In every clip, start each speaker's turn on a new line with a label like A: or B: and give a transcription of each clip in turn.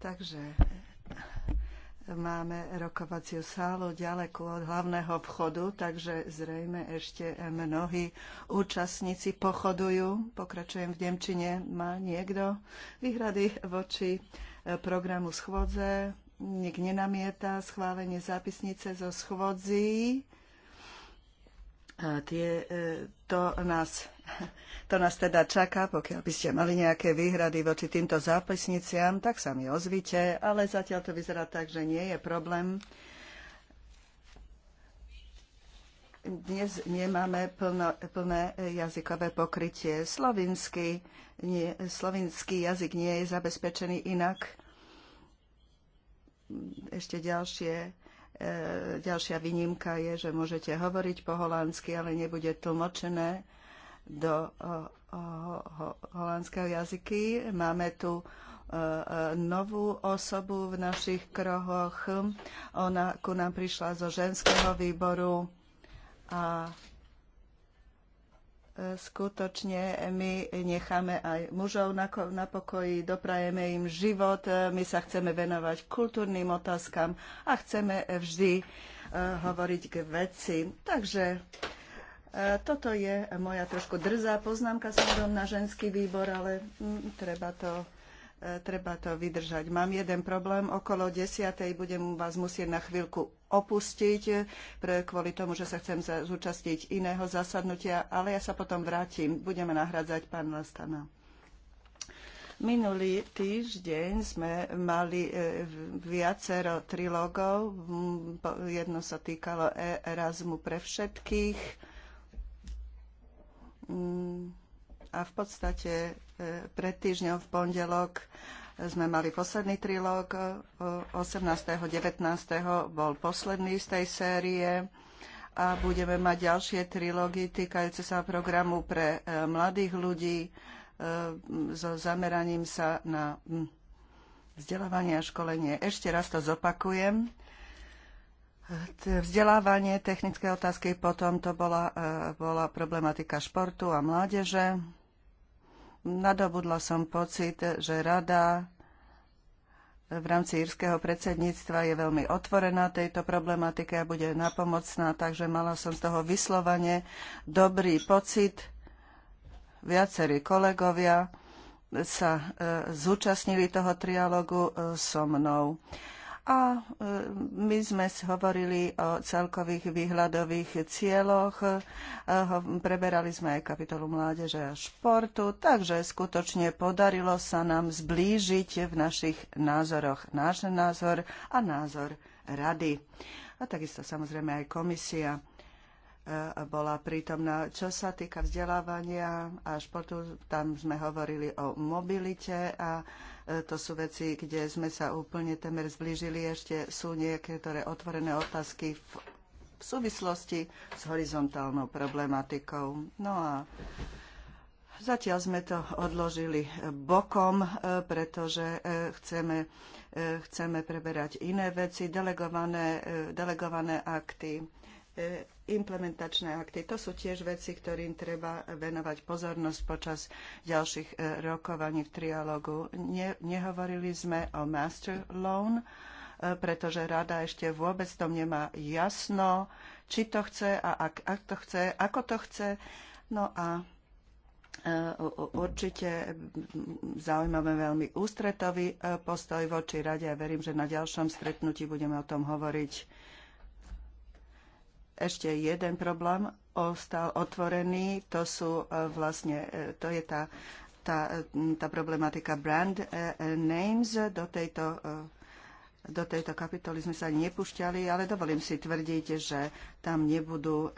A: Takže eh, máme rokovaciu sálu ďaleko od hlavného vchodu, takže zrejme ešte eh, mnohí účastníci pochodujú. Pokračujem v Nemčine. Má niekto výhrady voči eh, programu schôdze? Nik nenamieta schválenie zápisnice zo schôdzí tie, e, to, nás, to nás teda čaká, pokiaľ by ste mali nejaké výhrady voči týmto zápisniciam, tak sa mi ozvite, ale zatiaľ to vyzerá tak, že nie je problém. Dnes nemáme plno, plné jazykové pokrytie. Slovinsky, nie, slovinský jazyk nie je zabezpečený inak. Ešte ďalšie E, ďalšia výnimka je, že môžete hovoriť po holandsky, ale nebude tlmočené do holandského jazyky. Máme tu e, e, novú osobu v našich krohoch. Ona ku nám prišla zo ženského výboru a skutočne my necháme aj mužov na, na pokoji, doprajeme im život, e, my sa chceme venovať kultúrnym otázkam a chceme vždy e, hovoriť k veci. Takže e, toto je moja trošku drzá poznámka smerom na ženský výbor, ale mm, treba to treba to vydržať. Mám jeden problém, okolo desiatej budem vás musieť na chvíľku opustiť e, pre, kvôli tomu, že sa chcem zúčastniť iného zasadnutia, ale ja sa potom vrátim. Budeme nahradzať pán Lastana. Minulý týždeň sme mali e, viacero trilógov. Jedno sa týkalo e, Erasmu pre všetkých. A v podstate pred týždňom v pondelok sme mali posledný trilóg 18. 19. bol posledný z tej série a budeme mať ďalšie trilógy týkajúce sa programu pre e, mladých ľudí e, so zameraním sa na mm, vzdelávanie a školenie. Ešte raz to zopakujem. Vzdelávanie, technické otázky, potom to bola, e, bola problematika športu a mládeže Nadobudla som pocit, že rada v rámci írskeho predsedníctva je veľmi otvorená tejto problematike a bude napomocná, takže mala som z toho vyslovene dobrý pocit. Viacerí kolegovia sa e, zúčastnili toho trialogu e, so mnou. E, a e, my sme hovorili o celkových výhľadových cieľoch, e, preberali sme aj kapitolu mládeže a športu, takže skutočne podarilo sa nám zblížiť v našich názoroch náš názor a názor rady. A takisto samozrejme aj komisia e, bola prítomná. Čo sa týka vzdelávania a športu, tam sme hovorili o mobilite a to sú veci, kde sme sa úplne temer zblížili. Ešte sú niektoré otvorené otázky v, v súvislosti s horizontálnou problematikou. No a zatiaľ sme to odložili bokom, e, pretože e, chceme, e, chceme preberať iné veci, delegované, delegované akty E, implementačné akty. To sú tiež veci, ktorým treba venovať pozornosť počas ďalších e, rokovaní v trialógu. Ne, nehovorili sme o master loan, e, pretože rada ešte vôbec tom nemá jasno, či to chce a ak, ak to chce, ako to chce. No a určite zaujímavé veľmi ústretový postoj voči rade a verím, že na ďalšom stretnutí budeme o tom hovoriť. Ešte jeden problém ostal otvorený, to sú e, vlastne, e, to je tá, tá, e, tá problematika brand names. Do tejto, do tejto kapitoly sme sa nepúšťali, ale dovolím si tvrdiť, že tam nebudú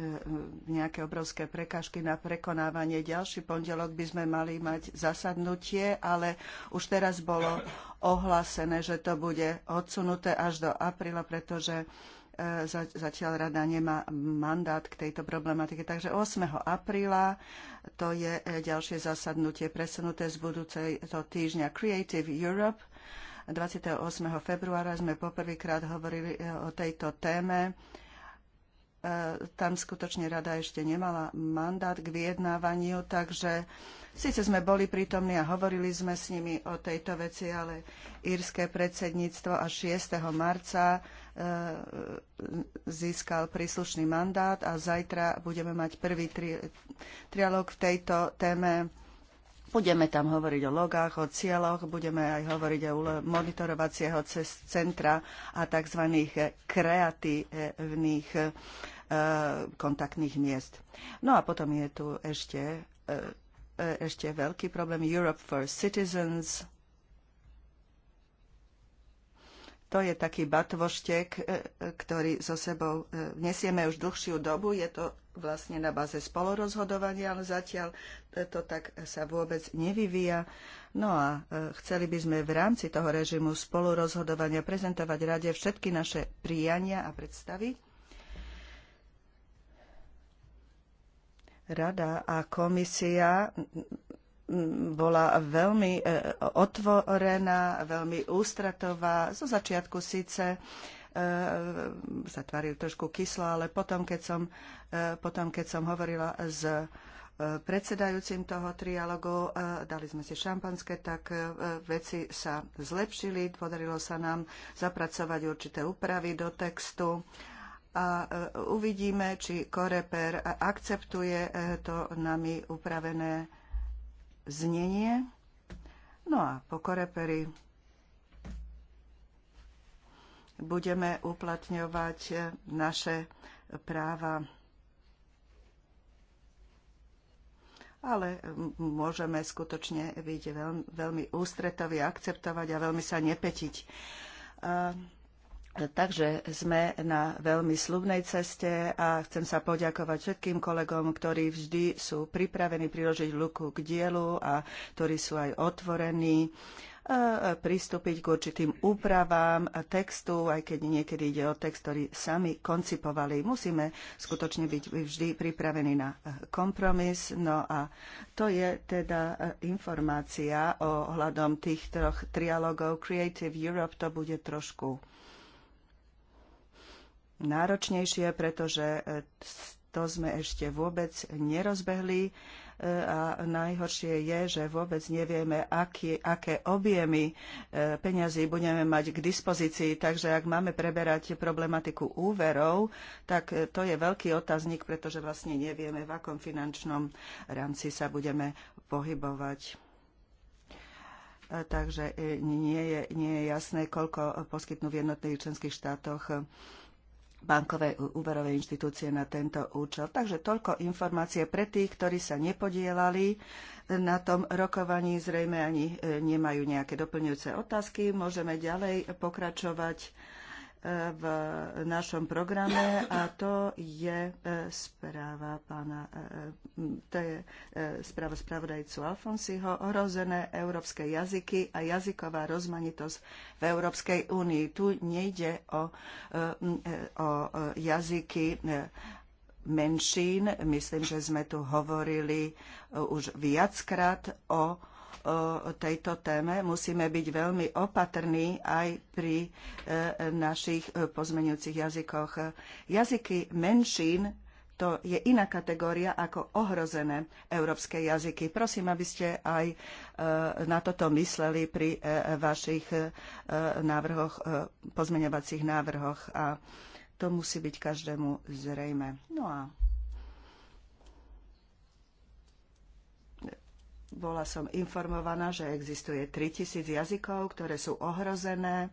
A: nejaké obrovské prekažky na prekonávanie. Ďalší pondelok by sme mali mať zasadnutie, ale už teraz bolo ohlásené, že to bude odsunuté až do apríla, pretože Zatiaľ rada nemá mandát k tejto problematike. Takže 8. apríla to je e, ďalšie zasadnutie presunuté z budúceho týždňa Creative Europe. 28. februára sme poprvýkrát hovorili e, o tejto téme. E, tam skutočne rada ešte nemala mandát k vyjednávaniu, takže síce sme boli prítomní a hovorili sme s nimi o tejto veci, ale írske predsedníctvo až 6. marca E, získal príslušný mandát a zajtra budeme mať prvý tri, trialog v tejto téme. Budeme tam hovoriť o logách, o cieľoch, budeme aj hovoriť o monitorovacieho centra a tzv. kreatívnych e, kontaktných miest. No a potom je tu ešte, e, ešte veľký problém Europe for Citizens, To je taký batvoštek, e, e, ktorý so sebou e, nesieme už dlhšiu dobu. Je to vlastne na báze spolorozhodovania, ale zatiaľ to tak sa vôbec nevyvíja. No a chceli by sme v rámci toho režimu spolurozhodovania prezentovať rade všetky naše prijania a predstavy. Rada a komisia bola veľmi e, otvorená, veľmi ústratová. Zo začiatku síce e, sa tvaril trošku kyslo, ale potom, keď som, e, potom, keď som hovorila s predsedajúcim toho trialogu, dali sme si šampanské, tak veci sa zlepšili, podarilo sa nám zapracovať určité úpravy do textu a uvidíme, či Koreper akceptuje to nami upravené znenie. No a po koreperi budeme uplatňovať naše práva. Ale môžeme skutočne byť veľmi ústretoví, akceptovať a veľmi sa nepetiť. Takže sme na veľmi slubnej ceste a chcem sa poďakovať všetkým kolegom, ktorí vždy sú pripravení priložiť luku k dielu a ktorí sú aj otvorení e, pristúpiť k určitým úpravám textu, aj keď niekedy ide o text, ktorý sami koncipovali. Musíme skutočne byť vždy pripravení na kompromis. No a to je teda e, informácia o hľadom tých troch trialogov. Creative Europe to bude trošku náročnejšie, pretože e, to sme ešte vôbec nerozbehli e, a najhoršie je, že vôbec nevieme, aký, aké objemy e, peňazí budeme mať k dispozícii. Takže ak máme preberať problematiku úverov, tak to je veľký otáznik, pretože vlastne nevieme, v akom finančnom rámci sa budeme pohybovať. Takže nie je, nie je jasné, koľko poskytnú v jednotlivých členských štátoch bankové úverové inštitúcie na tento účel. Takže toľko informácie pre tých, ktorí sa nepodielali na tom rokovaní, zrejme ani e, nemajú nejaké doplňujúce otázky. Môžeme ďalej pokračovať v našom programe a to je e, správa pána, e, e, to je správa spravodajcu Alfonsiho, ohrozené európske jazyky a jazyková rozmanitosť v Európskej únii. Tu nejde o, o jazyky menšín. Myslím, že sme tu hovorili už viackrát o tejto téme. Musíme byť veľmi opatrní aj pri e, našich pozmenujúcich jazykoch. Jazyky menšín to je iná kategória ako ohrozené európske jazyky. Prosím, aby ste aj e, na toto mysleli pri e, vašich návrhoch, pozmeňovacích návrhoch a to musí byť každému zrejme. No a bola som informovaná, že existuje 3000 jazykov, ktoré sú ohrozené.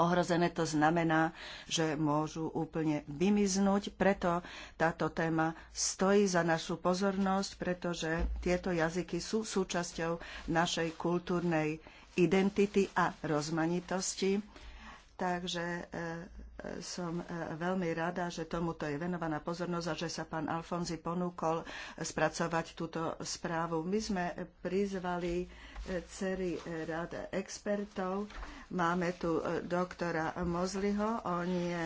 A: Ohrozené to znamená, že môžu úplne vymiznúť, preto táto téma stojí za našu pozornosť, pretože tieto jazyky sú súčasťou našej kultúrnej identity a rozmanitosti. Takže e, som e, veľmi rada, že tomuto je venovaná pozornosť a že sa pán Alfonzi ponúkol spracovať túto správu. My sme prizvali e, celý rad expertov. Máme tu e, doktora Mozliho, on je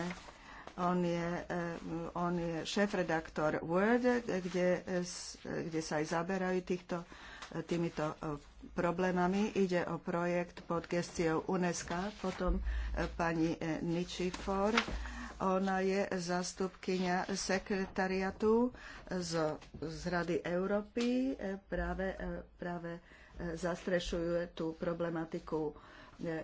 A: on je, on je šéf-redaktor Word, kde, kde sa aj zaberajú týchto týmito e, problémami. Ide o projekt pod gestiou UNESCO, potom e, pani e, Ničifor. Ona je zastupkynia sekretariatu z, z Rady Európy. Práve, práve zastrešuje tú problematiku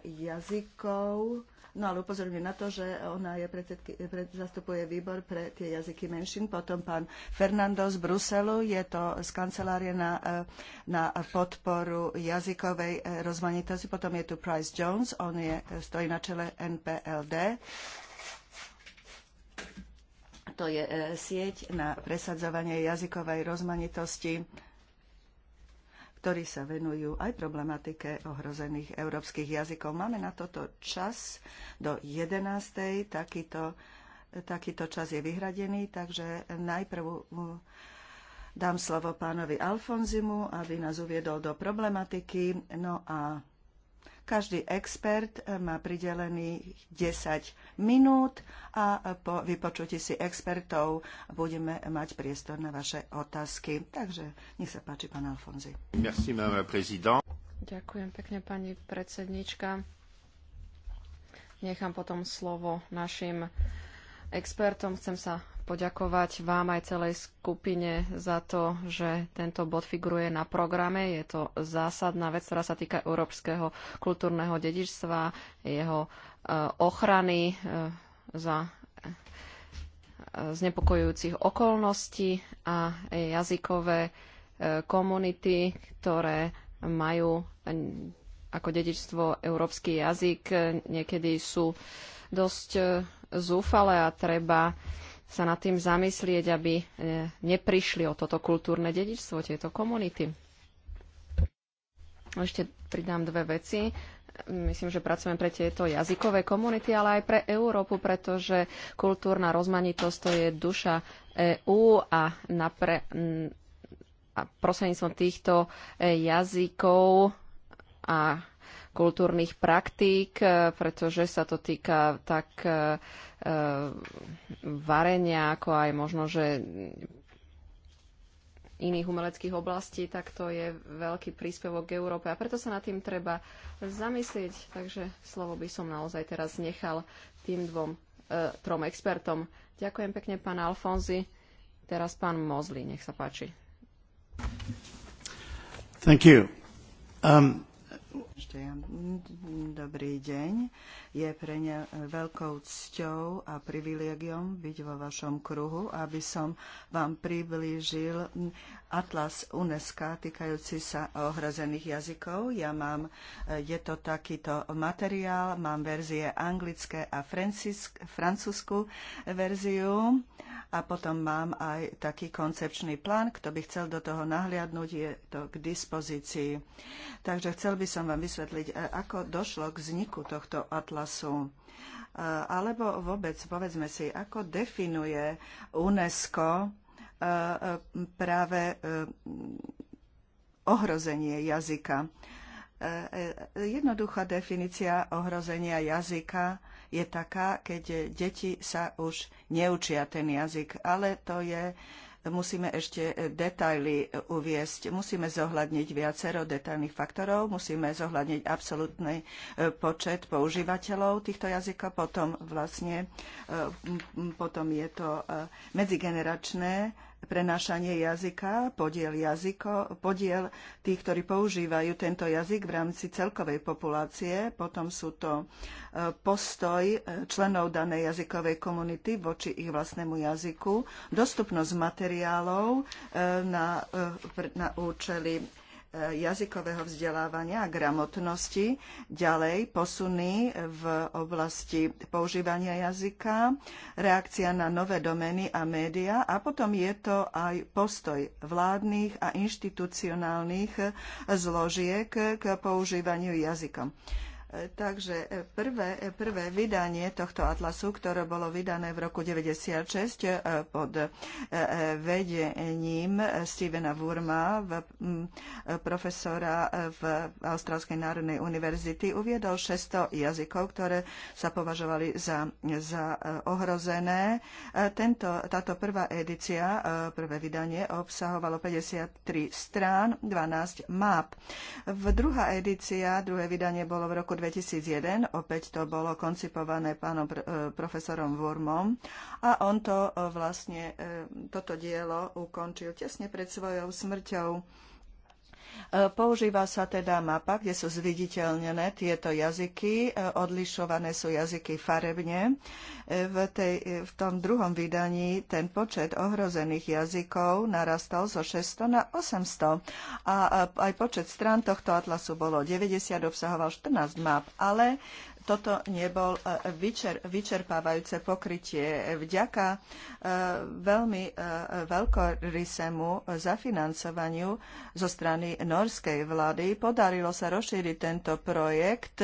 A: jazykov. No ale upozorňujem na to, že ona je predsedky, pred, zastupuje výbor pre tie jazyky menšín. Potom pán Fernando z Bruselu, je to z kancelárie na, eh, na podporu jazykovej eh, rozmanitosti. Potom je tu Price Jones, on je, eh, stojí na čele NPLD. To je sieť na presadzovanie jazykovej rozmanitosti ktorí sa venujú aj problematike ohrozených európskych jazykov. Máme na toto čas do 11. Takýto, takýto čas je vyhradený, takže najprv dám slovo pánovi Alfonzimu, aby nás uviedol do problematiky. No a každý expert eh, má pridelených 10 minút a eh, po vypočutí si expertov budeme mať priestor na vaše otázky. Takže nech sa páči, pán Alfonzi.
B: Merci,
C: Ďakujem pekne, pani predsednička. Nechám potom slovo našim expertom. Chcem sa poďakovať vám aj celej skupine za to, že tento bod figuruje na programe. Je to zásadná vec, ktorá sa týka európskeho kultúrneho dedičstva, jeho e, ochrany e, za e, znepokojujúcich okolností a jazykové komunity, ktoré majú ako dedičstvo európsky jazyk, niekedy sú dosť zúfale a treba sa nad tým zamyslieť, aby e, neprišli o toto kultúrne dedičstvo tieto komunity. No, ešte pridám dve veci. Myslím, že pracujem pre tieto jazykové komunity, ale aj pre Európu, pretože kultúrna rozmanitosť to je duša EÚ a, napre, a prostredníctvom týchto e, jazykov a kultúrnych praktík, e, pretože sa to týka tak Eh, varenia, ako aj možno, že iných umeleckých oblastí, tak to je veľký príspevok k Európe a preto sa nad tým treba zamyslieť. Takže slovo by som naozaj teraz nechal tým dvom, e, trom expertom. Ďakujem pekne, pán Alfonzi. Teraz pán Mozli, nech sa páči. Thank you. Um,
A: Dobrý deň. Je pre mňa veľkou cťou a privilégiom byť vo vašom kruhu, aby som vám priblížil atlas UNESCO týkajúci sa ohrozených jazykov. Ja mám, je to takýto materiál, mám verzie anglické a francúzsku verziu a potom mám aj taký koncepčný plán. Kto by chcel do toho nahliadnúť, je to k dispozícii. Takže chcel by som vám vysvetliť, e, ako došlo k vzniku tohto atlasu e, alebo vôbec, povedzme si, ako definuje UNESCO e, práve ohrozenie jazyka. Jednoduchá definícia ohrozenia jazyka je taká, keď deti sa už neučia ten jazyk, ale to je musíme ešte detaily e, uviesť. Musíme zohľadniť viacero detailných faktorov, musíme zohľadniť absolútny e, počet používateľov týchto jazykov, potom vlastne e, potom je to medzigeneračné prenášanie jazyka, podiel, jazyko, podiel tých, ktorí používajú tento jazyk v rámci celkovej populácie. Potom sú to postoj členov danej jazykovej komunity voči ich vlastnému jazyku, dostupnosť materiálu, materiálov e, na, e, na účely e, jazykového vzdelávania a gramotnosti, ďalej posuny v oblasti používania jazyka, reakcia na nové domény a média a potom je to aj postoj vládnych a inštitucionálnych zložiek k používaniu jazykom. Takže e, prvé, e, prvé vydanie tohto atlasu, ktoré bolo vydané v roku 96 e, pod vedením Stevena Wurma, profesora v Austrálskej národnej univerzity, uviedol 600 jazykov, ktoré sa považovali za, za ohrozené. Tento, táto prvá edícia, prvé vydanie, obsahovalo 53 strán, 12 map. V druhá edícia, druhé vydanie bolo v roku 2001. Opäť to bolo koncipované pánom e, profesorom Wurmom a on to e, vlastne, e, toto dielo ukončil tesne pred svojou smrťou E, používa sa teda mapa, kde sú zviditeľnené tieto jazyky, e, odlišované sú jazyky farebne. E, v, tej, v tom druhom vydaní ten počet ohrozených jazykov narastal zo 600 na 800 a aj počet strán tohto atlasu bolo 90, obsahoval 14 map, ale toto nebol e, vyčer, vyčerpávajúce pokrytie. Vďaka e, veľmi e, veľkorysému zafinancovaniu zo strany norskej vlády podarilo sa rozšíriť tento projekt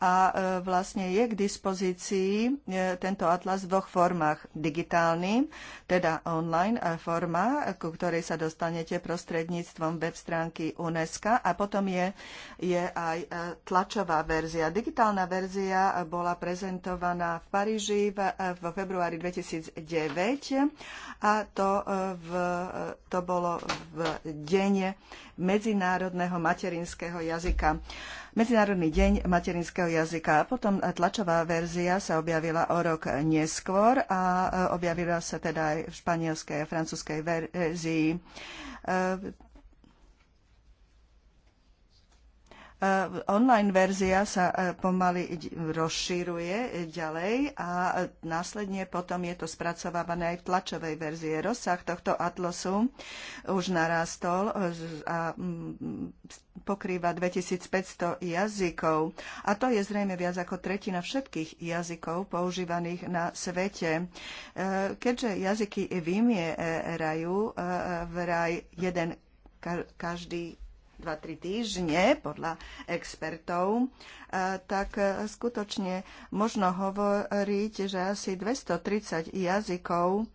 A: a vlastne je k dispozícii tento atlas v dvoch formách. Digitálny, teda online forma, ku ktorej sa dostanete prostredníctvom web stránky UNESCO a potom je, je aj tlačová verzia. Digitálna verzia verzia bola prezentovaná v Paríži v februári 2009 a to, e, v, to bolo v deň medzinárodného materinského jazyka. Medzinárodný deň materinského jazyka. Potom tlačová verzia sa objavila o rok neskôr a e, objavila sa teda aj v španielskej a francúzskej verzii e, Eh, online verzia sa eh, pomaly rozšíruje eh, ďalej a následne potom je to spracovávané aj v tlačovej verzie. Rozsah tohto atlasu už narastol a mm, pokrýva 2500 jazykov a to je zrejme viac ako tretina všetkých jazykov používaných na svete. Keďže jazyky vymierajú vraj jeden každý 2-3 týždne podľa expertov, e, tak e, skutočne možno hovoriť, že asi 230 jazykov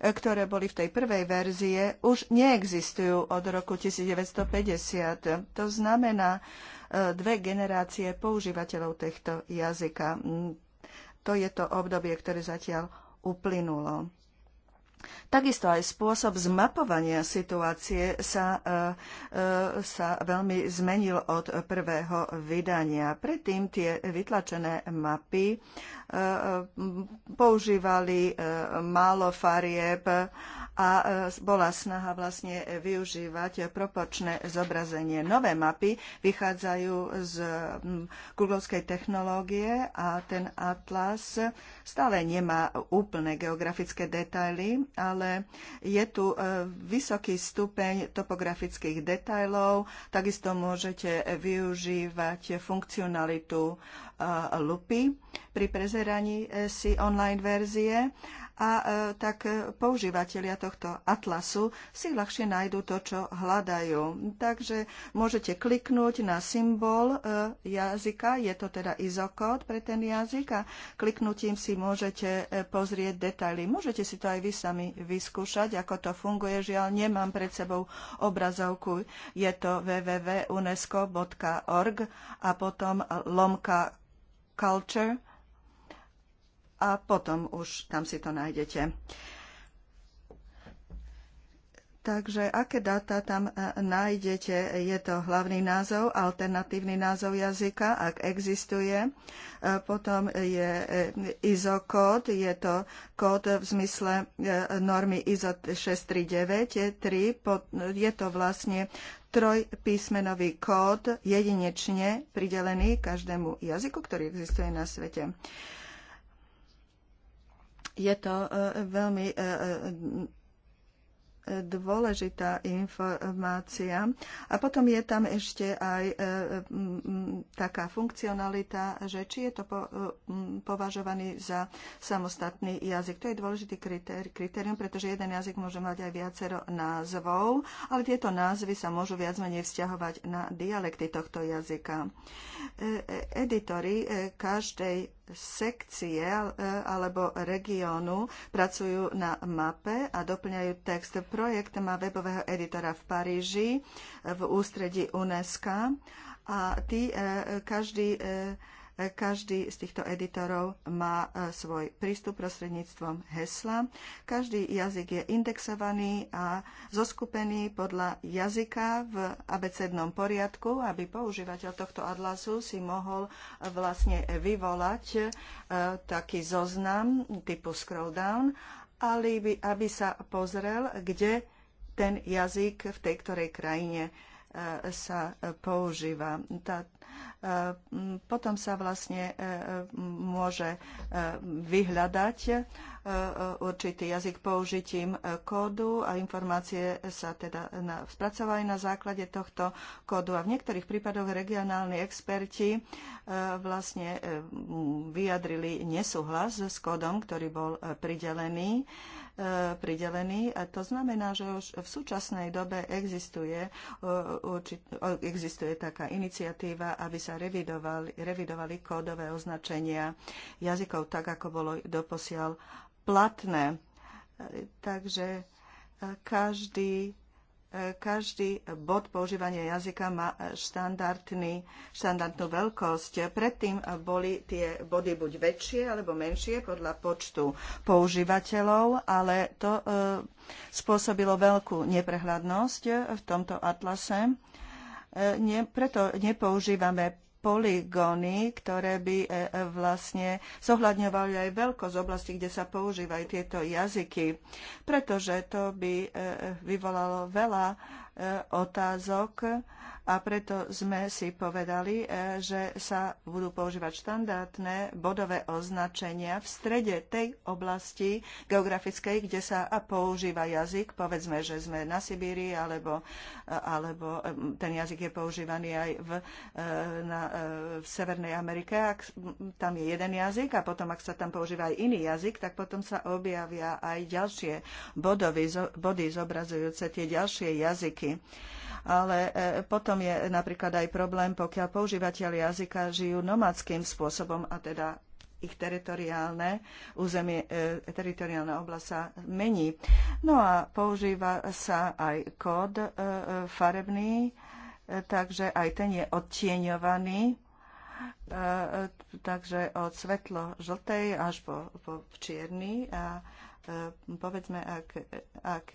A: e, ktoré boli v tej prvej verzie, už neexistujú od roku 1950. To znamená dve generácie používateľov tohto jazyka. Mm, to je to obdobie, ktoré zatiaľ uplynulo. Takisto aj spôsob zmapovania situácie sa, e, e, sa veľmi zmenil od prvého vydania. Predtým tie vytlačené mapy e, používali málo farieb a bola snaha vlastne využívať propočné zobrazenie. Nové mapy vychádzajú z googlovskej technológie a ten atlas stále nemá úplné geografické detaily, ale je tu e, vysoký stupeň topografických detajlov. Takisto môžete využívať funkcionalitu e, lupy pri prezeraní e, si online verzie a e, tak e, používateľia tohto atlasu si ľahšie nájdú to, čo hľadajú. Takže môžete kliknúť na symbol e, jazyka, je to teda izokód pre ten jazyk a kliknutím si môžete pozrieť detaily. Môžete si to aj vy sami vyskúšať, ako to funguje. Žiaľ, nemám pred sebou obrazovku. Je to www.unesco.org a potom lomka culture a potom už tam si to nájdete. Takže aké dáta tam e, nájdete? Je to hlavný názov, alternatívny názov jazyka, ak existuje. E, potom je e, ISO kód, je to kód v zmysle normy ISO 639, je, to vlastne trojpísmenový kód jedinečne pridelený každému jazyku, ktorý existuje na svete. Je to e, veľmi e, e, dôležitá informácia. A potom je tam ešte aj taká funkcionalita, že či je to považovaný za samostatný jazyk. To je dôležitý kritérium, pretože jeden jazyk môže mať aj viacero názvov, ale tieto názvy sa môžu viac menej vzťahovať na dialekty tohto jazyka. Editory každej sekcie e, alebo regiónu pracujú na mape a doplňajú text. Projekt má webového editora v Paríži e, v ústredí UNESCO a tí e, každý každý z týchto editorov má e, svoj prístup prostredníctvom hesla. Každý jazyk je indexovaný a zoskupený podľa jazyka v abecednom poriadku, aby používateľ tohto atlasu si mohol e, vlastne vyvolať e, taký zoznam typu scroll down, aby, aby sa pozrel, kde ten jazyk v tej ktorej krajine sa používa. Tá, Ehm, potom sa vlastne e, e, môže e, vyhľadať určitý jazyk použitím kódu a informácie sa teda spracovajú na základe tohto kódu. A v niektorých prípadoch regionálni experti vlastne vyjadrili nesúhlas s kódom, ktorý bol pridelený. E, pridelený a to znamená, že už v súčasnej dobe existuje, e, e, existuje taká iniciatíva, aby sa revidovali, revidovali kódové označenia jazykov tak, ako bolo doposiaľ platné. Takže každý každý bod používania jazyka má štandardný, štandardnú veľkosť. Predtým boli tie body buď väčšie alebo menšie podľa počtu používateľov, ale to e, spôsobilo veľkú neprehľadnosť v tomto atlase. E, ne, preto nepoužívame poligóny, ktoré by e, e, vlastne zohľadňovali aj veľkosť oblasti, kde sa používajú tieto jazyky, pretože to by e, vyvolalo veľa otázok a preto sme si povedali, e, že sa budú používať štandardné bodové označenia v strede tej oblasti geografickej, kde sa používa jazyk. Povedzme, že sme na Sibírii, alebo, e, alebo e, ten jazyk je používaný aj v, na, v Severnej Amerike. Ak tam je jeden jazyk a potom, ak sa tam používa aj iný jazyk, tak potom sa objavia aj ďalšie bodovy, body zobrazujúce tie ďalšie jazyky ale e, potom je napríklad aj problém, pokiaľ používateľ jazyka žijú nomadským spôsobom a teda ich teritoriálne územie, e, teritoriálna oblasť sa mení. No a používa sa aj kód e, farebný, takže aj ten je odtieňovaný takže od svetlo žltej až po, po čierny a povedzme, ak, ak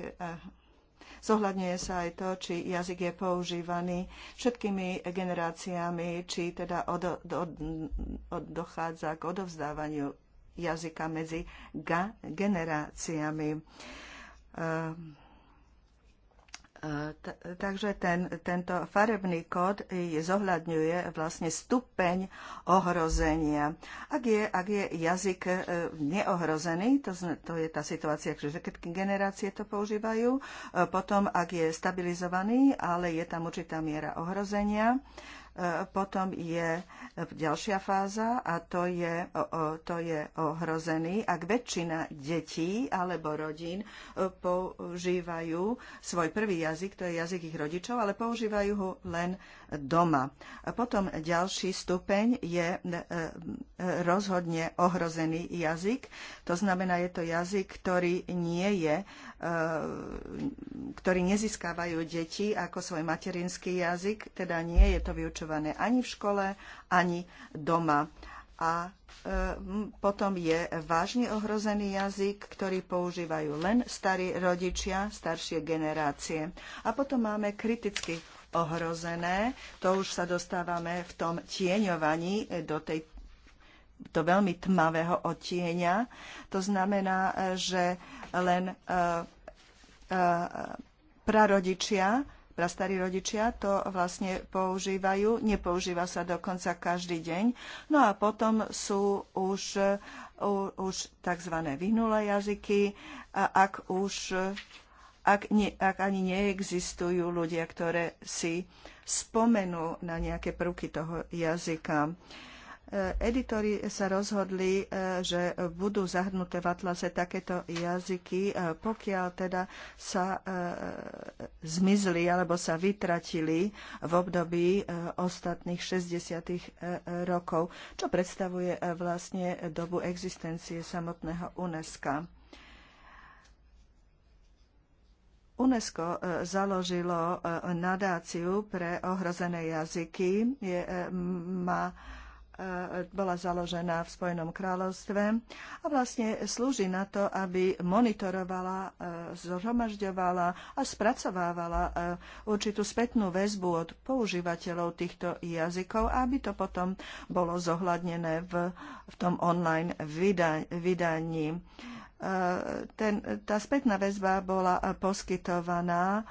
A: Zohľadňuje sa aj to, či jazyk je používaný všetkými generáciami, či teda od, od, od, dochádza k odovzdávaniu jazyka medzi ga, generáciami. Ehm, Takže ten, tento farebný kód zohľadňuje vlastne stupeň ohrozenia. Ak je, ak je jazyk e, neohrozený, to, to je tá situácia, že všetky generácie to používajú, e, potom ak je stabilizovaný, ale je tam určitá miera ohrozenia, potom je ďalšia fáza a to je, to je ohrozený, ak väčšina detí alebo rodín e, používajú svoj prvý jazyk, to je jazyk ich rodičov, ale používajú ho len doma. Potom ďalší stupeň je e, e, rozhodne ohrozený jazyk, to znamená, je to jazyk, ktorý nie je, ktorý nezískávajú deti ako svoj materinský jazyk, teda nie je to vyučovanie vyučované ani v škole, ani doma. A e, potom je vážne ohrozený jazyk, ktorý používajú len starí rodičia, staršie generácie. A potom máme kriticky ohrozené, to už sa dostávame v tom tieňovaní e, do tej do veľmi tmavého odtieňa. To znamená, e, že len prarodičia prastarí rodičia to vlastne používajú, nepoužíva sa dokonca každý deň. No a potom sú už, už tzv. vyhnulé jazyky, a ak už ak, nie, ak ani neexistujú ľudia, ktoré si spomenú na nejaké prvky toho jazyka. Uh, Editori sa rozhodli, e, že budú zahrnuté v atlase takéto jazyky, e, pokiaľ teda sa e, zmizli alebo sa vytratili v období ostatných 60. rokov, čo predstavuje vlastne dobu existencie samotného UNESCO. UNESCO založilo nadáciu pre ohrozené jazyky, je, má E, bola založená v Spojenom kráľovstve a vlastne slúži na to, aby monitorovala, e, zhromažďovala a spracovávala e, určitú spätnú väzbu od používateľov týchto jazykov, aby to potom bolo zohľadnené v, v tom online vydaní ten, tá spätná väzba bola poskytovaná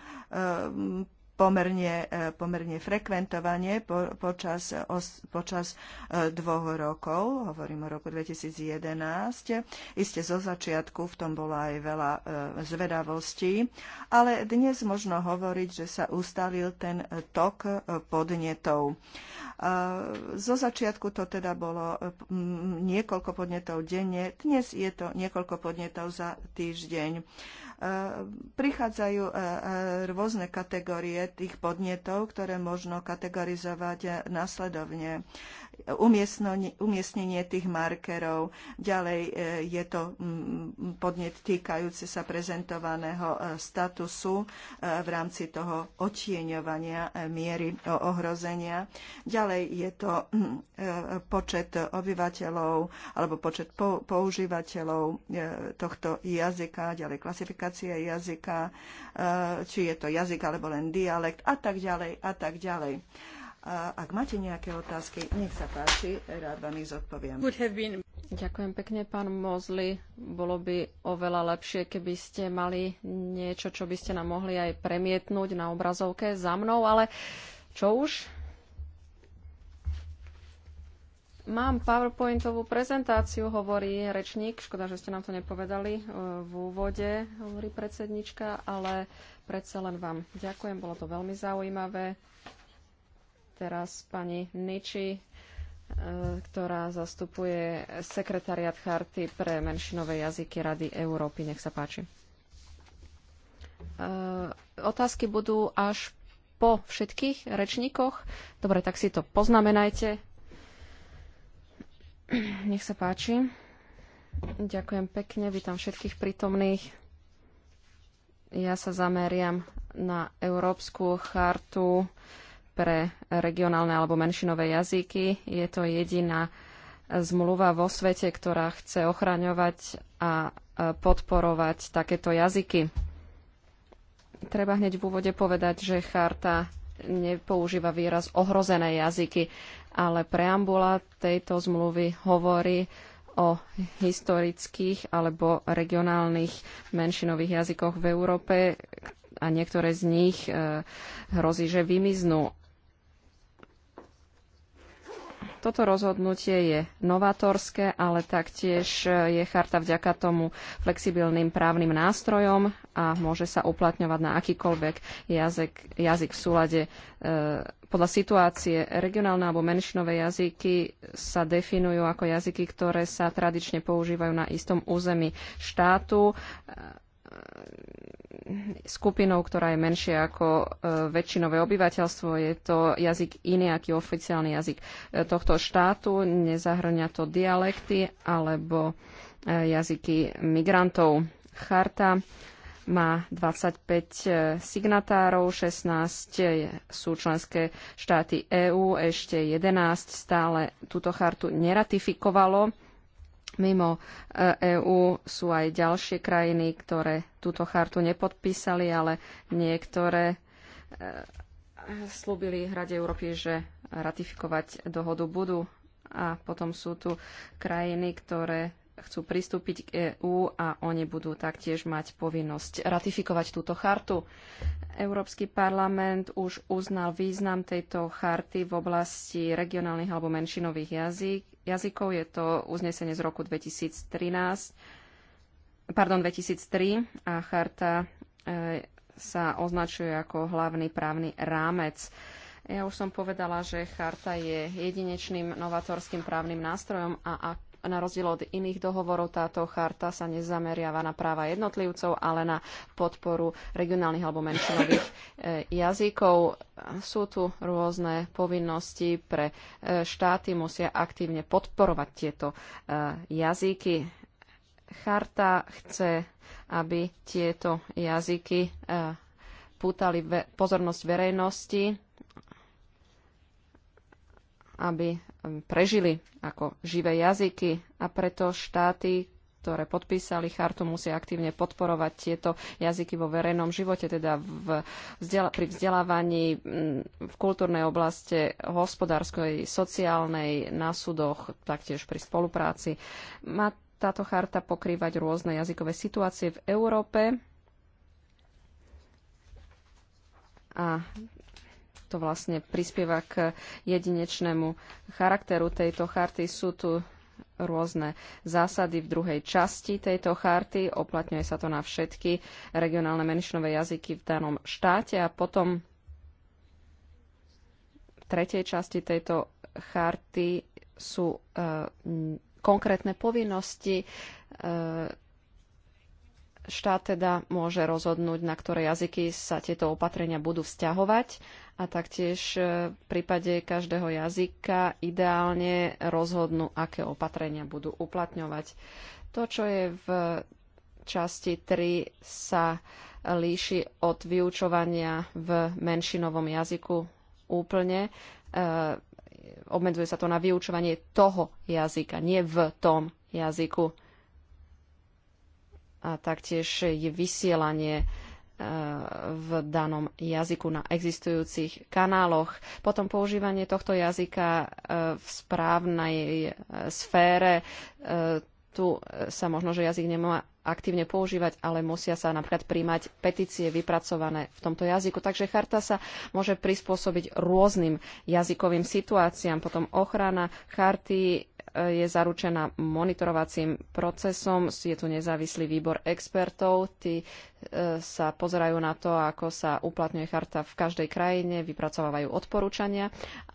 A: pomerne, e, pomerne frekventovanie po, počas, os, počas e, dvoch rokov, hovorím o roku 2011. Iste zo začiatku v tom bola aj veľa e, zvedavostí, ale dnes možno hovoriť, že sa ustalil ten tok podnetov. Zo začiatku to teda bolo niekoľko podnetov denne, dnes je to niekoľko podnetov za týždeň prichádzajú e, e, rôzne kategórie tých podnetov, ktoré možno kategorizovať e, nasledovne umiestnenie tých markerov. Ďalej e, je to mm, podnet týkajúce sa prezentovaného e, statusu e, v rámci toho otieňovania miery ohrozenia. Ďalej je to mm, počet obyvateľov alebo počet používateľov tohto jazyka, ďalej klasifikácia jazyka, či je to jazyk alebo len dialekt a tak ďalej a tak ďalej. A ak máte nejaké otázky, nech sa páči, rád vám ich zodpoviem.
C: Ďakujem pekne, pán Mozli. Bolo by oveľa lepšie, keby ste mali niečo, čo by ste nám mohli aj premietnúť na obrazovke za mnou, ale čo už? Mám PowerPointovú prezentáciu, hovorí rečník. Škoda, že ste nám to nepovedali e, v úvode, hovorí predsednička, ale predsa len vám ďakujem, bolo to veľmi zaujímavé teraz pani Niči, e, ktorá zastupuje sekretariat Charty pre menšinové jazyky Rady Európy. Nech sa páči. E, otázky budú až po všetkých rečníkoch. Dobre, tak si to poznamenajte. Nech sa páči. Ďakujem pekne, vítam všetkých prítomných. Ja sa zameriam na Európsku chartu pre regionálne alebo menšinové jazyky. Je to jediná zmluva vo svete, ktorá chce ochraňovať a e, podporovať takéto jazyky. Treba hneď v úvode povedať, že charta nepoužíva výraz ohrozené jazyky, ale preambula tejto zmluvy hovorí o historických alebo regionálnych menšinových jazykoch v Európe a niektoré z nich e, hrozí, že vymiznú. Toto rozhodnutie je novatorské, ale taktiež eh, je charta vďaka tomu flexibilným právnym nástrojom a môže sa uplatňovať na akýkoľvek jazyk, jazyk v súlade eh, podľa situácie. Regionálne alebo menšinové jazyky sa definujú ako jazyky, ktoré sa tradične používajú na istom území štátu skupinou, ktorá je menšia ako e, väčšinové obyvateľstvo. Je to jazyk iný, aký oficiálny jazyk e, tohto štátu. Nezahrňa to dialekty alebo e, jazyky migrantov. Charta má 25 signatárov, 16 sú členské štáty EÚ, ešte 11 stále túto chartu neratifikovalo Mimo EÚ e sú aj ďalšie krajiny, ktoré túto chartu nepodpísali, ale niektoré e, slúbili Rade Európy, že ratifikovať dohodu budú. A potom sú tu krajiny, ktoré chcú pristúpiť k EÚ a oni budú taktiež mať povinnosť ratifikovať túto chartu. Európsky parlament už uznal význam tejto charty v oblasti regionálnych alebo menšinových jazyk jazykov. Je to uznesenie z roku 2013, pardon, 2003 a charta e, sa označuje ako hlavný právny rámec. Ja už som povedala, že charta je jedinečným novatorským právnym nástrojom a ak na rozdiel od iných dohovorov táto charta sa nezameriava na práva jednotlivcov, ale na podporu regionálnych alebo menšinových eh, jazykov. Sú tu rôzne povinnosti pre eh, štáty, musia aktívne podporovať tieto eh, jazyky. Charta chce, aby tieto jazyky pútali pozornosť verejnosti aby um, prežili ako živé jazyky a preto štáty, ktoré podpísali chartu, musia aktívne podporovať tieto jazyky vo verejnom živote, teda v vzdela- pri vzdelávaní mm, v kultúrnej oblasti, hospodárskej, sociálnej, na súdoch, taktiež pri spolupráci. Má táto charta pokrývať rôzne jazykové situácie v Európe a to vlastne prispieva k jedinečnému charakteru tejto charty. Sú tu rôzne zásady v druhej časti tejto charty. Oplatňuje sa to na všetky regionálne menšinové jazyky v danom štáte a potom v tretej časti tejto charty sú e, konkrétne povinnosti. E, štát teda môže rozhodnúť, na ktoré jazyky sa tieto opatrenia budú vzťahovať a taktiež e, v prípade každého jazyka ideálne rozhodnú, aké opatrenia budú uplatňovať. To, čo je v časti 3, sa líši od vyučovania v menšinovom jazyku úplne. E, obmedzuje sa to na vyučovanie toho jazyka, nie v tom jazyku. A taktiež je vysielanie v danom jazyku na existujúcich kanáloch. Potom používanie tohto jazyka e, v správnej e, sfére. E, tu sa možno, že jazyk nemá aktívne používať, ale musia sa napríklad príjmať petície vypracované v tomto jazyku. Takže charta sa môže prispôsobiť rôznym jazykovým situáciám. Potom ochrana charty je zaručená monitorovacím procesom. Je tu nezávislý výbor expertov, tí e, sa pozerajú na to, ako sa uplatňuje charta v každej krajine, vypracovávajú odporúčania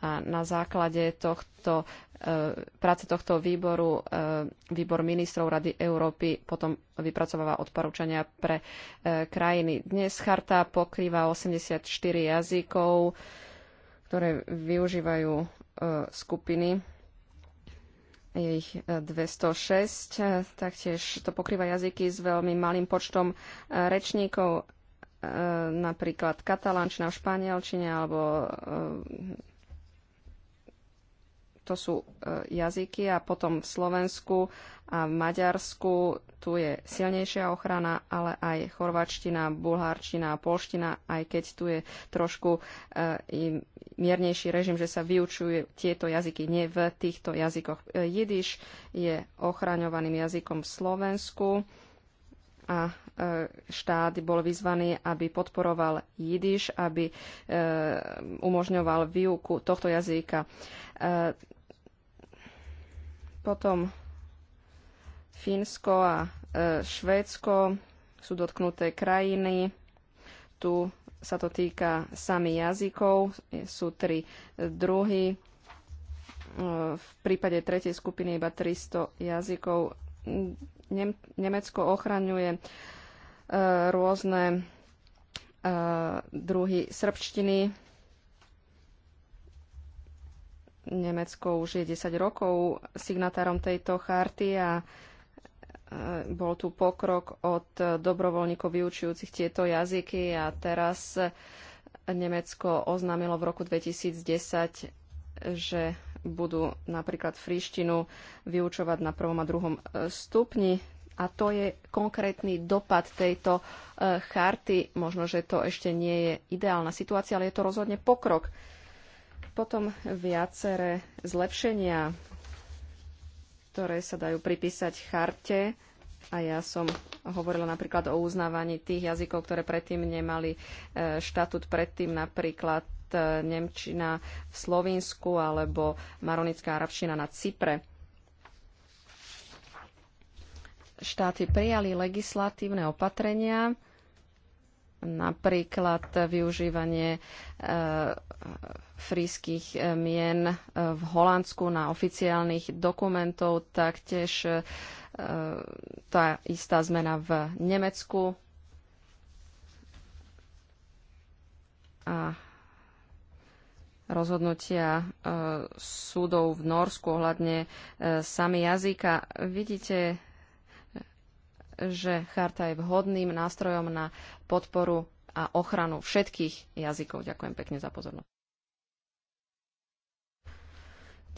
C: a na základe tohto e, práce tohto výboru e, výbor ministrov Rady Európy potom vypracováva odporúčania pre krajiny. Dnes charta pokrýva 84 jazykov, ktoré využívajú skupiny je ich 206, e, e, taktiež to pokrýva jazyky s veľmi malým počtom e, rečníkov, napríklad katalánčina v španielčine, alebo to sú jazyky a potom v Slovensku a v Maďarsku tu je silnejšia ochrana, ale aj chorvačtina, bulhárčina a polština, aj keď tu je trošku miernejší režim, že sa vyučujú tieto jazyky nie v týchto jazykoch. E, jidiš je ochraňovaným jazykom v Slovensku a e, štát bol vyzvaný, aby podporoval jidiš, aby e, umožňoval výuku tohto jazyka. Potom Fínsko a Švédsko sú dotknuté krajiny. Tu sa to týka samých jazykov. Sú tri druhy. E, v prípade tretej skupiny iba 300 jazykov. Nemecko ochraňuje e, rôzne e, druhy srbštiny. Nemecko už je 10 rokov signatárom tejto charty a E, bol tu pokrok od dobrovoľníkov vyučujúcich tieto jazyky a teraz Nemecko oznámilo v roku 2010, že budú napríklad fríštinu vyučovať na prvom a druhom e, stupni. A to je konkrétny dopad tejto e, charty. Možno, že to ešte nie je ideálna situácia, ale je to rozhodne pokrok. Potom viaceré zlepšenia ktoré sa dajú pripísať charte. A ja som hovorila napríklad o uznávaní tých jazykov, ktoré predtým nemali e, štatút, predtým napríklad e, Nemčina v Slovinsku alebo maronická arabčina na Cypre. Štáty prijali legislatívne opatrenia, napríklad využívanie e, frískych e, mien e, v Holandsku na oficiálnych dokumentov, taktiež tá istá zmena v Nemecku a rozhodnutia súdov v Norsku ohľadne sami jazyka. Vidíte že charta je vhodným nástrojom na podporu a ochranu všetkých jazykov. Ďakujem pekne za pozornosť.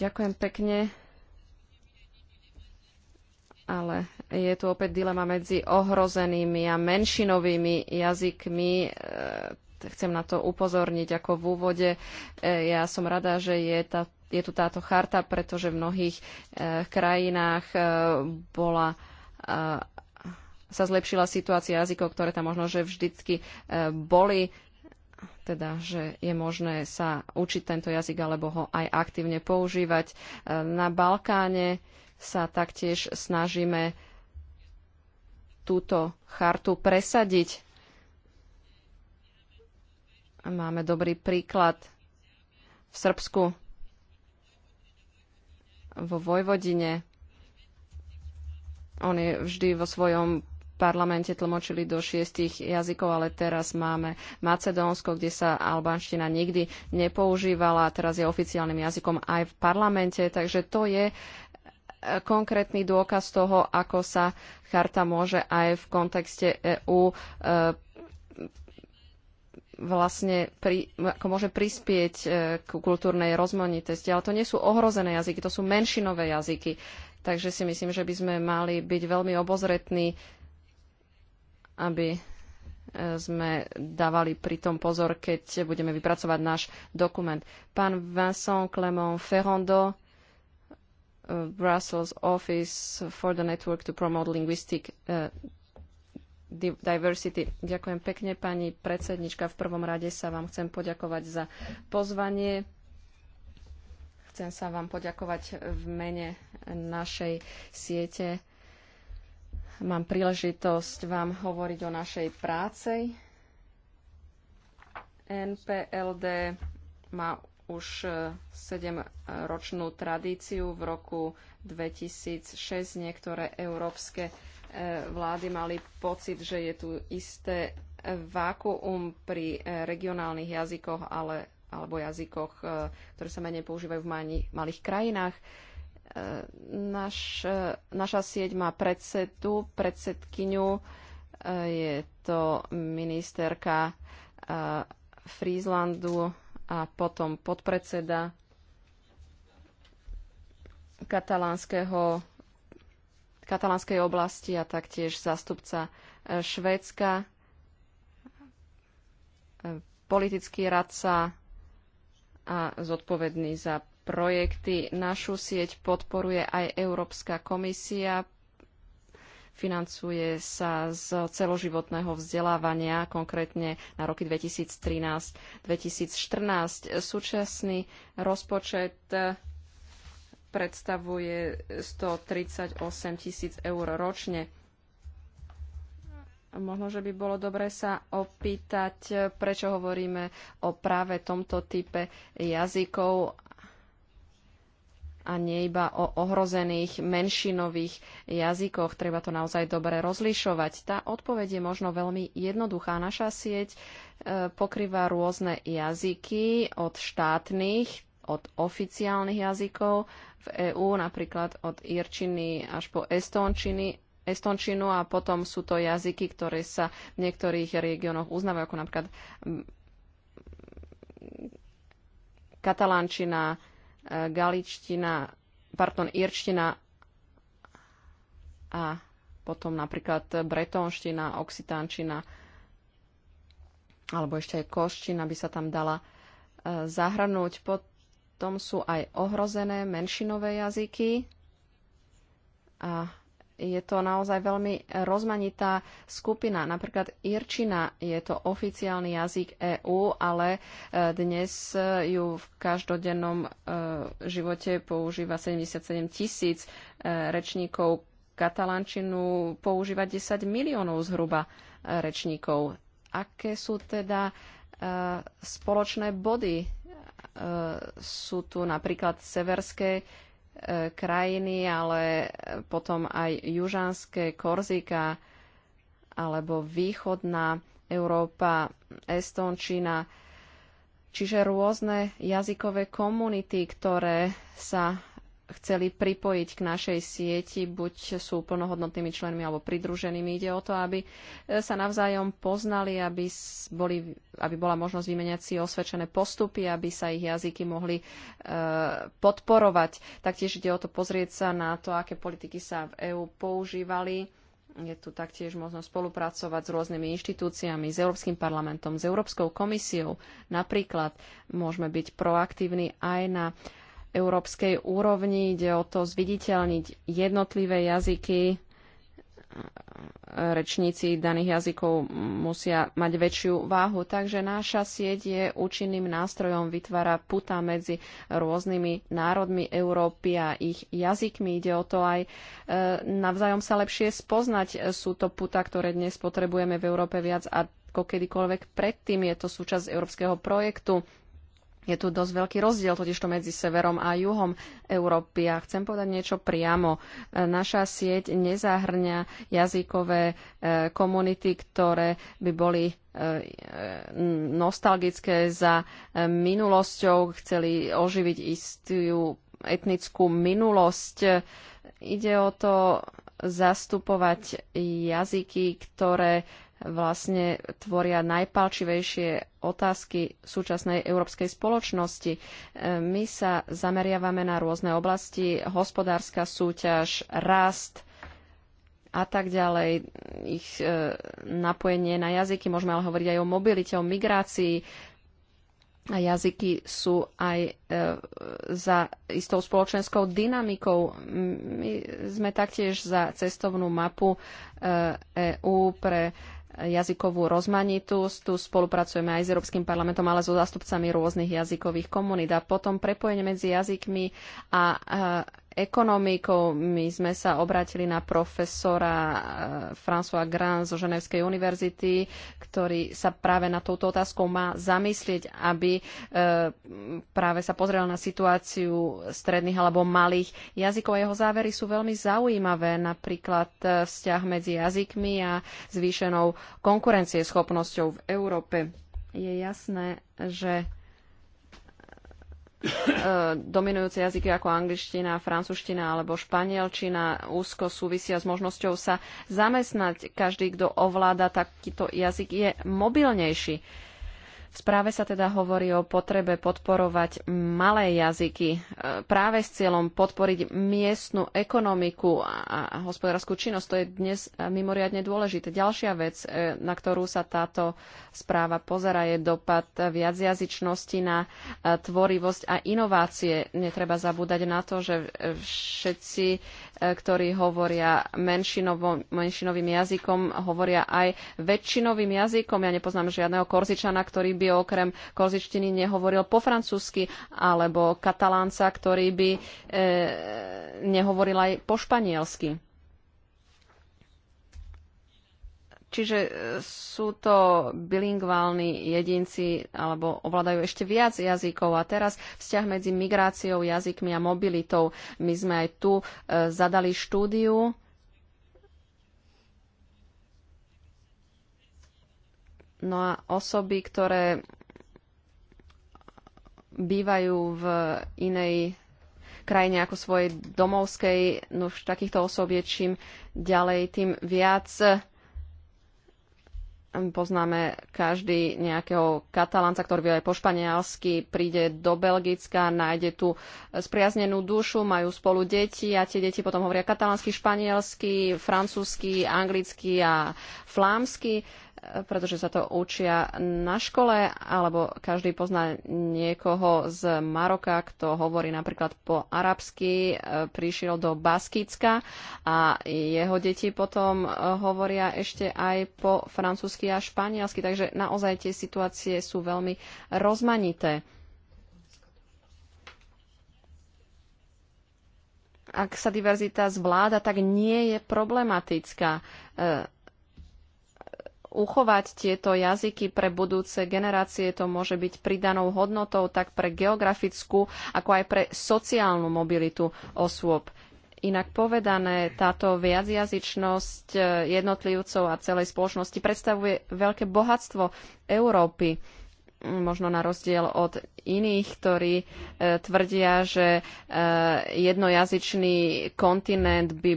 C: Ďakujem pekne. Ale je tu opäť dilema medzi ohrozenými a menšinovými jazykmi. E, chcem na to upozorniť ako v úvode. E, ja som rada, že je tá je tu táto charta, pretože v mnohých e, krajinách bola sa zlepšila situácia jazykov, ktoré tam možno, že vždycky e, boli, teda, že je možné sa učiť tento jazyk alebo ho aj aktívne používať. E, na Balkáne sa taktiež snažíme túto chartu presadiť. Máme dobrý príklad v Srbsku, vo Vojvodine. On je vždy vo svojom parlamente tlmočili do šiestich jazykov, ale teraz máme Macedónsko, kde sa albánština nikdy nepoužívala a teraz je oficiálnym jazykom aj v parlamente, takže to je e, konkrétny dôkaz toho, ako sa charta môže aj v kontexte EÚ e, vlastne pri, ako môže prispieť e, k kultúrnej rozmanitosti. Ale to nie sú ohrozené jazyky, to sú menšinové jazyky. Takže si myslím, že by sme mali byť veľmi obozretní aby e, sme dávali pritom pozor, keď budeme vypracovať náš dokument. Pán Vincent Clement Ferrando, e, Brussels Office for the Network to Promote Linguistic e, Diversity. Ďakujem pekne, pani predsednička. V prvom rade sa vám chcem poďakovať za pozvanie. Chcem sa vám poďakovať v mene našej siete mám príležitosť vám hovoriť o našej práci. NPLD má už 7-ročnú e, e, tradíciu. V roku 2006 niektoré európske e, vlády mali pocit, že je tu isté vákuum pri regionálnych jazykoch ale, alebo jazykoch, ktoré sa menej používajú v malých krajinách. Naš, e, naša sieť má predsedu, predsedkyňu, e, je to ministerka e, Frízlandu a potom podpredseda katalánskeho, katalánskej oblasti a taktiež zastupca Švédska, politický radca a zodpovedný za projekty. Našu sieť podporuje aj Európska komisia. Financuje sa z celoživotného vzdelávania, konkrétne na roky 2013-2014. Súčasný rozpočet predstavuje 138 tisíc eur ročne. Možno, že by bolo dobre sa opýtať, prečo hovoríme o práve tomto type jazykov a nie iba o ohrozených menšinových jazykoch. Treba to naozaj dobre rozlišovať. Tá odpoveď je možno veľmi jednoduchá. Naša sieť e, pokrýva rôzne jazyky od štátnych, od oficiálnych jazykov v EÚ, napríklad od Irčiny až po Estončiny, Estončinu a potom sú to jazyky, ktoré sa v niektorých regiónoch uznávajú, ako napríklad mm, katalánčina, galičtina, pardon, irčtina a potom napríklad bretonština, oxitánčina alebo ešte aj koština by sa tam dala e, zahrnúť. Potom sú aj ohrozené menšinové jazyky a je to naozaj veľmi rozmanitá skupina. Napríklad Irčina je to oficiálny jazyk EÚ, ale e, dnes e, ju v každodennom e, živote používa 77 tisíc rečníkov. Katalančinu používa 10 miliónov zhruba rečníkov. Aké sú teda spoločné body? Sú tu napríklad severské E, krajiny, ale potom aj južanské Korzika alebo východná Európa, Estončina. Čiže rôzne jazykové komunity, ktoré sa chceli pripojiť k našej sieti, buď sú plnohodnotnými členmi alebo pridruženými. Ide o to, aby e, sa navzájom poznali, aby, boli, aby bola možnosť vymeniať si osvedčené postupy, aby sa ich jazyky mohli e, podporovať. Taktiež ide o to pozrieť sa na to, aké politiky sa v EÚ používali. Je tu taktiež možnosť spolupracovať s rôznymi inštitúciami, s Európskym parlamentom, s Európskou komisiou. Napríklad môžeme byť proaktívni aj na uh, európskej úrovni. Ide o to zviditeľniť jednotlivé jazyky. Rečníci daných jazykov musia mať väčšiu váhu. Takže náša sieť je účinným nástrojom, vytvára puta medzi rôznymi národmi Európy a ich jazykmi. Ide o to aj e, navzájom sa lepšie spoznať. Sú to puta, ktoré dnes potrebujeme v Európe viac a ako kedykoľvek predtým. Je to súčasť európskeho projektu je tu dosť veľký rozdiel totižto medzi severom a juhom Európy a chcem povedať niečo priamo. E, naša sieť nezahrňa jazykové e, komunity, ktoré by boli e, nostalgické za minulosťou, chceli oživiť istú etnickú minulosť. Ide o to zastupovať jazyky, ktoré vlastne tvoria najpalčivejšie otázky súčasnej európskej spoločnosti. E, my sa zameriavame na rôzne oblasti, hospodárska súťaž, rast, a tak ďalej, ich e, napojenie na jazyky, môžeme ale hovoriť aj o mobilite, o migrácii. A jazyky sú aj e, za istou spoločenskou dynamikou. My sme taktiež za cestovnú mapu EÚ e pre jazykovú rozmanitosť. Tu spolupracujeme aj s Európskym parlamentom, ale so zástupcami rôznych jazykových komunít. A potom prepojenie medzi jazykmi a ekonomikou. My sme sa obratili na profesora eh, François Grand zo Ženevskej univerzity, ktorý sa práve na touto otázkou má zamyslieť, aby eh, práve sa pozrel na situáciu stredných alebo malých jazykov. jeho závery sú veľmi zaujímavé, napríklad eh, vzťah medzi jazykmi a zvýšenou konkurencieschopnosťou v Európe. Je jasné, že Eh, dominujúce jazyky ako angličtina, francúzština alebo španielčina úzko súvisia s možnosťou sa zamestnať. Každý, kto ovláda takýto jazyk, je mobilnejší v správe sa teda hovorí o potrebe podporovať malé jazyky e, práve s cieľom podporiť miestnu ekonomiku a hospodárskú činnosť. To je dnes e, mimoriadne dôležité. Ďalšia vec, e, na ktorú sa táto správa pozera, je dopad viacjazyčnosti na tvorivosť a inovácie. Netreba zabúdať na to, že všetci ktorí hovoria menšinovým jazykom, hovoria aj väčšinovým jazykom. Ja nepoznám žiadneho korzičana, ktorý by okrem korzičtiny nehovoril po francúzsky, alebo katalánca, ktorý by e, nehovoril aj po španielsky. Čiže e, sú to bilingválni jedinci alebo ovládajú ešte viac jazykov. A teraz vzťah medzi migráciou, jazykmi a mobilitou. My sme aj tu e, zadali štúdiu. No a osoby, ktoré bývajú v inej krajine ako svojej domovskej, no už takýchto osob je čím ďalej, tým viac Hm, poznáme každý nejakého katalánca, ktorý vie aj po španielsky, príde do Belgicka, nájde tu spriaznenú dušu, majú spolu deti a tie deti potom hovoria katalánsky, španielsky, francúzsky, anglicky a flámsky pretože sa to učia na škole, alebo každý pozná niekoho z Maroka, kto hovorí napríklad po arabsky, e, prišiel do Baskicka a jeho deti potom e, hovoria ešte aj po francúzsky a španielsky, takže naozaj tie situácie sú veľmi rozmanité. Ak sa diverzita zvláda, tak nie je problematická e, uchovať tieto jazyky pre budúce generácie. To môže byť pridanou hodnotou tak pre geografickú, ako aj pre sociálnu mobilitu osôb. Inak povedané, táto viacjazyčnosť e, jednotlivcov a celej spoločnosti predstavuje veľké bohatstvo Európy mm, možno na rozdiel od iných, ktorí e, tvrdia, že e, jednojazyčný kontinent by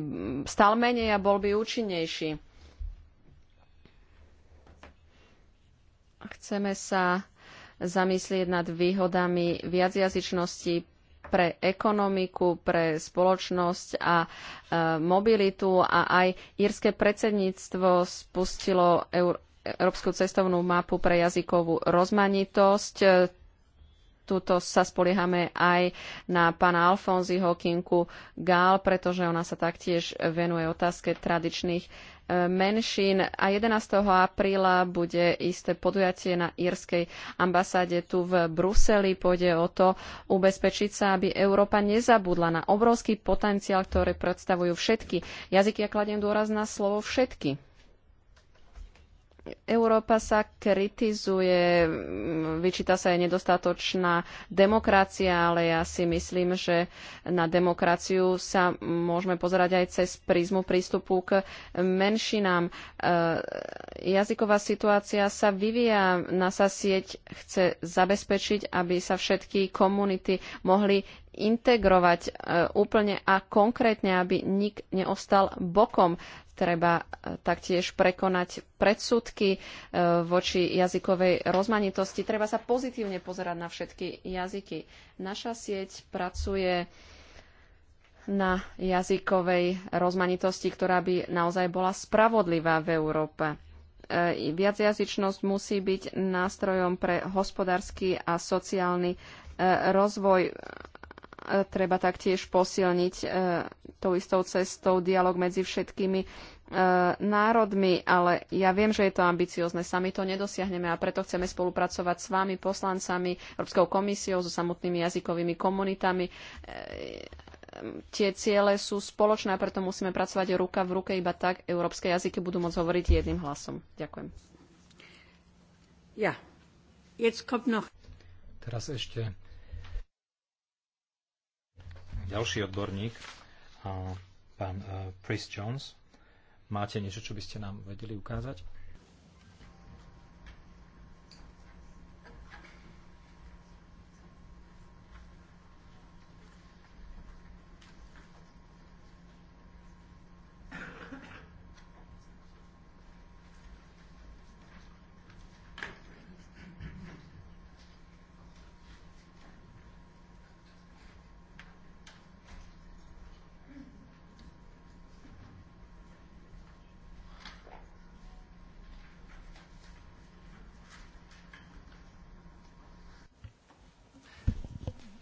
C: stal menej a bol by účinnejší. Chceme sa zamyslieť nad výhodami viacjazyčnosti pre ekonomiku, pre spoločnosť a e, mobilitu a aj írske predsedníctvo spustilo Eur- Európsku cestovnú mapu pre jazykovú rozmanitosť. E, tuto sa spoliehame aj na pána Alfonzi Hokinku Gál, pretože ona sa taktiež venuje otázke tradičných menšín a 11. apríla bude isté podujatie na írskej ambasáde tu v Bruseli. Pôjde o to ubezpečiť sa, aby Európa nezabudla na obrovský potenciál, ktorý predstavujú všetky jazyky. Ja kladiem dôraz na slovo všetky. Európa sa kritizuje, vyčíta sa aj nedostatočná demokracia, ale ja si myslím, že na demokraciu sa môžeme pozerať aj cez prízmu prístupu k menšinám. E, jazyková situácia sa vyvíja, NASA sieť chce zabezpečiť, aby sa všetky komunity mohli integrovať e, úplne a konkrétne, aby nik neostal bokom. Treba e, taktiež prekonať predsudky e, voči jazykovej rozmanitosti. Treba sa pozitívne pozerať na všetky jazyky. Naša sieť pracuje na jazykovej rozmanitosti, ktorá by naozaj bola spravodlivá v Európe e, viacjazyčnosť musí byť nástrojom pre hospodársky a sociálny rozvoj treba taktiež posilniť e, tou istou cestou dialog medzi všetkými e, národmi, ale ja viem, že je to ambiciozne, sami to nedosiahneme a preto chceme spolupracovať s vami, poslancami, Európskou komisiou, so samotnými jazykovými komunitami. E, tie ciele sú spoločné a preto musíme pracovať ruka v ruke, iba tak európske jazyky budú môcť hovoriť jedným hlasom. Ďakujem. Ja. Jetzt kommt noch.
B: Teraz ešte ďalší odborník, pán e, Chris Jones. Máte niečo, čo by ste nám vedeli ukázať?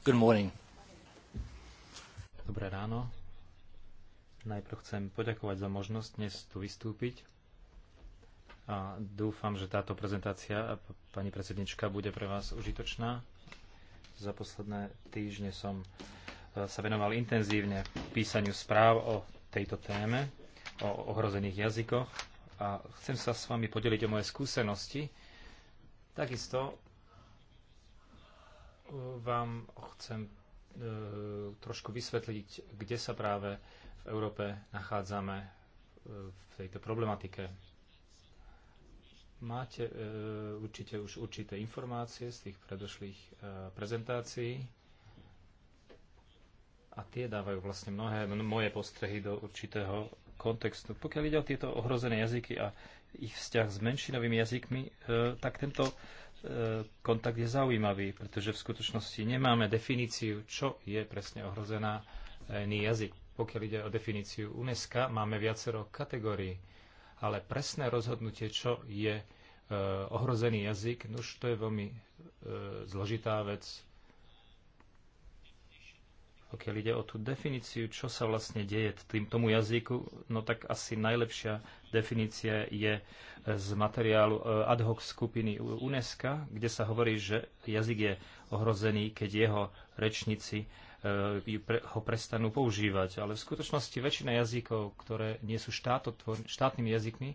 B: Good morning. Dobré ráno. Najprv chcem poďakovať za možnosť dnes tu vystúpiť a dúfam, že táto prezentácia, pani predsednička, bude pre vás užitočná. Za posledné týždne som e, sa venoval intenzívne písaniu správ o tejto téme, o ohrozených jazykoch a chcem sa s vami podeliť o moje skúsenosti. Takisto vám chcem e, trošku vysvetliť, kde sa práve v Európe nachádzame e, v tejto problematike. Máte e, určite už určité informácie z tých predošlých prezentácií a tie dávajú vlastne mnohé moje postrehy do určitého kontextu. Pokiaľ ide o tieto ohrozené jazyky a ich vzťah s menšinovými jazykmi, tak tento E, kontakt je zaujímavý, pretože v skutočnosti nemáme definíciu, čo je presne ohrozená e, iný jazyk. Pokiaľ ide o definíciu UNESCO, máme viacero kategórií, ale presné rozhodnutie, čo je e, ohrozený jazyk, no už to je veľmi zložitá vec, pokiaľ ide o tú definíciu, čo sa vlastne deje tým tomu jazyku, no tak asi najlepšia definícia je e, z materiálu e, ad hoc skupiny UNESCO, kde sa hovorí, že jazyk je ohrozený, keď jeho rečníci e, ho prestanú používať. Ale v skutočnosti väčšina jazykov, ktoré nie sú štátnymi jazykmi,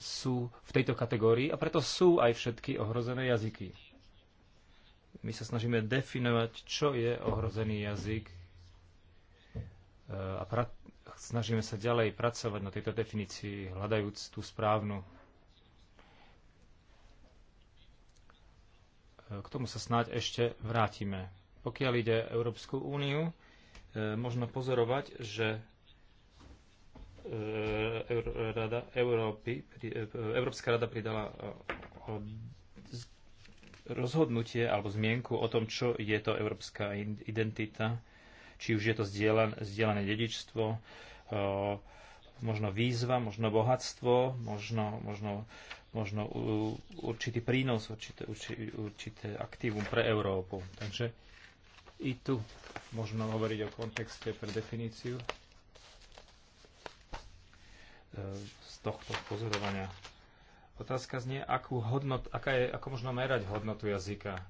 B: sú v tejto kategórii a preto sú aj všetky ohrozené jazyky. My sa snažíme definovať, čo je ohrozený jazyk e, a pra- snažíme sa ďalej pracovať na tejto definícii, hľadajúc tú správnu. E, k tomu sa snáď ešte vrátime. Pokiaľ ide Európsku úniu, e, možno pozorovať, že Rada Európy, Európska rada pridala rozhodnutie alebo zmienku o tom, čo je to európska identita, či už je to zdieľané dedičstvo, možno výzva, možno bohatstvo, možno, možno, možno určitý prínos, určité, určité aktívum pre Európu. Takže i tu možno hovoriť o kontexte pre definíciu e, z tohto pozorovania Otázka znie, akú hodnot, aká je, ako možno merať hodnotu jazyka.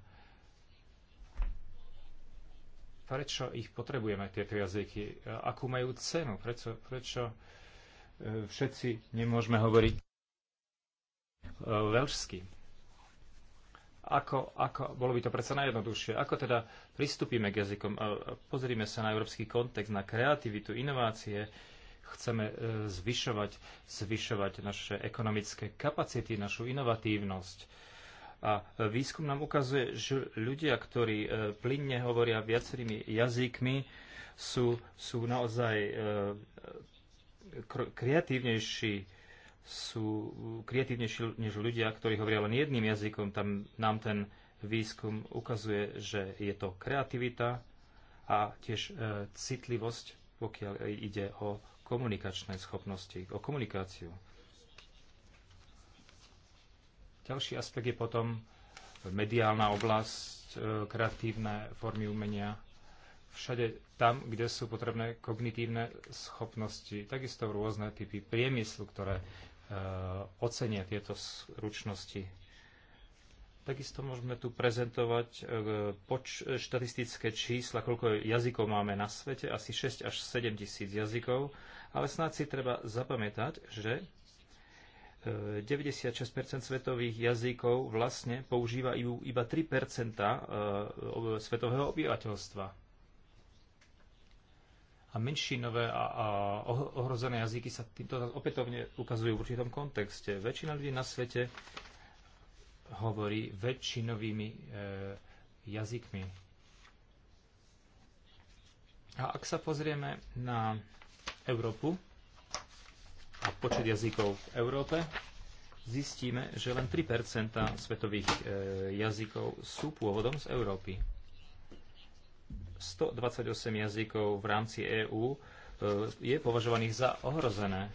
B: Prečo ich potrebujeme, tieto jazyky? Akú majú cenu? Prečo, prečo e, všetci nemôžeme hovoriť e, veľšsky? Ako, ako, bolo by to predsa najjednoduchšie. Ako teda pristúpime k jazykom? E, pozrime sa na európsky kontext, na kreativitu, inovácie, Chceme e, zvyšovať, zvyšovať naše ekonomické kapacity, našu inovatívnosť. A e, výskum nám ukazuje, že ľudia, ktorí e, plynne hovoria viacerými jazykmi, sú, sú naozaj kreatívnejší, sú kreatívnejší než ľudia, ktorí hovoria len jedným jazykom. Tam nám ten výskum ukazuje, že je to kreativita a tiež citlivosť, pokiaľ ide o komunikačné schopnosti, o komunikáciu. Ďalší aspekt je potom mediálna oblasť, e, kreatívne formy umenia, všade tam, kde sú potrebné kognitívne schopnosti, takisto rôzne typy priemyslu, ktoré e, ocenia tieto ručnosti. Takisto môžeme tu prezentovať e, poč- štatistické čísla, koľko jazykov máme na svete, asi 6 až 7 tisíc jazykov. Ale snáď si treba zapamätať, že 96% e, svetových jazykov vlastne používajú iba 3% e, svetového obyvateľstva. A menšinové a ohrozené jazyky sa týmto opätovne ukazujú v určitom kontexte. Väčšina ľudí na svete hovorí väčšinovými e, jazykmi. A ak sa pozrieme na Európu a počet jazykov v Európe, zistíme, že len 3 svetových e, jazykov sú pôvodom z Európy. 128 jazykov v rámci EÚ e, je považovaných za ohrozené.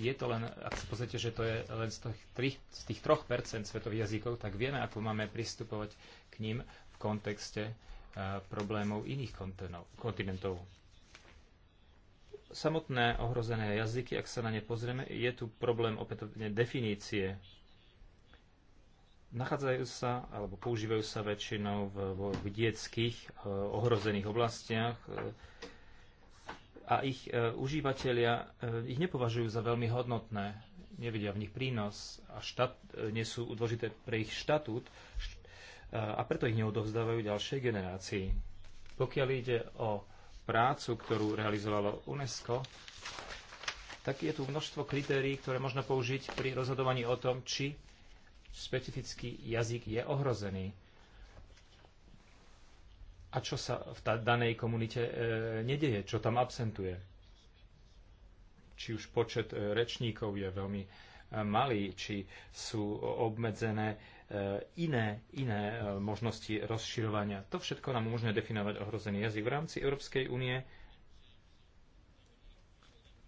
B: Je to len, ak si pozrite, že to je len z tých, 3, z tých 3 svetových jazykov, tak vieme, ako máme pristupovať k ním v kontexte e, problémov iných kontinentov samotné ohrozené jazyky, ak sa na ne pozrieme, je tu problém opätovne definície. Nachádzajú sa alebo používajú sa väčšinou v, v vidieckých eh, ohrozených oblastiach eh, a ich eh, užívateľia e, ich nepovažujú za veľmi hodnotné, nevidia v nich prínos a štát, e, nie sú dôležité pre ich štatút št, e, a preto ich neodovzdávajú ďalšej generácii. Pokiaľ ide o prácu, ktorú realizovalo UNESCO, tak je tu množstvo kritérií, ktoré možno použiť pri rozhodovaní o tom, či špecifický jazyk je ohrozený a čo sa v danej komunite e, nedeje, čo tam absentuje. Či už počet e, rečníkov je veľmi e, malý, či sú obmedzené E, iné, iné e, možnosti rozširovania. To všetko nám umožňuje definovať ohrozený jazyk v rámci Európskej únie,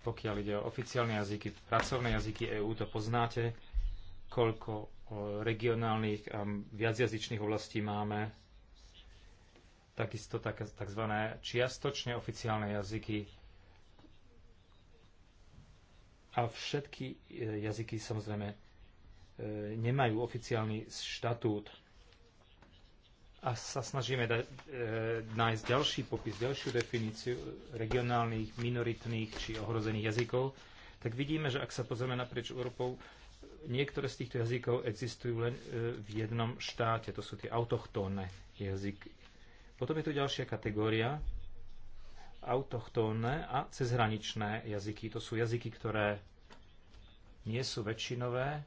B: pokiaľ ide o oficiálne jazyky, pracovné jazyky EÚ, to poznáte, koľko e, regionálnych a viacjazyčných oblastí máme. Takisto tak, tzv. čiastočne oficiálne jazyky a všetky jazyky samozrejme E, nemajú oficiálny štatút a sa snažíme da, e, nájsť ďalší popis, ďalšiu definíciu regionálnych, minoritných či ohrozených jazykov, tak vidíme, že ak sa pozrieme naprieč Európou, niektoré z týchto jazykov existujú len e, v jednom štáte, to sú tie autochtónne jazyky. Potom je tu ďalšia kategória, autochtónne a cezhraničné jazyky. To sú jazyky, ktoré nie sú väčšinové,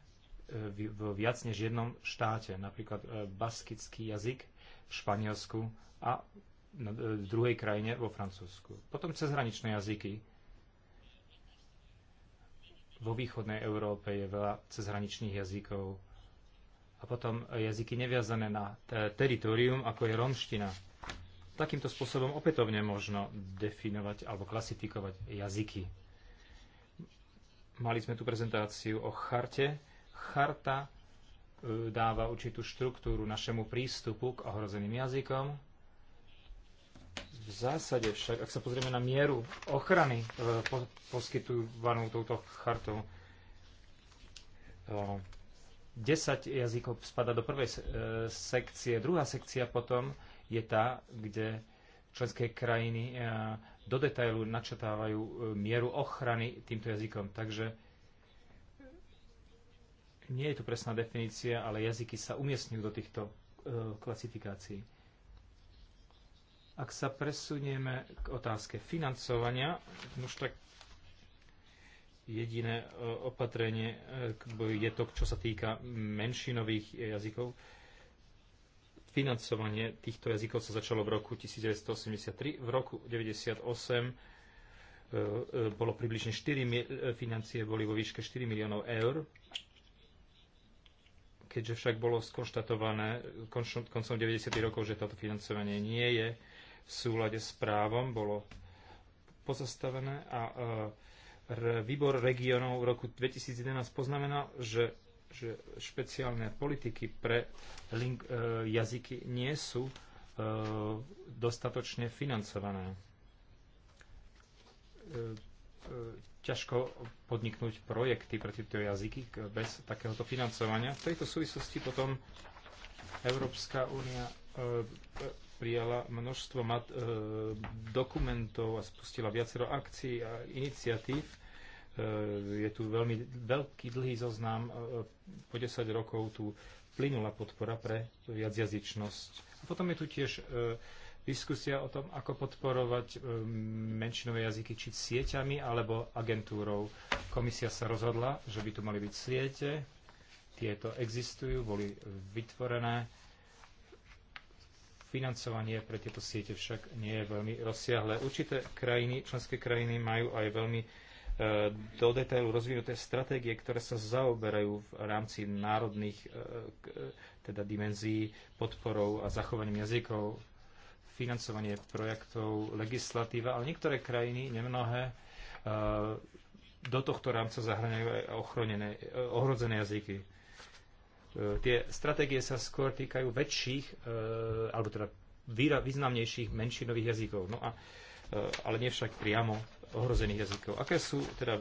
B: v viac než jednom štáte, napríklad e, baskický jazyk v Španielsku a e, v druhej krajine vo Francúzsku. Potom cezhraničné jazyky. Vo východnej Európe je veľa cezhraničných jazykov. A potom jazyky neviazané na teritorium, ako je romština. Takýmto spôsobom opätovne možno definovať alebo klasifikovať jazyky. Mali sme tu prezentáciu o charte Charta e, dáva určitú štruktúru našemu prístupu k ohrozeným jazykom. V zásade však, ak sa pozrieme na mieru ochrany e, po, poskytovanú touto chartou, 10 e, jazykov spada do prvej sekcie. Druhá sekcia potom je tá, kde členské krajiny do detailu načetávajú mieru ochrany týmto jazykom. Takže nie je to presná definícia, ale jazyky sa umiestňujú do týchto e, klasifikácií. Ak sa presunieme k otázke financovania, už tak jediné e, opatrenie e, je to, čo sa týka menšinových jazykov. Financovanie týchto jazykov sa začalo v roku 1983. V roku 1998 e, bolo približne 4 financie boli vo výške 4 miliónov eur Keďže však bolo skonštatované koncom 90. rokov, že toto financovanie nie je v súlade s právom, bolo pozastavené a e, výbor regionov v roku 2011 poznamenal, že, že špeciálne politiky pre link, e, jazyky nie sú e, dostatočne financované E, ťažko podniknúť projekty pre tieto jazyky bez takéhoto financovania. V tejto súvislosti potom Európska únia e, e, prijala množstvo mat, e, dokumentov a spustila viacero akcií a iniciatív. E, je tu veľmi veľký dlhý zoznam. E, po 10 rokov tu plynula podpora pre viacjazyčnosť. A potom je tu tiež e, Diskusia o tom, ako podporovať um, menšinové jazyky či sieťami alebo agentúrou. Komisia sa rozhodla, že by tu mali byť siete. Tieto existujú, boli vytvorené. Financovanie pre tieto siete však nie je veľmi rozsiahle. Určité krajiny, členské krajiny majú aj veľmi e, do detailu rozvinuté stratégie, ktoré sa zaoberajú v rámci národných e, e, teda dimenzií podporou a zachovaním jazykov financovanie projektov, legislatíva, ale niektoré krajiny, nemnohé, e, do tohto rámca zahrňajú aj ochronené, e, ohrozené jazyky. E, tie stratégie sa skôr týkajú väčších, alebo teda významnejších menšinových jazykov. No a, ale však priamo ohrozených jazykov. Aké sú teda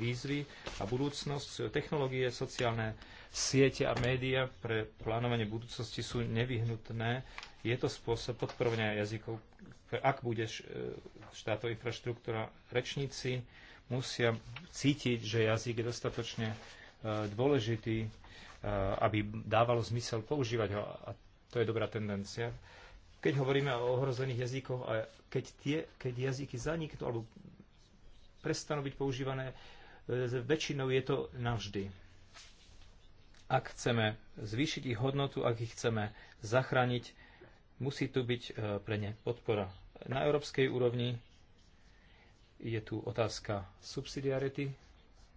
B: výzvy a budúcnosť? Technológie, sociálne siete a média pre plánovanie budúcnosti sú nevyhnutné je to spôsob podporovania jazykov. Ak bude e, štátová infraštruktúra, rečníci musia cítiť, že jazyk je dostatočne e, dôležitý, e, aby dávalo zmysel používať ho. A to je dobrá tendencia. Keď hovoríme o ohrozených jazykoch a keď, tie, keď jazyky zaniknú alebo prestanú byť používané, väčšinou je to navždy. Ak chceme zvýšiť ich hodnotu, ak ich chceme zachrániť, Musí tu byť e, pre ne podpora. Na európskej úrovni je tu otázka subsidiarity,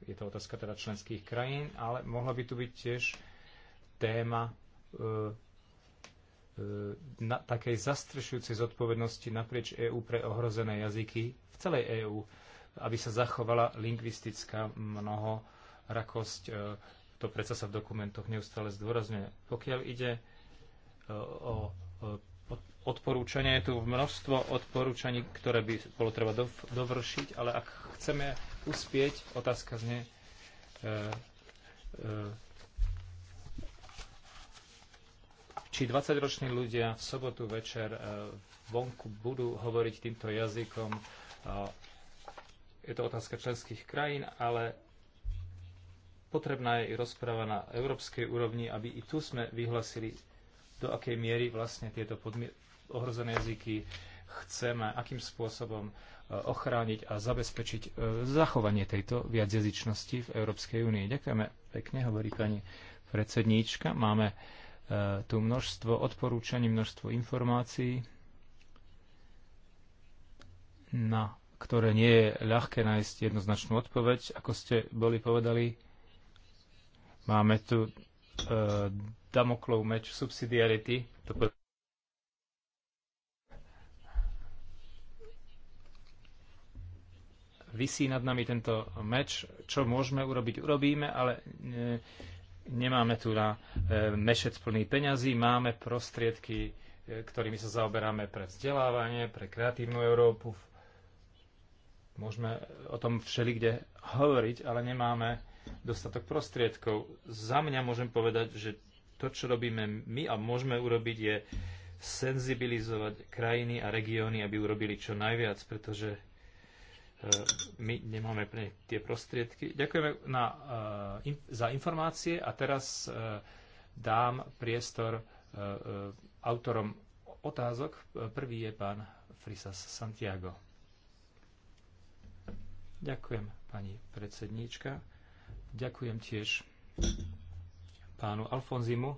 B: je to otázka teda členských krajín, ale mohla by tu byť tiež téma e, e, na takej zastrešujúcej zodpovednosti naprieč EÚ pre ohrozené jazyky v celej EÚ, aby sa zachovala lingvistická mnoho rakosť. To predsa sa v dokumentoch neustále zdôrazňuje. Pokiaľ ide o odporúčania. Je tu množstvo odporúčaní, ktoré by bolo treba dovršiť, ale ak chceme uspieť, otázka znie, e, e, či 20-roční ľudia v sobotu večer e, vonku budú hovoriť týmto jazykom. Je to otázka členských krajín, ale potrebná je i rozpráva na európskej úrovni, aby i tu sme vyhlasili do akej miery vlastne tieto ohrozené jazyky chceme, akým spôsobom e, ochrániť a zabezpečiť e, zachovanie tejto viacjazyčnosti v Európskej únii. Ďakujeme pekne, hovorí pani predsedníčka. Máme e, tu množstvo odporúčaní, množstvo informácií, na ktoré nie je ľahké nájsť jednoznačnú odpoveď. Ako ste boli povedali, máme tu Damoklov meč subsidiarity. Vysí nad nami tento meč. Čo môžeme urobiť, urobíme, ale e, nemáme tu na e, mešec plný peňazí. Máme prostriedky, e, ktorými sa zaoberáme pre vzdelávanie, pre kreatívnu Európu. Môžeme o tom všelikde hovoriť, ale nemáme dostatok prostriedkov. Za mňa môžem povedať, že to, čo robíme my a môžeme urobiť, je senzibilizovať krajiny a regióny, aby urobili čo najviac, pretože e, my nemáme pre tie prostriedky. Ďakujeme na, e, za informácie a teraz e, dám priestor autorom otázok. Prvý je pán Frisas Santiago. Ďakujem, pani predsedníčka. Ďakujem tiež pánu Alfonzimu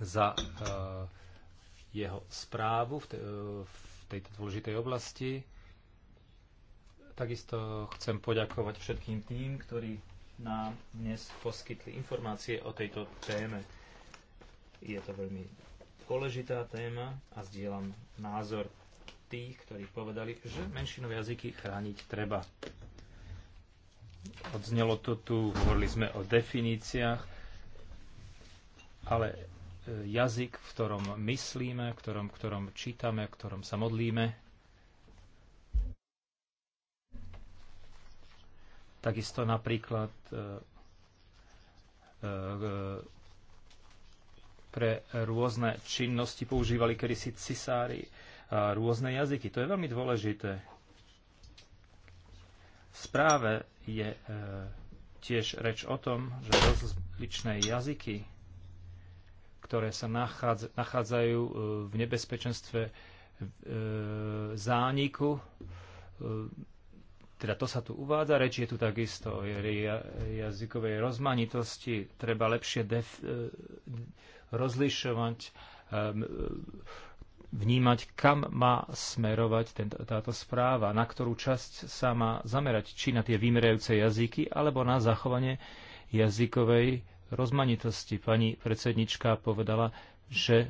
B: za e, jeho správu e, v, tejto dôležitej oblasti. Takisto chcem poďakovať všetkým tým, ktorí nám dnes poskytli informácie o tejto téme. Je to veľmi dôležitá téma a zdieľam názor tých, ktorí povedali, že menšinové jazyky chrániť treba. Odznelo to tu, hovorili sme o definíciách, ale e, jazyk, v ktorom myslíme, v ktorom, v ktorom čítame, v ktorom sa modlíme, Takisto napríklad e, e, pre rôzne činnosti používali kedysi cisári rôzne jazyky. To je veľmi dôležité správe je e, tiež reč o tom, že rozličné jazyky, ktoré sa nachádza, nachádzajú e, v nebezpečenstve e, zániku, e, teda to sa tu uvádza, reč je tu takisto o jazykovej rozmanitosti, treba lepšie def, e, rozlišovať e, vnímať, kam má smerovať tento, táto správa, na ktorú časť sa má zamerať, či na tie vymerajúce jazyky, alebo na zachovanie jazykovej rozmanitosti. Pani predsednička povedala, že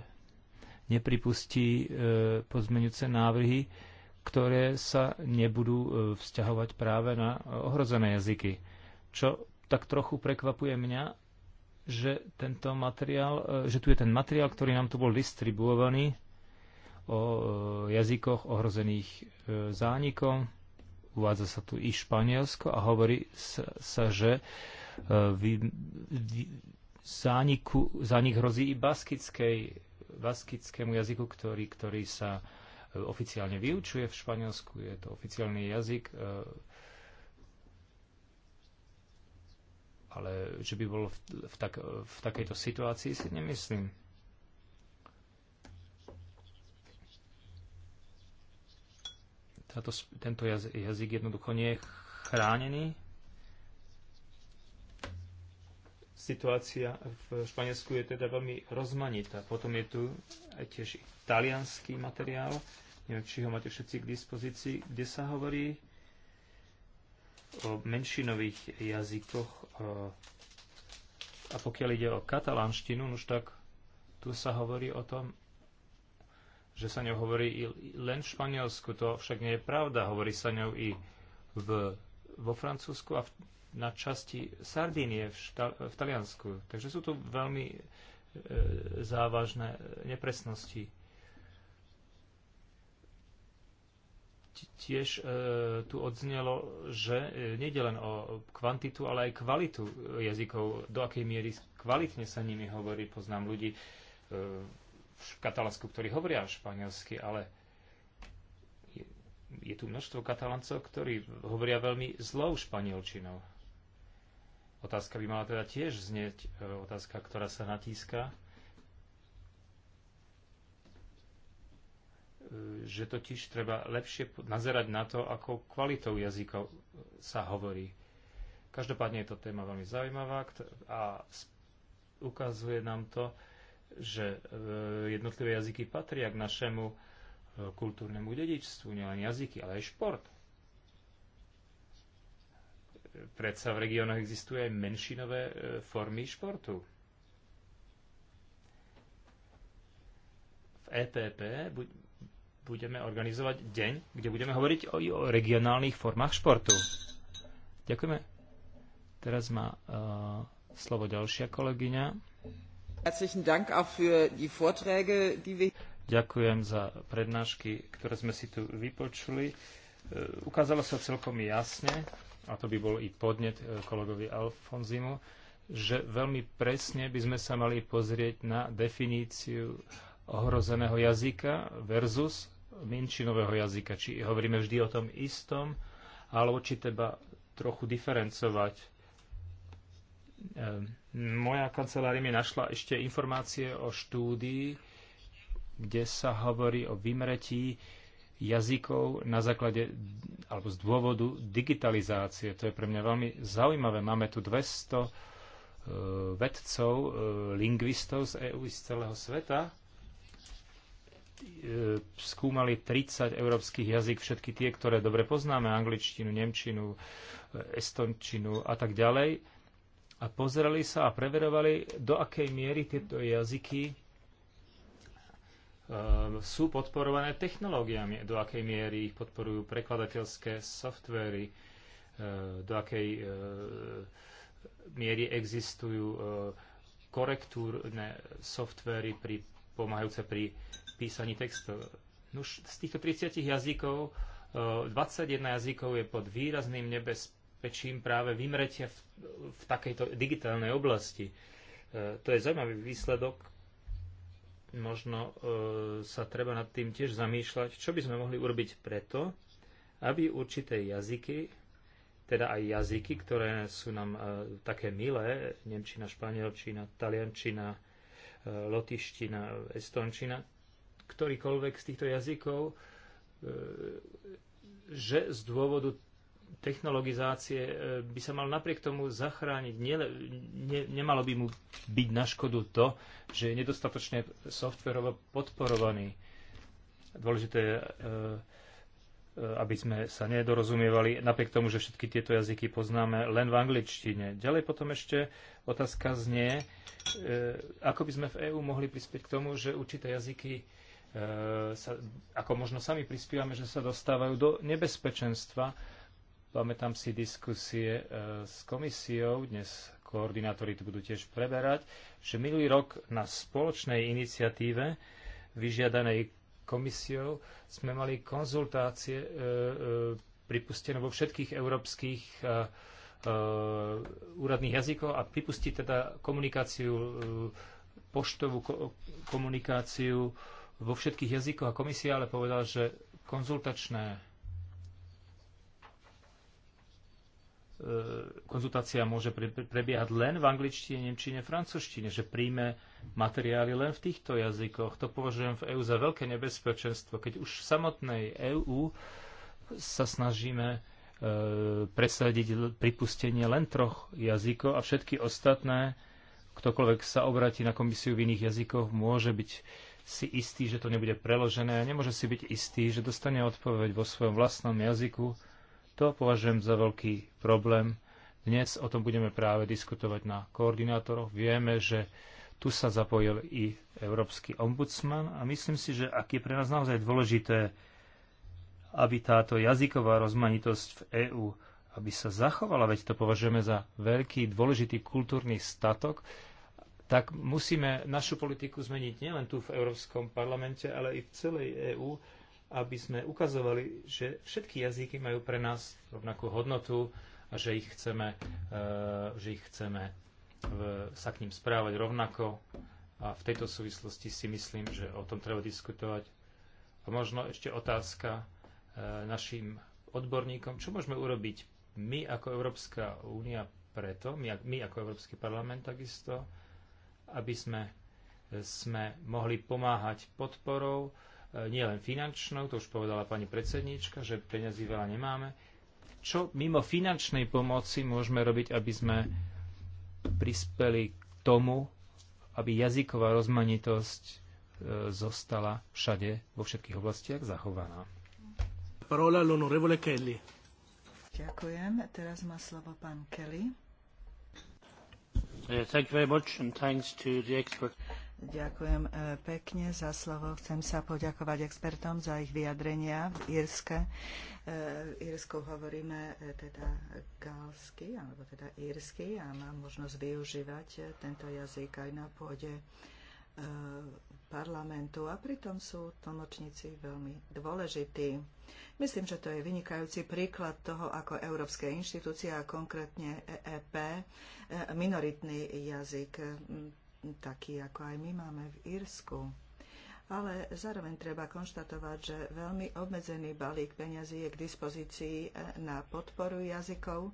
B: nepripustí e, pozmeňujúce návrhy, ktoré sa nebudú e, vzťahovať práve na ohrozené jazyky. Čo tak trochu prekvapuje mňa, že tento materiál, e, že tu je ten materiál, ktorý nám tu bol distribuovaný, o e, jazykoch ohrozených e, zánikom. Uvádza sa tu i Španielsko a hovorí sa, že e, zániku, zánik hrozí i baskickej, baskickému jazyku, ktorý, ktorý sa oficiálne vyučuje v Španielsku. Je to oficiálny jazyk, ale že by bol v, v, tak, v takejto situácii si nemyslím. Táto, tento jazyk jednoducho nie je chránený. Situácia v Španielsku je teda veľmi rozmanitá. Potom je tu tiež italianský materiál, neviem, či ho máte všetci k dispozícii, kde sa hovorí o menšinových jazykoch. A pokiaľ ide o katalánštinu, už tak tu sa hovorí o tom, že sa ňou hovorí len v Španielsku. To však nie je pravda. Hovorí sa ňou i v, vo Francúzsku a v, na časti Sardínie v, šta, v Taliansku. Takže sú tu veľmi e, závažné nepresnosti. Tiež e, tu odznelo, že e, nejde len o kvantitu, ale aj kvalitu jazykov, do akej miery kvalitne sa nimi hovorí. Poznám ľudí e, v Katalánsku, ktorí hovoria španielsky, ale je, je tu množstvo Kataláncov, ktorí hovoria veľmi zlou španielčinou. Otázka by mala teda tiež znieť, e, otázka, ktorá sa natíska, e, že totiž treba lepšie nazerať na to, ako kvalitou jazykov sa hovorí. Každopádne je to téma veľmi zaujímavá a ukazuje nám to, že e, jednotlivé jazyky patria k našemu e, kultúrnemu dedičstvu, nielen jazyky, ale aj šport. Predsa v regiónoch existujú aj menšinové e, formy športu. V EPP budeme organizovať deň, kde budeme hovoriť o, o regionálnych formách športu. Ďakujeme. Teraz má uh, slovo ďalšia kolegyňa. Ďakujem za prednášky, ktoré sme si tu vypočuli. E, ukázalo sa celkom jasne, a to by bol i podnet e, kolegovi Alfonzimu, že veľmi presne by sme sa mali pozrieť na definíciu ohrozeného jazyka versus menšinového jazyka. Či hovoríme vždy o tom istom, alebo či treba trochu diferencovať Ehm, moja kancelária mi našla ešte informácie o štúdii, kde sa hovorí o vymretí jazykov na základe alebo z dôvodu digitalizácie. To je pre mňa veľmi zaujímavé. Máme tu 200 e, vedcov, e, lingvistov z EÚ z celého sveta. E, skúmali 30 európskych jazyk, všetky tie, ktoré dobre poznáme, angličtinu, nemčinu, estončinu a tak ďalej a pozerali sa a preverovali, do akej miery tieto jazyky e, sú podporované technológiami, do akej miery ich podporujú prekladateľské softvery, e, do akej e, miery existujú korektúrne softvery pri, pomáhajúce pri písaní textov. Už z týchto 30 jazykov 21 jazykov je pod výrazným nebezpečím väčším práve vymretia v, v takejto digitálnej oblasti. E, to je zaujímavý výsledok. Možno e, sa treba nad tým tiež zamýšľať, čo by sme mohli urobiť preto, aby určité jazyky, teda aj jazyky, ktoré sú nám e, také milé, nemčina, španielčina, taliančina, e, lotiština, estončina, ktorýkoľvek z týchto jazykov, e, že z dôvodu technologizácie e, by sa mal napriek tomu zachrániť. Nie, ne, nemalo by mu byť na škodu to, že je nedostatočne softverovo podporovaný. Dôležité je, e, e, aby sme sa nedorozumievali, napriek tomu, že všetky tieto jazyky poznáme len v angličtine. Ďalej potom ešte otázka znie, ako by sme v EÚ mohli prispieť k tomu, že určité jazyky sa, ako možno sami prispívame, že sa dostávajú do nebezpečenstva, Pamätám si diskusie e, s komisiou, dnes koordinátori to budú tiež preberať, že minulý rok na spoločnej iniciatíve vyžiadanej komisiou sme mali konzultácie e, e, pripustené vo všetkých európskych e, e úradných jazykov a pripustiť teda komunikáciu, e, poštovú ko, komunikáciu vo všetkých jazykoch a komisia ale povedala, že konzultačné E, konzultácia môže prebiehať len v angličtine, nemčine, francúzštine, že príjme materiály len v týchto jazykoch. To považujem v EÚ za veľké nebezpečenstvo, keď už v samotnej EÚ sa snažíme e, presadiť pripustenie len troch jazykov a všetky ostatné, ktokoľvek sa obratí na komisiu v iných jazykoch, môže byť si istý, že to nebude preložené a nemôže si byť istý, že dostane odpoveď vo svojom vlastnom jazyku, to považujem za veľký problém. Dnes o tom budeme práve diskutovať na koordinátoroch. Vieme, že tu sa zapojil i Európsky ombudsman a myslím si, že ak je pre nás naozaj dôležité, aby táto jazyková rozmanitosť v EÚ aby sa zachovala, veď to považujeme za veľký, dôležitý kultúrny statok, tak musíme našu politiku zmeniť nielen tu v Európskom parlamente, ale i v celej EÚ aby sme ukazovali, že všetky jazyky majú pre nás rovnakú hodnotu a že ich chceme, eh, že ich chceme v, eh, sa k ním správať rovnako. A v tejto súvislosti si myslím, že o tom treba diskutovať. A možno ešte otázka eh, našim odborníkom, čo môžeme urobiť my ako Európska únia preto, my, my ako Európsky parlament takisto, aby sme, sme mohli pomáhať podporou, E, nielen finančnou, to už povedala pani predsedníčka, že peniazy veľa nemáme. Čo mimo finančnej pomoci môžeme robiť, aby sme prispeli k tomu, aby jazyková rozmanitosť e, zostala všade, vo všetkých oblastiach zachovaná. Parola l'onorevole Kelly.
A: Ďakujem. Teraz má slovo pán Kelly.
B: Uh, thank you very much and thanks to the expert.
A: Ďakujem e, pekne za slovo. Chcem sa poďakovať expertom za ich vyjadrenia v Írske. E, v Írsku hovoríme e, teda galsky, alebo teda írsky a mám možnosť využívať tento jazyk aj na pôde parlamentu a pritom sú tlmočníci veľmi dôležití. Myslím, že to je vynikajúci príklad toho, ako európske inštitúcie a konkrétne EEP, minoritný jazyk taký, ako aj my máme v Írsku. Ale zároveň treba konštatovať, že veľmi obmedzený balík peňazí je k dispozícii e, na podporu jazykov.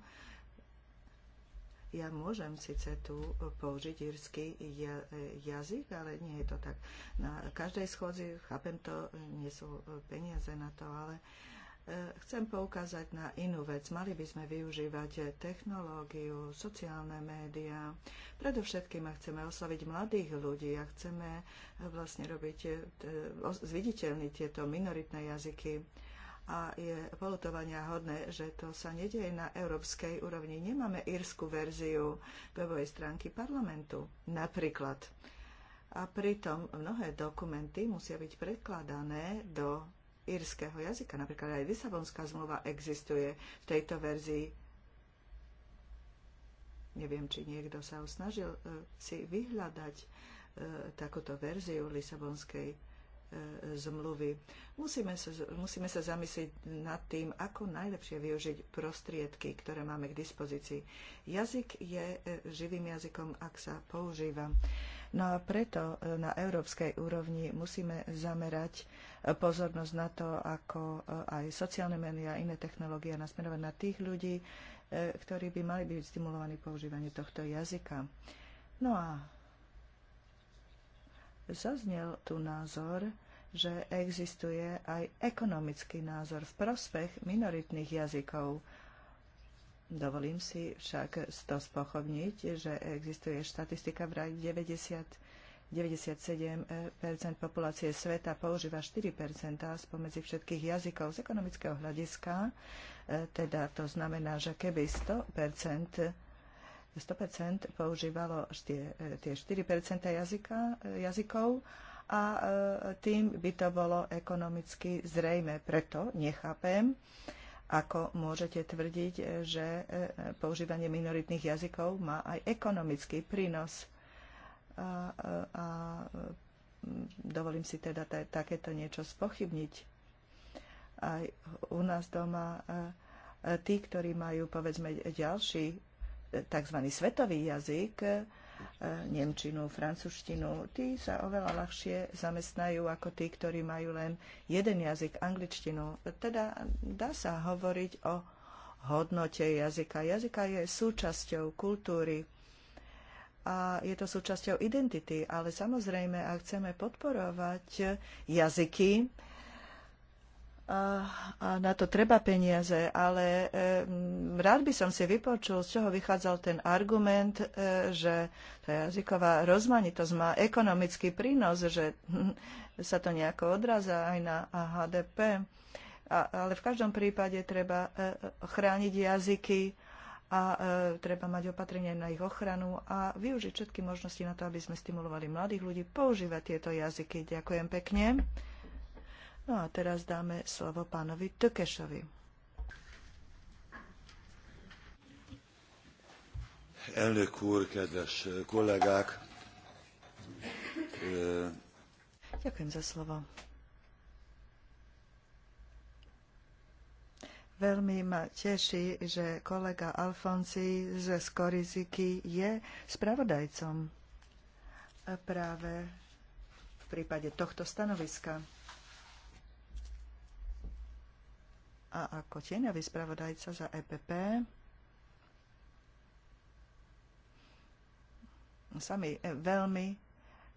A: Ja môžem síce tu použiť írsky e, jazyk, ale nie je to tak. Na každej schôdzi, chápem to, e, nie sú peniaze na to, ale uh, Chcem poukázať na inú vec. Mali by sme využívať technológiu, sociálne médiá. Predovšetkým chceme osloviť mladých ľudí a chceme eh, vlastne robiť, eh, zviditeľniť tieto minoritné jazyky. A je polutovania hodné, že to sa nedieje na európskej úrovni. Nemáme írsku verziu webovej stránky parlamentu napríklad. A pritom mnohé dokumenty musia byť predkladané do írskeho jazyka. Napríklad aj Lisabonská zmluva existuje v tejto verzii. Neviem, či niekto sa uh, si vyhľadať e, takúto verziu Lisabonskej e, zmluvy. Musíme sa, musíme sa zamyslieť nad tým, ako najlepšie využiť prostriedky, ktoré máme k dispozícii. Jazyk je živým jazykom, ak sa používa. No a preto e, na európskej úrovni musíme zamerať e, pozornosť na to, ako e, aj sociálne meny a iné technológie nasmerovať na tých ľudí, ktorí by mali byť stimulovaní používanie tohto jazyka. No a zaznel tu názor, že existuje aj ekonomický názor v prospech minoritných jazykov Dovolím si však to spochovniť, že existuje štatistika vraj 90 97 populácie sveta používa 4 spomedzi všetkých jazykov z ekonomického hľadiska. E, teda to znamená, že keby 100 100 používalo e, tie, tie 4 jazyka, e, jazykov a tým by to bolo ekonomicky zrejme. Preto nechápem, ako môžete tvrdiť, e, že e, používanie minoritných jazykov má aj ekonomický prínos? A, e, a dovolím si teda takéto niečo spochybniť. Aj u nás doma tí, ktorí majú povedzme ďalší tzv. svetový jazyk, E, nemčinu, francúzštinu. Tí sa oveľa ľahšie zamestnajú ako tí, ktorí majú len jeden jazyk, angličtinu. Teda dá sa hovoriť o hodnote jazyka. Jazyka je súčasťou kultúry a je to súčasťou identity, ale samozrejme, ak chceme podporovať jazyky, a na to treba peniaze, ale rád by som si vypočul, z čoho vychádzal ten argument, e, že tá jazyková rozmanitosť má ekonomický prínos, že sa to nejako odrazá aj na HDP. ale v každom prípade treba e, chrániť jazyky a e, treba mať opatrenie na ich ochranu a využiť všetky možnosti na to, aby sme stimulovali mladých ľudí používať tieto jazyky. Ďakujem pekne. No a teraz dáme slovo pánovi Tökešovi.
B: Elnök úr,
A: kedves kollégák! Ďakujem za slovo. Veľmi ma teší, že kolega Alfonsi z Skoriziky je spravodajcom práve v prípade tohto stanoviska. a ako tieňový spravodajca za EPP sa mi e, veľmi,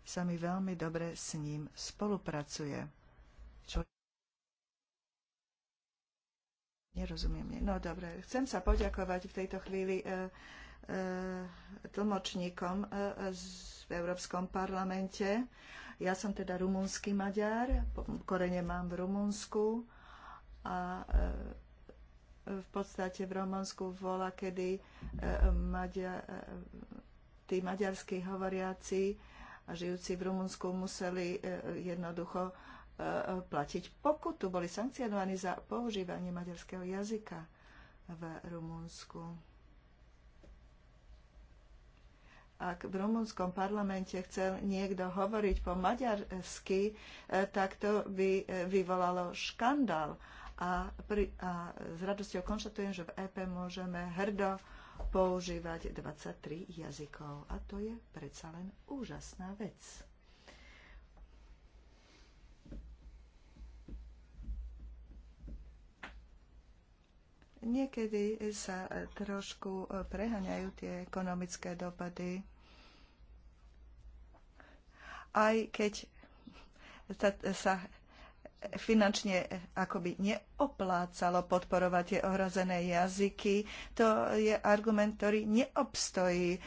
A: sa mi veľmi dobre s ním spolupracuje. Čo... Nerozumiem. No dobre, chcem sa poďakovať v tejto chvíli e, e, tlmočníkom e, e v Európskom parlamente. Ja som teda rumunský Maďar, korene mám v Rumunsku a e, v podstate v Rumunsku bola, kedy e, Maďa, e, tí maďarskí hovoriaci a žijúci v Rumunsku museli jednoducho platiť pokutu, boli sankcionovaní za používanie maďarského jazyka v Rumunsku. Ak v rumunskom parlamente chcel niekto hovoriť po maďarsky, tak to by vyvolalo škandál a, pri, a s radosťou konštatujem, že v EP môžeme hrdo používať 23 jazykov. A to je predsa len úžasná vec. Niekedy sa trošku preháňajú tie ekonomické dopady. Aj keď sa, sa finančne eh, akoby neoplácalo podporovať tie ohrozené jazyky. To je argument, ktorý neobstojí, eh,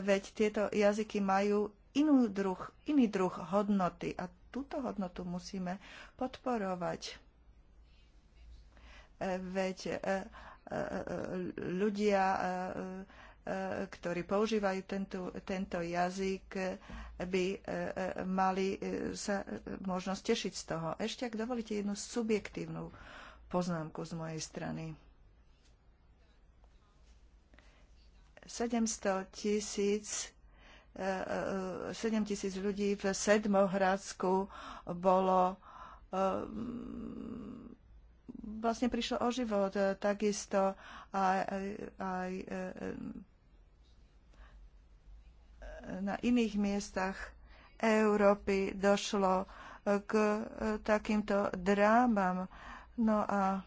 A: veď tieto jazyky majú inú druh, iný druh hodnoty a túto hodnotu musíme podporovať. Eh, veď ľudia ktorí používajú tento, tento jazyk, by e, e, mali e, sa možnosť tešiť z toho. Ešte, ak dovolíte, jednu subjektívnu poznámku z mojej strany. 700 tisíc 7 tisíc ľudí v Sedmohradsku bolo vlastne prišlo o život takisto aj, aj, aj na iných miestach Európy došlo e, k e, takýmto drámam. No a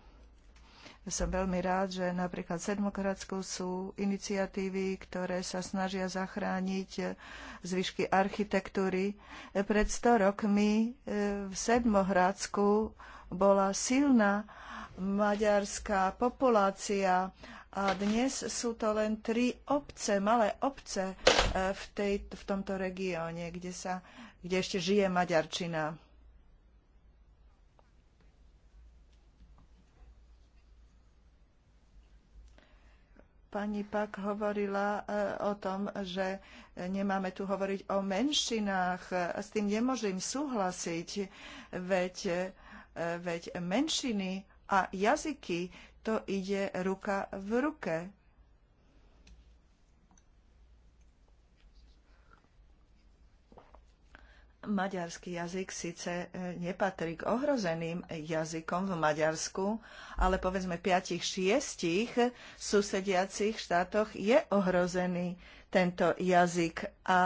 A: som veľmi rád, že napríklad v Sedmokradsku sú iniciatívy, ktoré sa snažia zachrániť e, zvyšky architektúry. Pred 100 rokmi v Sedmohradsku bola silná maďarská populácia a dnes sú to len tri obce, malé obce e, v, tej, v tomto regióne, kde, sa, kde ešte žije maďarčina. Pani Pak hovorila e, o tom, že nemáme tu hovoriť o menšinách. S tým nemôžem súhlasiť, veď, e, veď menšiny a jazyky to ide ruka v ruke. maďarský jazyk síce e, nepatrí k ohrozeným jazykom v Maďarsku, ale povedzme 5-6 susediacich štátoch je ohrozený tento jazyk a, a,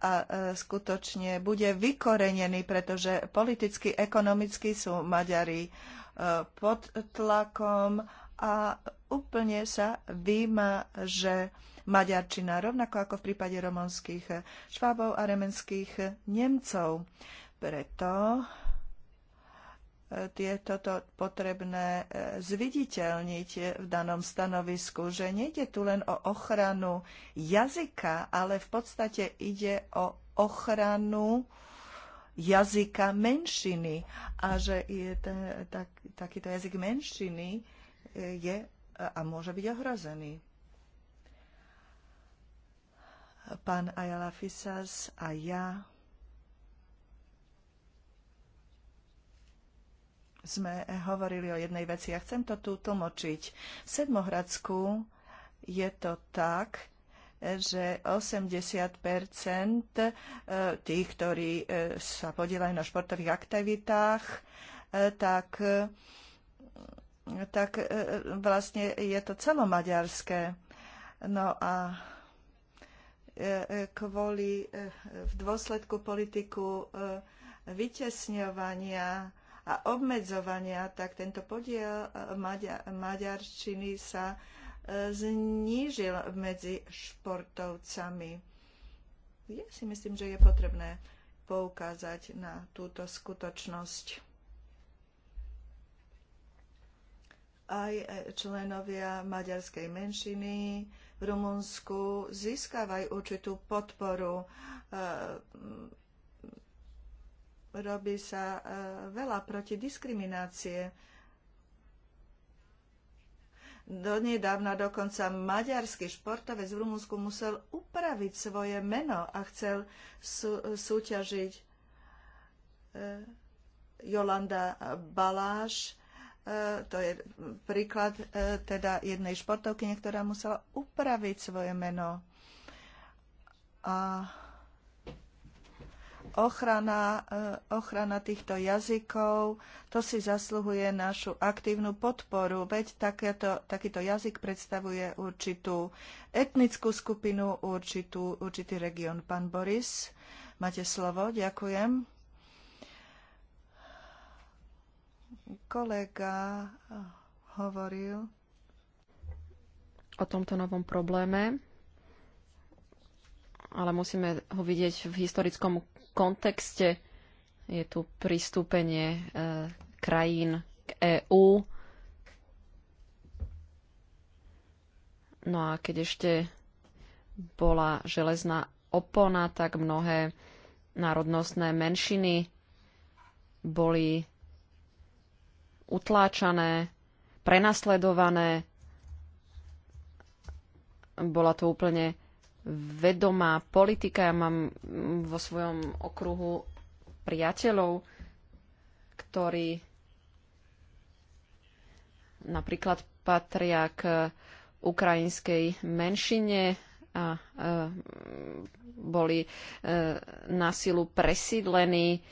A: a e, skutočne bude vykorenený, pretože politicky, ekonomicky sú Maďari Eh, pod tlakom a úplne sa že maďarčina, rovnako ako v prípade romonských švábov a remenských Nemcov. Preto eh, je toto potrebné eh, zviditeľniť v danom stanovisku, že nejde tu len o ochranu jazyka, ale v podstate ide o ochranu uh, jazyka menšiny a že je ten, tak, takýto jazyk menšiny e, je e, a môže byť ohrozený. Pán Ayala Fisas a ja sme hovorili o jednej veci a ja chcem to tu tlmočiť. V Sedmohradsku je to tak, že 80 e, tých, ktorí e, sa podielajú na športových aktivitách, e, tak, tak vlastne je to celomaďarské. No a kvôli v dôsledku politiku vytesňovania a obmedzovania, tak tento podiel maďarčiny sa znížil medzi športovcami. Ja si myslím, že je potrebné poukázať na túto skutočnosť. Aj členovia maďarskej menšiny v Rumunsku získavajú určitú podporu ehm, robí sa ehm, veľa proti diskriminácie Donedávna dokonca maďarský športovec v Rumunsku musel upraviť svoje meno a chcel sú, súťažiť e, Jolanda Baláš. E, to je príklad e, teda jednej športovky, ktorá musela upraviť svoje meno. A ochrana, eh, ochrana týchto jazykov, to si zasluhuje našu aktívnu podporu, veď takéto, takýto jazyk predstavuje určitú etnickú skupinu, určitú, určitý región. Pán Boris, máte slovo, ďakujem. Kolega eh, hovoril
C: o tomto novom probléme ale musíme ho vidieť v historickom kontexte. Je tu pristúpenie e, krajín k EÚ. No a keď ešte bola železná opona, tak mnohé národnostné menšiny boli utláčané, prenasledované. Bola to úplne vedomá politika. Ja mám vo svojom okruhu priateľov, ktorí napríklad patria k ukrajinskej menšine a e, boli e, na silu presídlení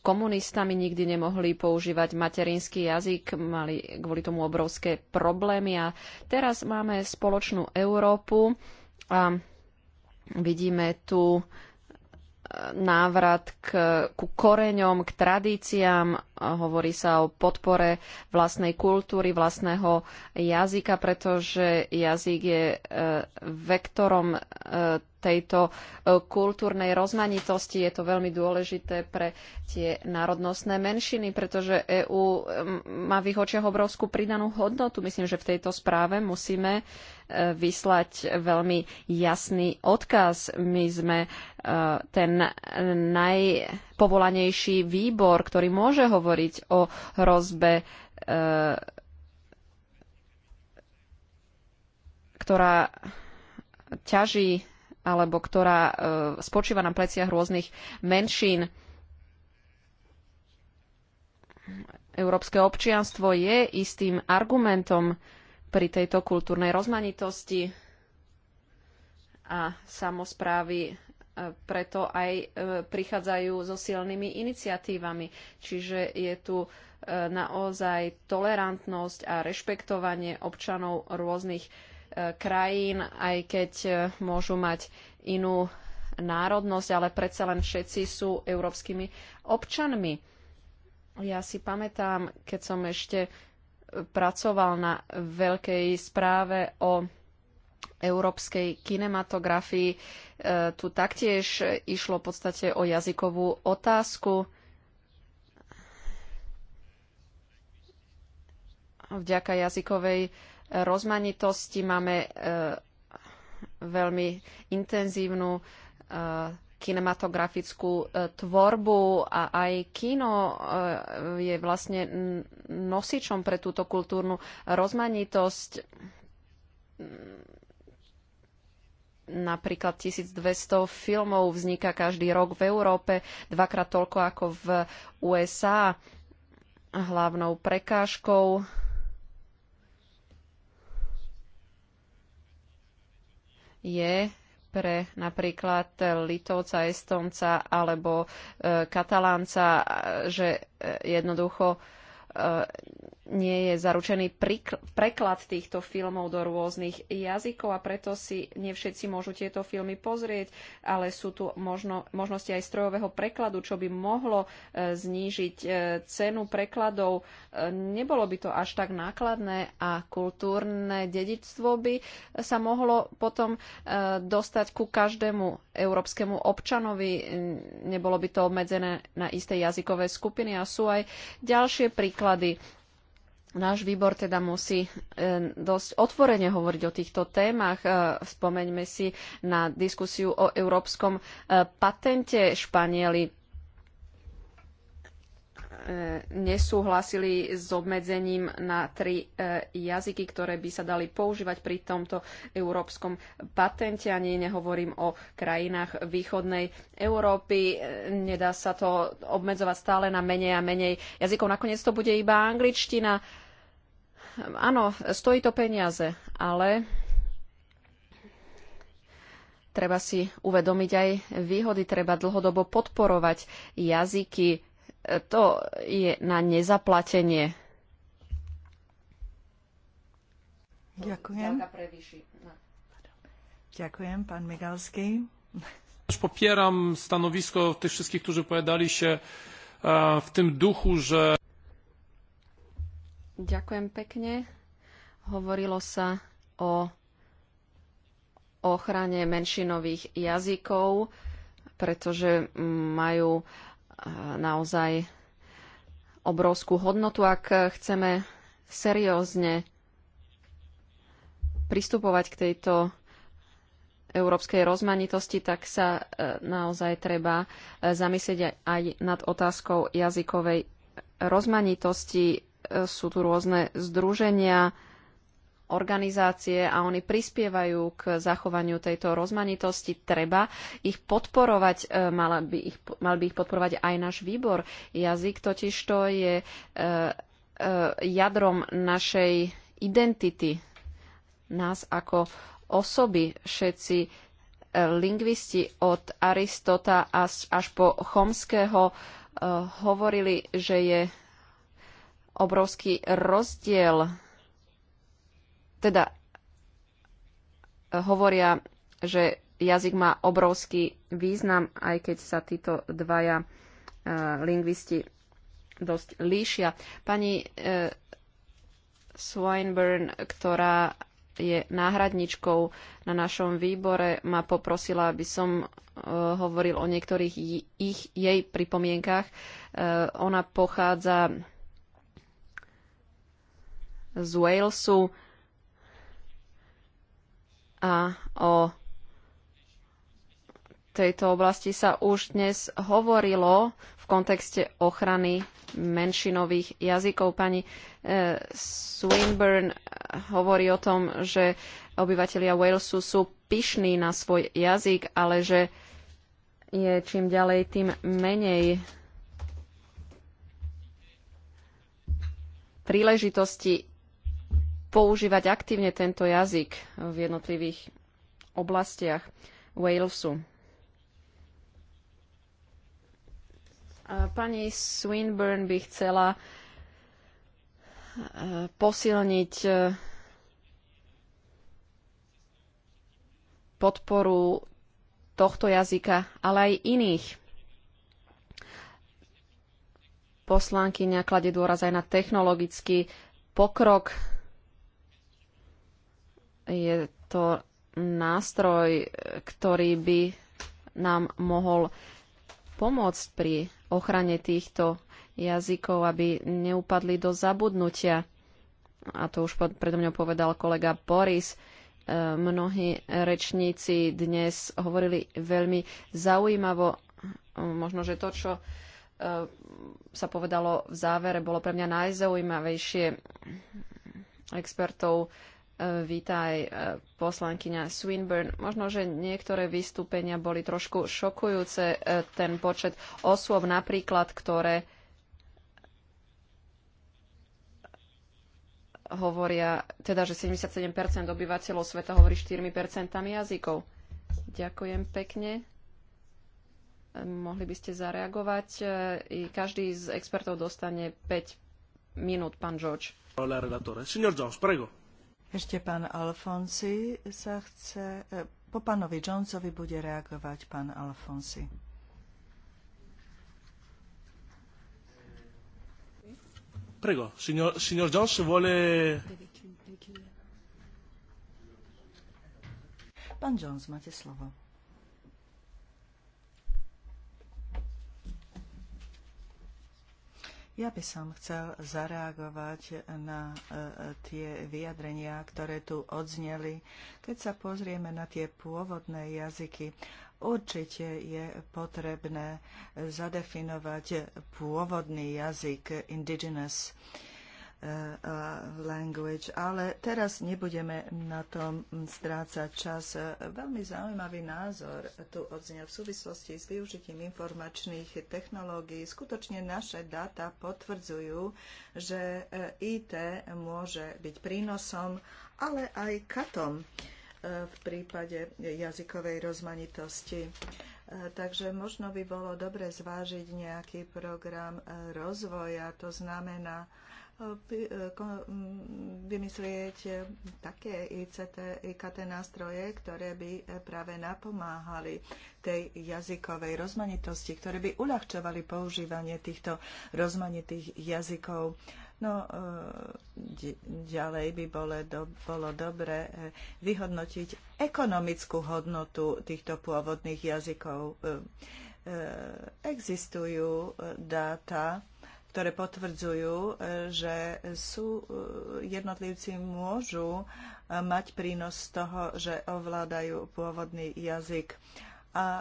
C: komunistami, nikdy nemohli používať materinský jazyk, mali kvôli tomu obrovské problémy a teraz máme spoločnú Európu, a vidíme tu eh, návrat k, ku koreňom, k tradíciám Hovorí sa o podpore vlastnej kultúry, vlastného jazyka, pretože jazyk je e, vektorom e, tejto e, kultúrnej rozmanitosti. Je to veľmi dôležité pre tie národnostné menšiny, pretože EÚ má v ich očiach obrovskú pridanú hodnotu. Myslím, že v tejto správe musíme vyslať veľmi jasný odkaz. My sme ten najpovolanejší výbor, ktorý môže hovoriť hovoriť o hrozbe, e, ktorá ťaží alebo ktorá e, spočíva na pleciach rôznych menšín. Európske občianstvo je istým argumentom pri tejto kultúrnej rozmanitosti a samozprávy preto aj e, prichádzajú so silnými iniciatívami. Čiže je tu e, naozaj tolerantnosť a rešpektovanie občanov rôznych e, krajín, aj keď môžu mať inú národnosť, ale predsa len všetci sú európskymi občanmi. Ja si pamätám, keď som ešte pracoval na veľkej správe o európskej kinematografii. E, tu taktiež išlo v podstate o jazykovú otázku. Vďaka jazykovej rozmanitosti máme e, veľmi intenzívnu e, kinematografickú tvorbu a aj kino je vlastne nosičom pre túto kultúrnu rozmanitosť napríklad 1200 filmov vzniká každý rok v Európe, dvakrát toľko ako v USA. Hlavnou prekážkou je pre napríklad Litovca, Estonca alebo e, Katalánca, že e, jednoducho e, nie je zaručený preklad týchto filmov do rôznych jazykov a preto si nevšetci môžu tieto filmy pozrieť, ale sú tu možno, možnosti aj strojového prekladu, čo by mohlo e, znížiť e, cenu prekladov. E, nebolo by to až tak nákladné a kultúrne dedičstvo by sa mohlo potom e, dostať ku každému európskemu občanovi. Nebolo by to obmedzené na isté jazykové skupiny a sú aj ďalšie príklady Náš výbor teda musí e, dosť otvorene hovoriť o týchto témach. E, spomeňme si na diskusiu o európskom e, patente. Španieli nesúhlasili s obmedzením na tri jazyky, ktoré by sa dali používať pri tomto európskom patente. Ani nehovorím o krajinách východnej Európy. Nedá sa to obmedzovať stále na menej a menej jazykov. Nakoniec to bude iba angličtina áno, stojí to peniaze, ale treba si uvedomiť aj výhody, treba dlhodobo podporovať jazyky. To je na nezaplatenie. Ďakujem. No, Ďakujem, pán Migalský.
B: popieram e, duchu,
C: Ďakujem pekne. Hovorilo sa o ochrane menšinových jazykov, pretože majú eh, naozaj obrovskú hodnotu, ak chceme seriózne pristupovať k tejto európskej rozmanitosti, tak sa eh, naozaj treba eh, zamyslieť aj nad otázkou jazykovej rozmanitosti sú tu rôzne združenia, organizácie a oni prispievajú k zachovaniu tejto rozmanitosti. Treba ich podporovať, e, mal by ich, mal by ich podporovať aj náš výbor. Jazyk to je e, e, jadrom našej identity, nás ako osoby, všetci lingvisti od Aristota až po Chomského hovorili, že je obrovský rozdiel. Teda eh, hovoria, že jazyk má obrovský význam, aj keď sa títo dvaja eh, lingvisti dosť líšia. Pani e, Swinburne, ktorá je náhradničkou na našom výbore, ma poprosila, aby som hovoril o niektorých ich jej pripomienkach. E, ona pochádza z Walesu a o tejto oblasti sa už dnes hovorilo v kontexte ochrany menšinových jazykov. Pani eh, Swinburne hovorí o tom, že obyvatelia Walesu sú pyšní na svoj jazyk, ale že je čím ďalej tým menej príležitosti používať aktívne tento jazyk v jednotlivých oblastiach Walesu. Pani Swinburne by chcela e, posilniť e, podporu tohto jazyka, ale aj iných. Poslankyňa kladie dôraz aj na technologický pokrok je to nástroj, ktorý by nám mohol pomôcť pri ochrane týchto jazykov, aby neupadli do zabudnutia. A to už predo mňou povedal kolega Boris. E, mnohí rečníci dnes hovorili veľmi zaujímavo. E, možno, že to, čo e, sa povedalo v závere, bolo pre mňa najzaujímavejšie expertov Vítaj aj e, poslankyňa Swinburne. Možno, že niektoré vystúpenia boli trošku šokujúce. E, ten počet osôb napríklad, ktoré hovoria, teda, že 77% obyvateľov sveta hovorí 4% jazykov. Ďakujem pekne. E, mohli by ste zareagovať. I každý z expertov dostane 5 minút, pán George.
B: Signor George, prego.
A: Ešte pán Alfonsi sa chce... E, po pánovi Johnsovi bude reagovať pán Alfonsi. Prego, signor, signor Jones vuole... Pán Jones, máte slovo. Ja by som chcel zareagovať na e, tie vyjadrenia, ktoré tu odzneli. Keď sa pozrieme na tie pôvodné jazyky, určite je potrebné zadefinovať pôvodný jazyk indigenous. Eh, language. Ale teraz nebudeme na tom strácať čas. Veľmi zaujímavý názor tu odznia v súvislosti s využitím informačných technológií. Skutočne naše dáta potvrdzujú, že IT eh, môže byť prínosom, ale aj katom eh, v prípade jazykovej rozmanitosti. Takže možno by bolo dobre zvážiť nejaký program rozvoja, to znamená E, vymyslieť e, také ICT, IKT nástroje, ktoré by e, práve napomáhali tej jazykovej rozmanitosti, ktoré by uľahčovali používanie týchto rozmanitých jazykov. No ďalej by bolo, do, bolo dobre vyhodnotiť ekonomickú hodnotu týchto pôvodných jazykov. Existujú dáta, ktoré potvrdzujú, e, že sú, e, jednotlivci môžu e, mať prínos z toho, že ovládajú pôvodný jazyk. A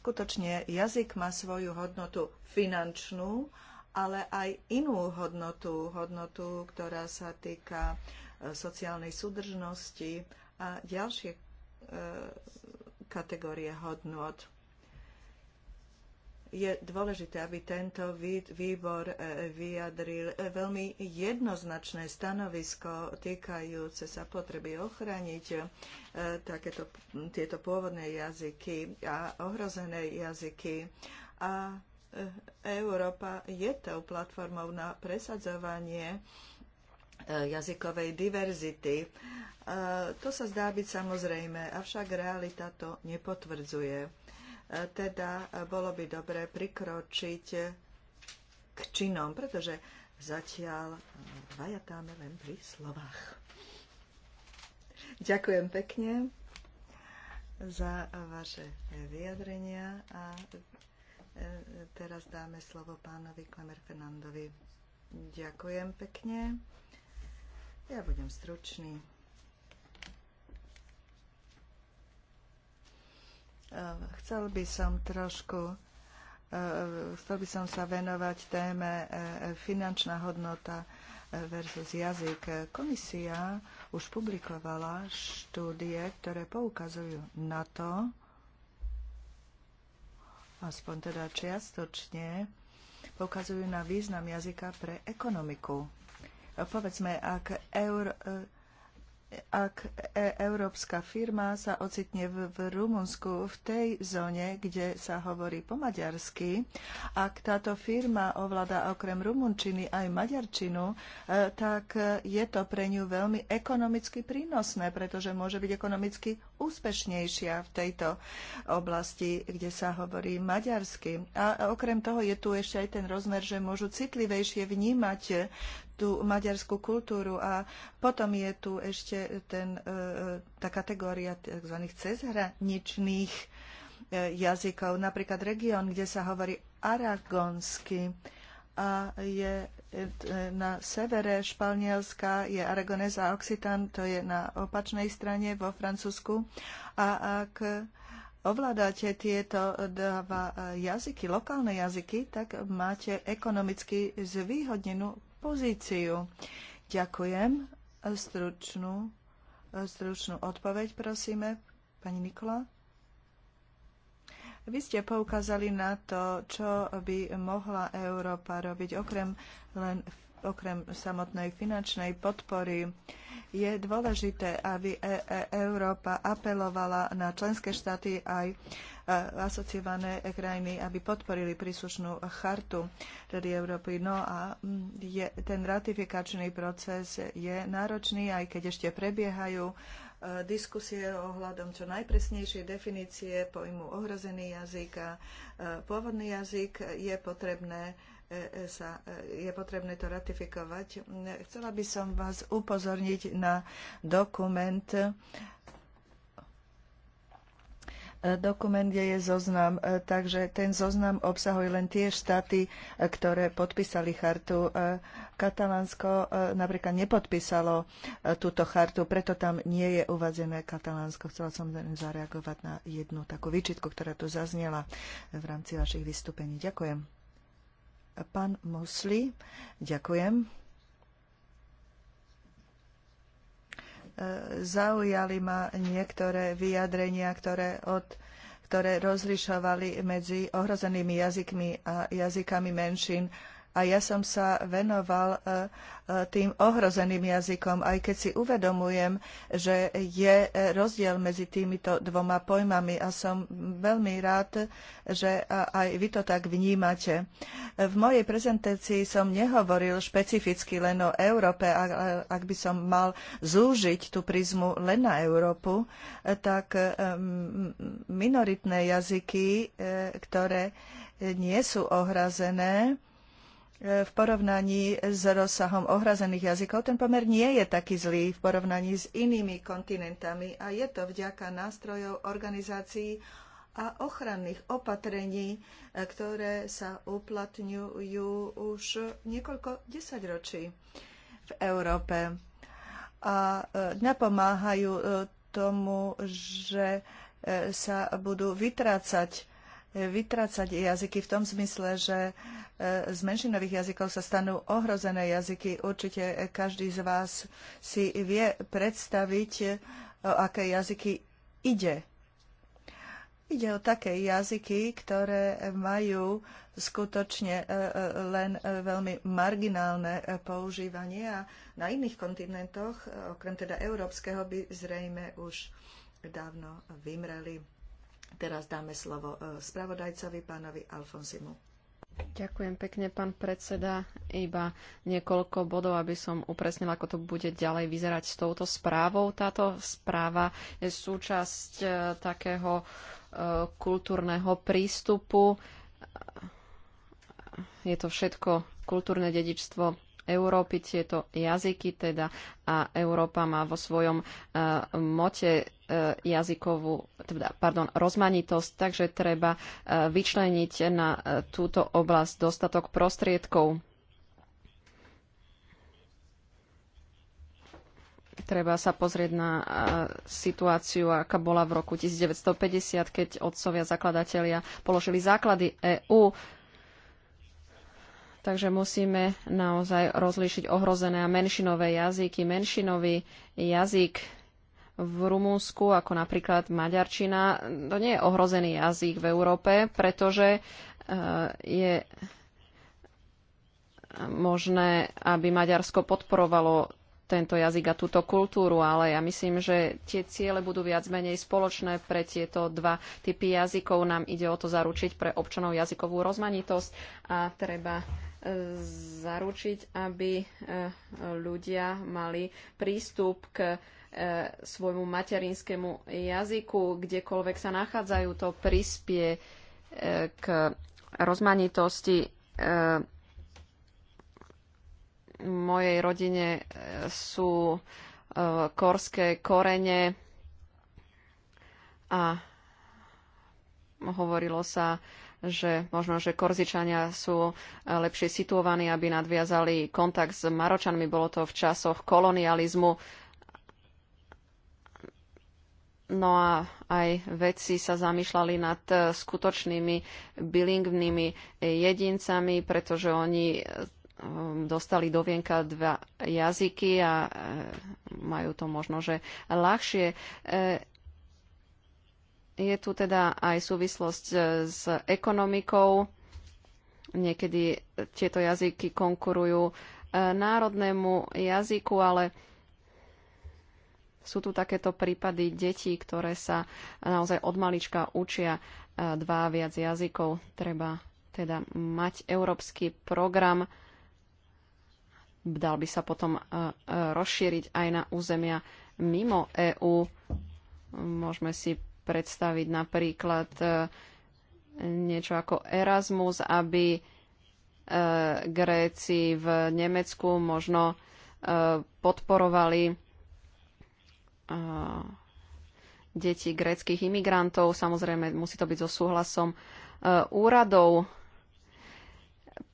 A: skutočne jazyk má svoju hodnotu finančnú, ale aj inú hodnotu, hodnotu, ktorá sa týka sociálnej súdržnosti a ďalšie kategórie hodnot je dôležité, aby tento výbor e, vyjadril e, veľmi jednoznačné stanovisko týkajúce sa potreby ochraniť e, takéto, tieto pôvodné jazyky a ohrozené jazyky. A Európa je tou platformou na presadzovanie jazykovej diverzity. To sa zdá byť samozrejme, avšak realita to nepotvrdzuje E, teda e, bolo by dobre prikročiť k činom, pretože zatiaľ e, vajatáme len pri slovách. Ďakujem pekne za vaše vyjadrenia a teraz dáme slovo pánovi Klemer Fernandovi. Ďakujem pekne. Ja budem stručný. Eh, chcel by som trošku, eh, chcel by som sa venovať téme eh, finančná hodnota versus jazyk. Komisia už publikovala štúdie, ktoré poukazujú na to, aspoň teda čiastočne, poukazujú na význam jazyka pre ekonomiku. Povedzme, ak eur, ak e, európska firma sa ocitne v, v Rumunsku, v tej zóne, kde sa hovorí po maďarsky, ak táto firma ovláda okrem rumunčiny aj maďarčinu, e, tak je to pre ňu veľmi ekonomicky prínosné, pretože môže byť ekonomicky úspešnejšia v tejto oblasti, kde sa hovorí maďarsky. A okrem toho je tu ešte aj ten rozmer, že môžu citlivejšie vnímať tú maďarskú kultúru. A potom je tu ešte ten, e, e, tá kategória tzv. cezhraničných e, jazykov, napríklad región, kde sa hovorí aragonsky a je na severe Španielska je Aragones a Occitan, to je na opačnej strane vo Francúzsku. A ak ovládate tieto dva jazyky, lokálne jazyky, tak máte ekonomicky zvýhodnenú pozíciu? Ďakujem. Stručnú, stručnú odpoveď prosíme, pani Nikola. Vy ste poukázali na to, čo by mohla Európa robiť okrem, len, okrem samotnej finančnej podpory. Je dôležité, aby e e Európa apelovala na členské štáty aj asociované krajiny, aby podporili príslušnú chartu tedy Európy. No a mm, je, ten ratifikačný proces je náročný, aj keď ešte prebiehajú e, diskusie ohľadom čo najpresnejšej definície pojmu ohrozený jazyk a e, pôvodný jazyk je potrebné e, sa, je potrebné to ratifikovať. Chcela by som vás upozorniť na dokument Dokument je zoznam, e, takže ten zoznam obsahuje len tie štáty, e, ktoré podpísali chartu. E, Katalánsko napríklad nepodpísalo túto chartu, preto tam nie je uvadené Katalánsko. Chcela som zareagovať na jednu takú výčitku, ktorá tu zaznela v rámci vašich vystúpení. Ďakujem. Pán Musli, ďakujem. zaujali ma niektoré vyjadrenia, ktoré od ktoré rozlišovali medzi ohrozenými jazykmi a jazykami menšín a ja som sa venoval e, e, tým ohrozeným jazykom, aj keď si uvedomujem, že je e, rozdiel medzi týmito dvoma pojmami a som veľmi rád, že aj vy to tak vnímate. V mojej prezentácii som nehovoril špecificky len o Európe, ale ak by som mal zúžiť tú prizmu len na Európu, tak minoritné jazyky, ktoré nie sú ohrazené, E, v porovnaní s rozsahom ohrazených jazykov ten pomer nie je taký zlý v porovnaní s inými kontinentami a je to vďaka nástrojov organizácií a ochranných opatrení, e, ktoré sa uplatňujú už niekoľko desaťročí v Európe. A e, napomáhajú tomu, že sa budú vytrácať vytrácať jazyky v tom zmysle, že e, z menšinových jazykov sa stanú ohrozené jazyky. Určite každý z vás si vie predstaviť, e, o aké jazyky ide. Ide o také jazyky, ktoré majú skutočne e, len veľmi marginálne používanie a na iných kontinentoch, okrem teda európskeho, by zrejme už dávno vymreli. Teraz dáme slovo e, spravodajcovi, pánovi Alfonsimu.
C: Ďakujem pekne, pán predseda. Iba niekoľko bodov, aby som upresnila, ako to bude ďalej vyzerať s touto správou. Táto správa je súčasť e, takého e, kultúrneho prístupu. Je to všetko kultúrne dedičstvo Európy tieto jazyky teda a Európa má vo svojom uh, mote uh, jazykovú, teda, pardon, rozmanitosť, takže treba uh, vyčleniť na uh, túto oblasť dostatok prostriedkov. treba sa pozrieť na situáciu, aká bola v roku 1950, keď otcovia zakladatelia položili základy EÚ. Takže musíme naozaj rozlíšiť ohrozené a menšinové jazyky. Menšinový jazyk v Rumúnsku, ako napríklad maďarčina, to nie je ohrozený jazyk v Európe, pretože e, je možné, aby Maďarsko podporovalo tento jazyk a túto kultúru, ale ja myslím, že tie ciele budú viac menej spoločné pre tieto dva typy jazykov. Nám ide o to zaručiť pre občanov jazykovú rozmanitosť a treba zaručiť, aby e, ľudia mali prístup k e, svojmu materinskému jazyku, kdekoľvek sa nachádzajú, to prispie e, k rozmanitosti mojej rodine sú korské korene a hovorilo sa že možno, že Korzičania sú e, lepšie situovaní, aby nadviazali kontakt s Maročanmi. Bolo to v časoch kolonializmu. No a aj vedci sa zamýšľali nad e, skutočnými bilingvnými jedincami, pretože oni e, dostali do vienka dva jazyky a majú to možno, že ľahšie. Je tu teda aj súvislosť e, s ekonomikou. Niekedy tieto jazyky konkurujú e, národnému jazyku, ale sú tu takéto prípady detí, ktoré sa naozaj od malička učia e, dva viac jazykov. Treba teda mať európsky program, dal by sa potom rozšíriť aj na územia mimo EÚ. Môžeme si predstaviť napríklad e, niečo ako Erasmus, aby e, Gréci v Nemecku možno e, podporovali deti gréckých imigrantov. Samozrejme, musí to byť so súhlasom úradov.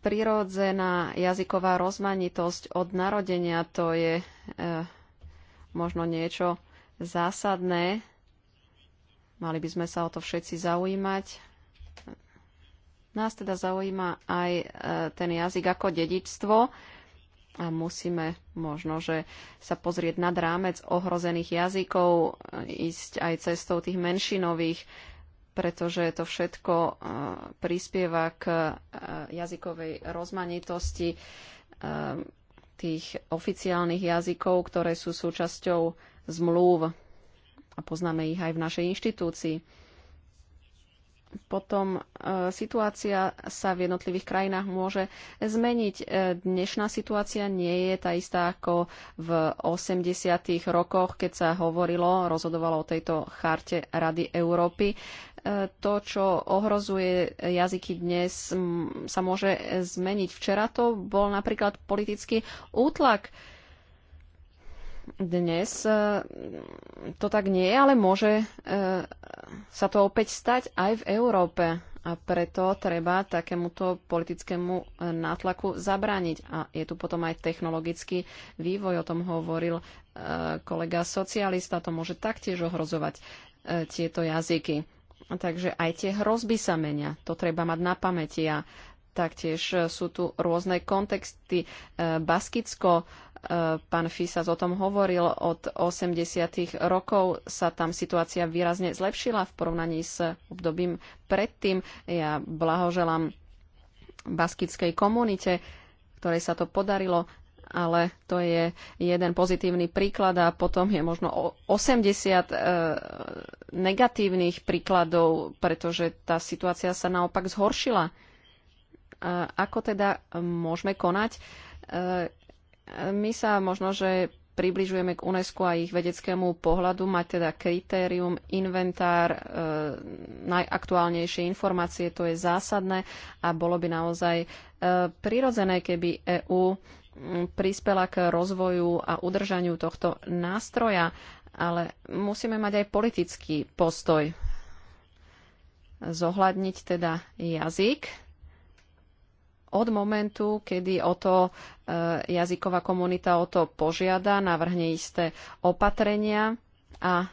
C: Prirodzená jazyková rozmanitosť od narodenia to je možno niečo zásadné Mali by sme sa o to všetci zaujímať. Nás teda zaujíma aj e, ten jazyk ako dedičstvo a musíme možno, že sa pozrieť nad rámec ohrozených jazykov, e, ísť aj cestou tých menšinových, pretože to všetko e, prispieva k jazykovej rozmanitosti tých oficiálnych jazykov, ktoré sú súčasťou zmluv a poznáme ich aj v našej inštitúcii. Potom e, situácia sa v jednotlivých krajinách môže zmeniť. E, dnešná situácia nie je tá istá ako v 80. rokoch, keď sa hovorilo, rozhodovalo o tejto charte Rady Európy. E, to, čo ohrozuje jazyky dnes, m, sa môže zmeniť. Včera to bol napríklad politický útlak. E, dnes e, to tak nie je, ale môže e, sa to opäť stať aj v Európe. A preto treba takémuto politickému e, nátlaku zabrániť. A je tu potom aj technologický vývoj, o tom hovoril kolega socialista, to môže taktiež ohrozovať tieto jazyky. Takže aj tie hrozby sa menia, to treba mať na pamäti. A taktiež sú tu rôzne kontexty. Baskicko E, pán Fisas o tom hovoril, od 80. rokov sa tam situácia výrazne zlepšila v porovnaní s obdobím predtým. Ja blahoželám baskickej komunite, ktorej sa to podarilo, ale to je jeden pozitívny príklad a potom je možno 80 e, negatívnych príkladov, pretože tá situácia sa naopak zhoršila. E, ako teda môžeme konať? My sa možno, že približujeme k UNESCO a ich vedeckému pohľadu, mať teda kritérium, inventár, e, najaktuálnejšie informácie, to je zásadné a bolo by naozaj e, prirodzené, keby EÚ prispela k rozvoju a udržaniu tohto nástroja, ale musíme mať aj politický postoj. Zohľadniť teda jazyk od momentu, kedy o to e, jazyková komunita o to požiada, navrhne isté opatrenia a e,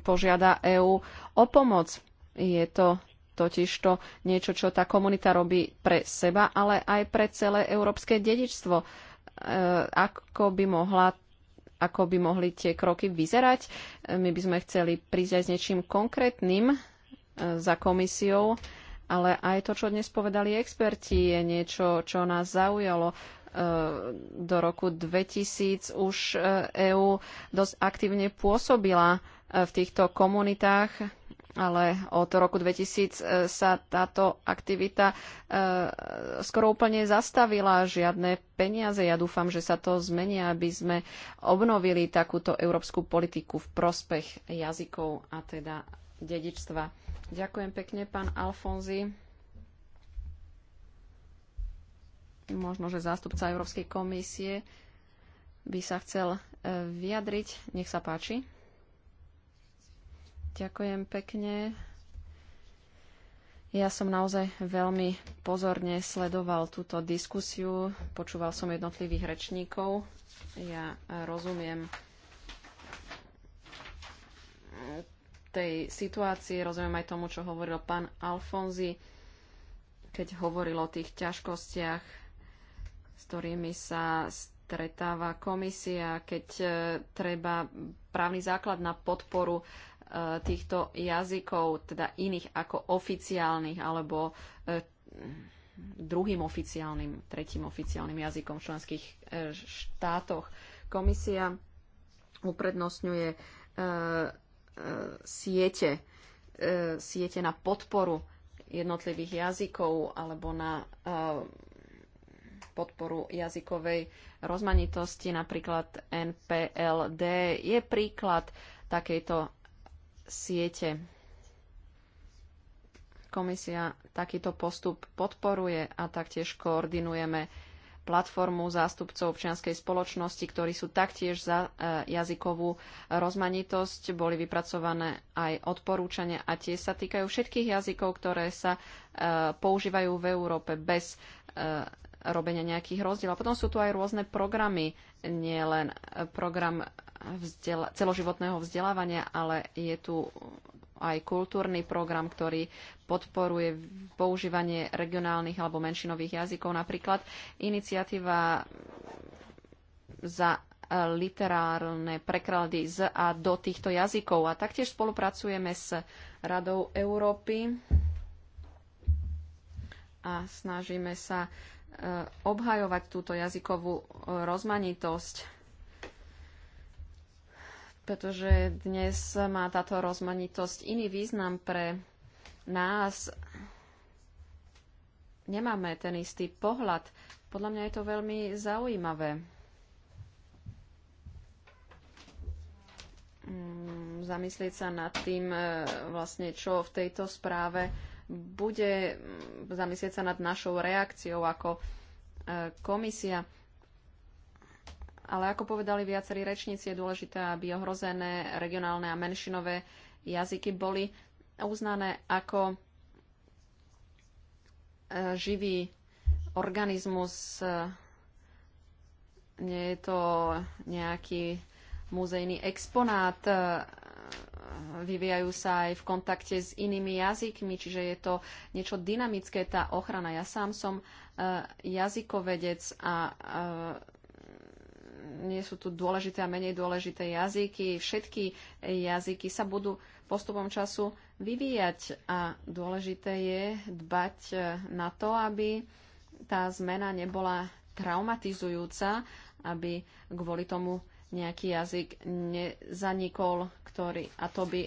C: požiada EÚ o pomoc. Je to totiž to niečo, čo tá komunita robí pre seba, ale aj pre celé európske dedičstvo. E, ako by mohla ako by mohli tie kroky vyzerať. my by sme chceli prísť aj s niečím konkrétnym za komisiou ale aj to, čo dnes povedali experti, je niečo, čo nás zaujalo e, do roku 2000 už EÚ e dosť aktívne pôsobila e, v týchto komunitách, ale od roku 2000 sa táto aktivita skoro úplne zastavila. Žiadne peniaze. Ja dúfam, že sa to zmení, aby sme obnovili takúto európsku politiku v prospech jazykov a teda dedičstva. Ďakujem pekne, pán Alfonzi. Možno, že zástupca Európskej komisie by sa chcel e, vyjadriť. Nech sa páči. Ďakujem pekne. Ja som naozaj veľmi pozorne sledoval túto diskusiu, počúval som jednotlivých rečníkov. Ja rozumiem tej situácii. Rozumiem aj tomu, čo hovoril pán Alfonzi, keď hovoril o tých ťažkostiach, s ktorými sa stretáva komisia, keď e, treba právny základ na podporu e, týchto jazykov, teda iných ako oficiálnych alebo e, druhým oficiálnym, tretím oficiálnym jazykom v členských štátoch. Komisia uprednostňuje siete, e, siete na podporu jednotlivých jazykov alebo na e, podporu jazykovej rozmanitosti, napríklad NPLD je príklad takejto siete. Komisia takýto postup podporuje a taktiež koordinujeme platformu zástupcov občianskej spoločnosti, ktorí sú taktiež za e, jazykovú rozmanitosť. Boli vypracované aj odporúčania a tie sa týkajú všetkých jazykov, ktoré sa e, používajú v Európe bez e, robenia nejakých rozdielov. Potom sú tu aj rôzne programy, nielen program celoživotného vzdelávania, ale je tu aj kultúrny program, ktorý podporuje používanie regionálnych alebo menšinových jazykov. Napríklad iniciatíva za e, literárne preklady z a do týchto jazykov. A taktiež spolupracujeme s Radou Európy a snažíme sa e, obhajovať túto jazykovú e, rozmanitosť pretože dnes má táto rozmanitosť iný význam pre nás nemáme ten istý pohľad. Podľa mňa je to veľmi zaujímavé. Mm, zamyslieť sa nad tým, e, vlastne, čo v tejto správe bude, mm, zamyslieť sa nad našou reakciou ako e, komisia. Ale ako povedali viacerí rečníci, je dôležité, aby ohrozené regionálne a menšinové jazyky boli uznané ako e, živý organizmus. Nie je to nejaký muzejný exponát. E, vyvíjajú sa aj v kontakte s inými jazykmi, čiže je to niečo dynamické, tá ochrana. Ja sám som e, jazykovedec a nie sú tu dôležité a menej dôležité jazyky. Všetky jazyky sa budú postupom času vyvíjať a dôležité je dbať e, na to, aby tá zmena nebola traumatizujúca, aby kvôli tomu nejaký jazyk nezanikol, ktorý, a to by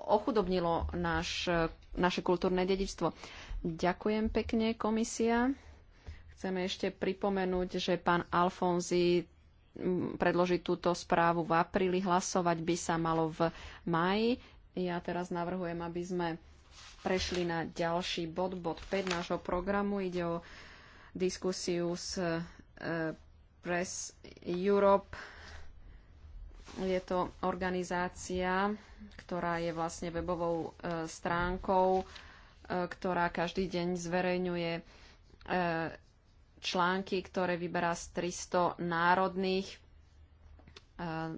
C: ochudobnilo náš, e, naše kultúrne dedičstvo. Ďakujem pekne, komisia. Chceme ešte pripomenúť, že pán Alfonzi predložiť túto správu v apríli. Hlasovať by sa malo v maji. Ja teraz navrhujem, aby sme prešli na ďalší bod, bod 5 nášho programu. Ide o diskusiu s e, Press Europe. Je to organizácia, ktorá je vlastne webovou e, stránkou, e, ktorá každý deň zverejňuje články, ktoré vyberá z 300 národných e,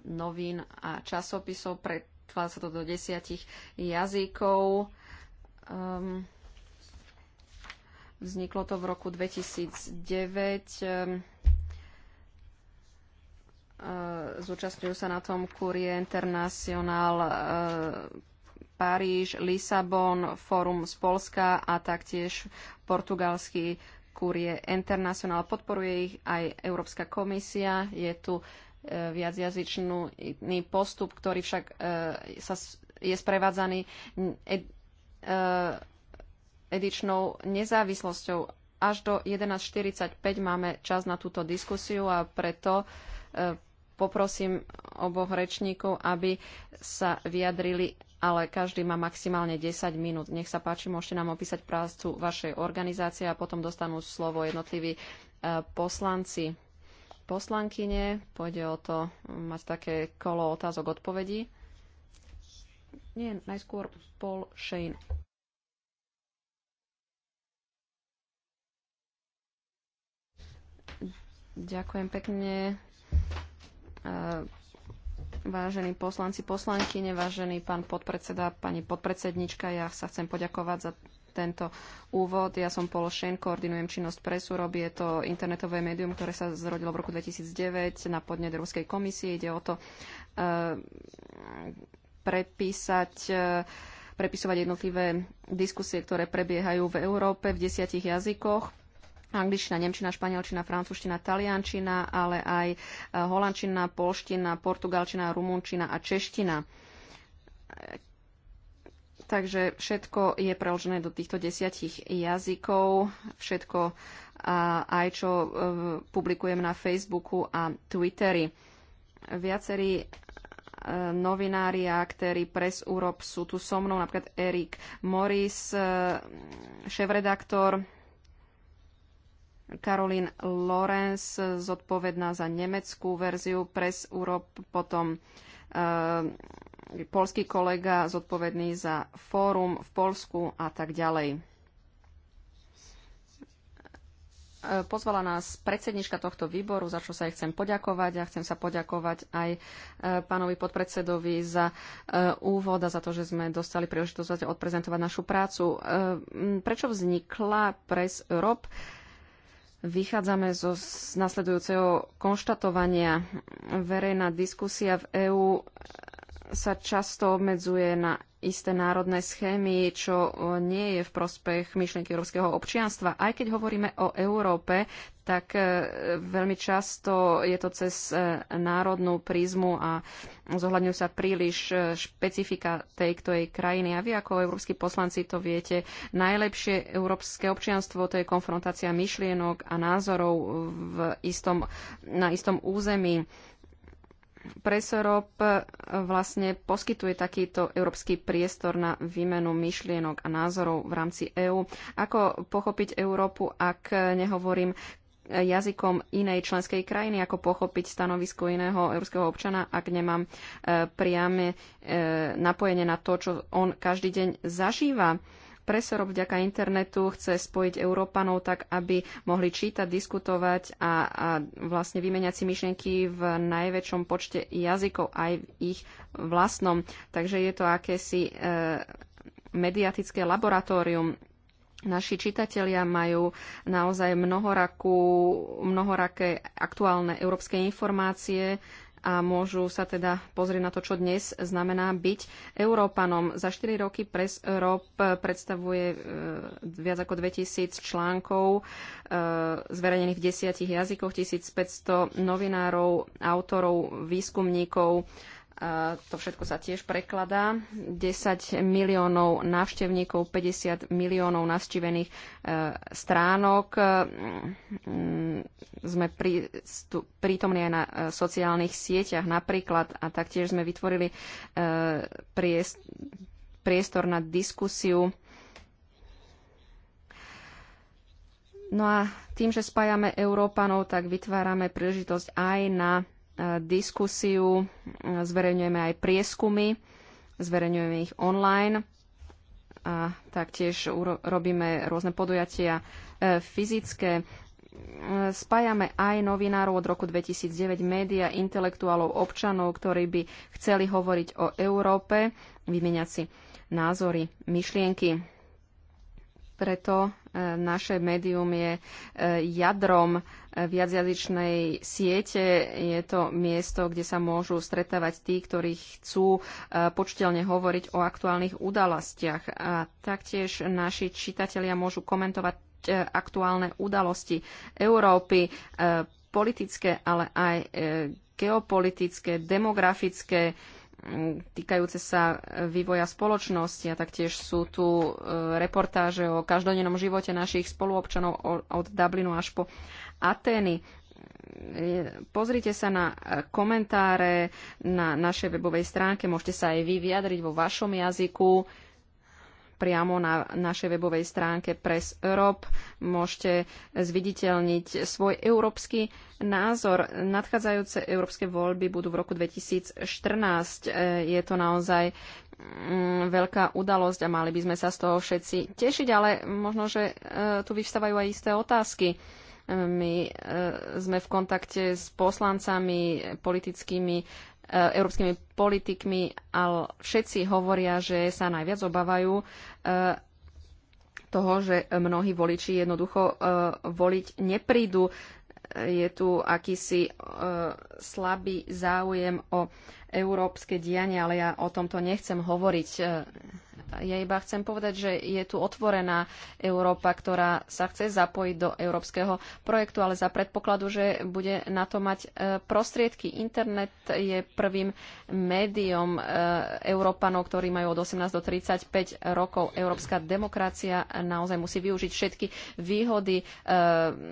C: novín a časopisov. Prekladá sa to do desiatich jazykov. Ehm, vzniklo to v roku 2009. Ehm, e, zúčastňujú sa na tom Curie International e, Paríž, Lisabon, Fórum z Polska a taktiež portugalský Kurie International. Podporuje ich aj Európska komisia. Je tu e, viacjazyčný postup, ktorý však e, sa je sprevádzaný e, edičnou nezávislosťou. Až do 11.45 máme čas na túto diskusiu a preto poprosím oboch rečníkov, aby sa vyjadrili ale každý má maximálne 10 minút. Nech sa páči, môžete nám opísať prácu vašej organizácie a potom dostanú slovo jednotliví e, poslanci. Poslankyne, pôjde o to mať také kolo otázok odpovedí. Nie, najskôr Paul Shane. Ďakujem pekne. E, vážení poslanci, poslanky, vážený pán podpredseda, pani podpredsednička, ja sa chcem poďakovať za tento úvod. Ja som Polo Šen, koordinujem činnosť robí Je to internetové médium, ktoré sa zrodilo v roku 2009 na podnet Ruskej komisie. Ide o to e, prepísať e, prepisovať jednotlivé diskusie, ktoré prebiehajú v Európe v desiatich jazykoch angličtina, nemčina, španielčina, francúzština, taliančina, ale aj e, holandčina, polština, portugalčina, rumunčina a čeština. Takže všetko je preložené do týchto desiatich jazykov, všetko e, aj čo e, publikujem na Facebooku a Twitteri. Viacerí novinári a aktéry Press Europe sú tu so mnou, napríklad Erik Morris, šéf-redaktor Karolín Lorenz, zodpovedná za nemeckú verziu Press Europe, potom eh, polský kolega zodpovedný za fórum v Polsku a tak ďalej. Eh, pozvala nás predsednička tohto výboru, za čo sa jej chcem poďakovať a chcem sa poďakovať aj eh, pánovi podpredsedovi za úvod a za to, že sme dostali príležitosť odprezentovať našu prácu. Prečo vznikla Press Europe? Vychádzame zo nasledujúceho konštatovania. Verejná diskusia v EÚ sa často obmedzuje na isté národné schémy, čo e, nie je v prospech myšlienky európskeho občianstva. Aj keď hovoríme o Európe, tak e, veľmi často je to cez e, národnú prízmu a zohľadňujú sa príliš špecifika tej ktorej krajiny. A vy ako európsky poslanci to viete najlepšie. Európske občianstvo to je konfrontácia myšlienok a názorov v istom, na istom území Presorop eh, vlastne poskytuje takýto európsky priestor na výmenu myšlienok a názorov v rámci EÚ. Ako pochopiť Európu, ak nehovorím jazykom inej členskej krajiny, ako pochopiť stanovisko iného európskeho občana, ak nemám eh, priame eh, napojenie na to, čo on každý deň zažíva. Presorov vďaka internetu chce spojiť Európanov tak, aby mohli čítať, diskutovať a, a vlastne vymeniať si myšlienky v najväčšom počte jazykov aj v ich vlastnom. Takže je to akési e, mediatické laboratórium naši čitatelia majú naozaj mnohorakú, mnohoraké aktuálne európske informácie a môžu sa teda pozrieť na to, čo dnes znamená byť Európanom. Za 4 roky pres ROP predstavuje e, viac ako 2000 článkov e, zverejnených v desiatich jazykoch, 1500 novinárov, autorov, výskumníkov, to všetko sa tiež prekladá. 10 miliónov návštevníkov, 50 miliónov navštívených e, stránok. E, mm, sme prítomní aj na e, sociálnych sieťach napríklad a taktiež sme vytvorili priestor na diskusiu. No a tým, že spájame Európanov, tak vytvárame príležitosť aj na diskusiu, e, zverejňujeme aj prieskumy, zverejňujeme ich online a taktiež robíme rôzne podujatia e, fyzické. E, spájame aj novinárov od roku 2009, média, intelektuálov, občanov, ktorí by chceli hovoriť o Európe, vymeniať si názory, myšlienky. Preto E, naše médium je e, jadrom e, viacjazyčnej siete. Je to miesto, kde sa môžu stretávať tí, ktorí chcú počteľne hovoriť o aktuálnych udalostiach. A taktiež naši čitatelia môžu komentovať aktuálne udalosti Európy, politické, ale aj geopolitické, demografické, týkajúce sa e, vývoja spoločnosti a taktiež sú tu e, reportáže o každodennom živote našich spoluobčanov od Dublinu až po Atény. E, pozrite sa na komentáre na našej webovej stránke, môžete sa aj vy vyjadriť vo vašom jazyku priamo na našej webovej stránke Press Europe. Môžete zviditeľniť svoj európsky názor. Nadchádzajúce európske voľby budú v roku 2014. E, je to naozaj mm, veľká udalosť a mali by sme sa z toho všetci tešiť, ale možno, že e, tu vyvstávajú aj isté otázky. E, my sme v kontakte s poslancami, politickými E, európskymi politikmi, ale všetci hovoria, že sa najviac obávajú e, toho, že mnohí voliči jednoducho e, voliť neprídu. Je tu akýsi slabý záujem o európske dianie, ale ja o tomto nechcem hovoriť. Ja iba chcem povedať, že je tu otvorená Európa, ktorá sa chce zapojiť do európskeho projektu, ale za predpokladu, že bude na to mať e, prostriedky. Internet je prvým médiom e, Európanov, ktorí majú od 18 do 35 rokov. Európska demokracia naozaj musí využiť všetky výhody e,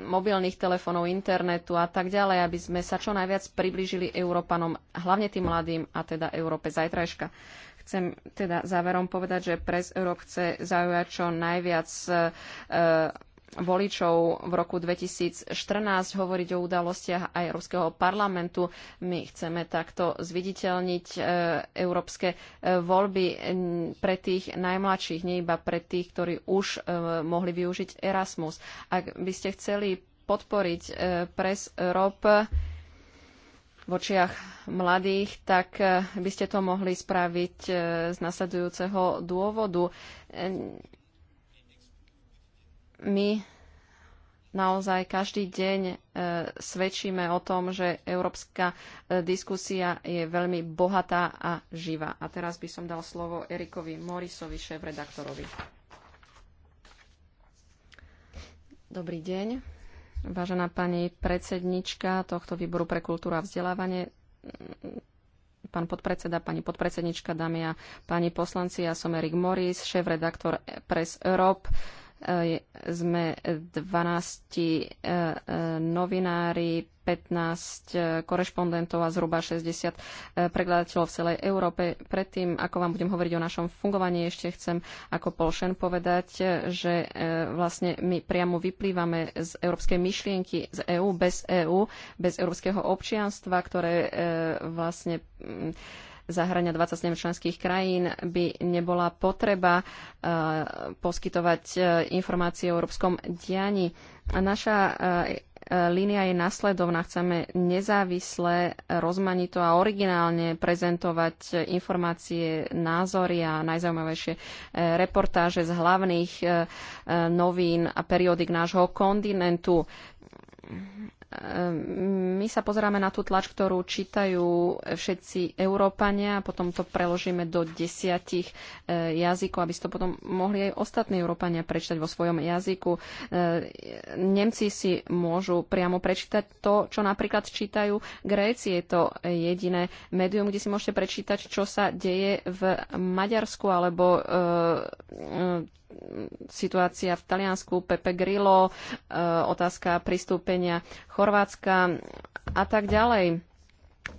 C: mobilných telefónov, internetu a tak ďalej, aby sme sa čo najviac priblížili Európanom, hlavne tým mladým a teda Európe zajtrajška. Chcem teda záverom povedať, že Pres Europe chce zaujať čo najviac e, e, voličov v roku 2014 hovoriť o udalostiach aj Európskeho parlamentu. My chceme takto zviditeľniť e, európske e, voľby pre tých najmladších, nie iba pre tých, ktorí už e, mohli využiť Erasmus. Ak by ste chceli podporiť e, Pres Europe, v očiach mladých, tak e, by ste to mohli spraviť e, z nasledujúceho dôvodu. E, my naozaj každý deň svedčíme o tom, že európska diskusia je veľmi bohatá a živá. A teraz by som dal slovo Erikovi Morisovi, šéf-redaktorovi. Dobrý deň. Vážená pani predsednička tohto výboru pre kultúru a vzdelávanie, pán podpredseda, pani podpredsednička, dámy a páni poslanci, ja som Erik Morris, šéf-redaktor Press Europe. E, sme 12 e, e, novinári, 15 korešpondentov a zhruba 60 prekladateľov v celej Európe. Predtým, ako vám budem hovoriť o našom fungovaní, ešte chcem ako Polšen povedať, že vlastne my priamo vyplývame z európskej myšlienky z EÚ, bez EÚ, EU, bez európskeho občianstva, ktoré vlastne zahrania 27 členských krajín, by nebola potreba e, poskytovať e, informácie o európskom dianí. A naša e, línia je nasledovná. Chceme nezávisle, rozmanito a originálne prezentovať informácie, názory a najzaujímavejšie reportáže z hlavných novín a periodik nášho kontinentu Ehm, my sa pozeráme na tú tlač, ktorú čítajú všetci Európania a potom to preložíme do desiatich eh, jazykov, aby si to potom mohli aj ostatní Európania prečítať vo svojom jazyku. Eh, Nemci si môžu priamo prečítať to, čo napríklad čítajú Gréci. Je to jediné médium, kde si môžete prečítať, čo sa deje v Maďarsku alebo eh, situácia v Taliansku, Pepe Grillo, e, otázka pristúpenia Chorvátska a tak ďalej.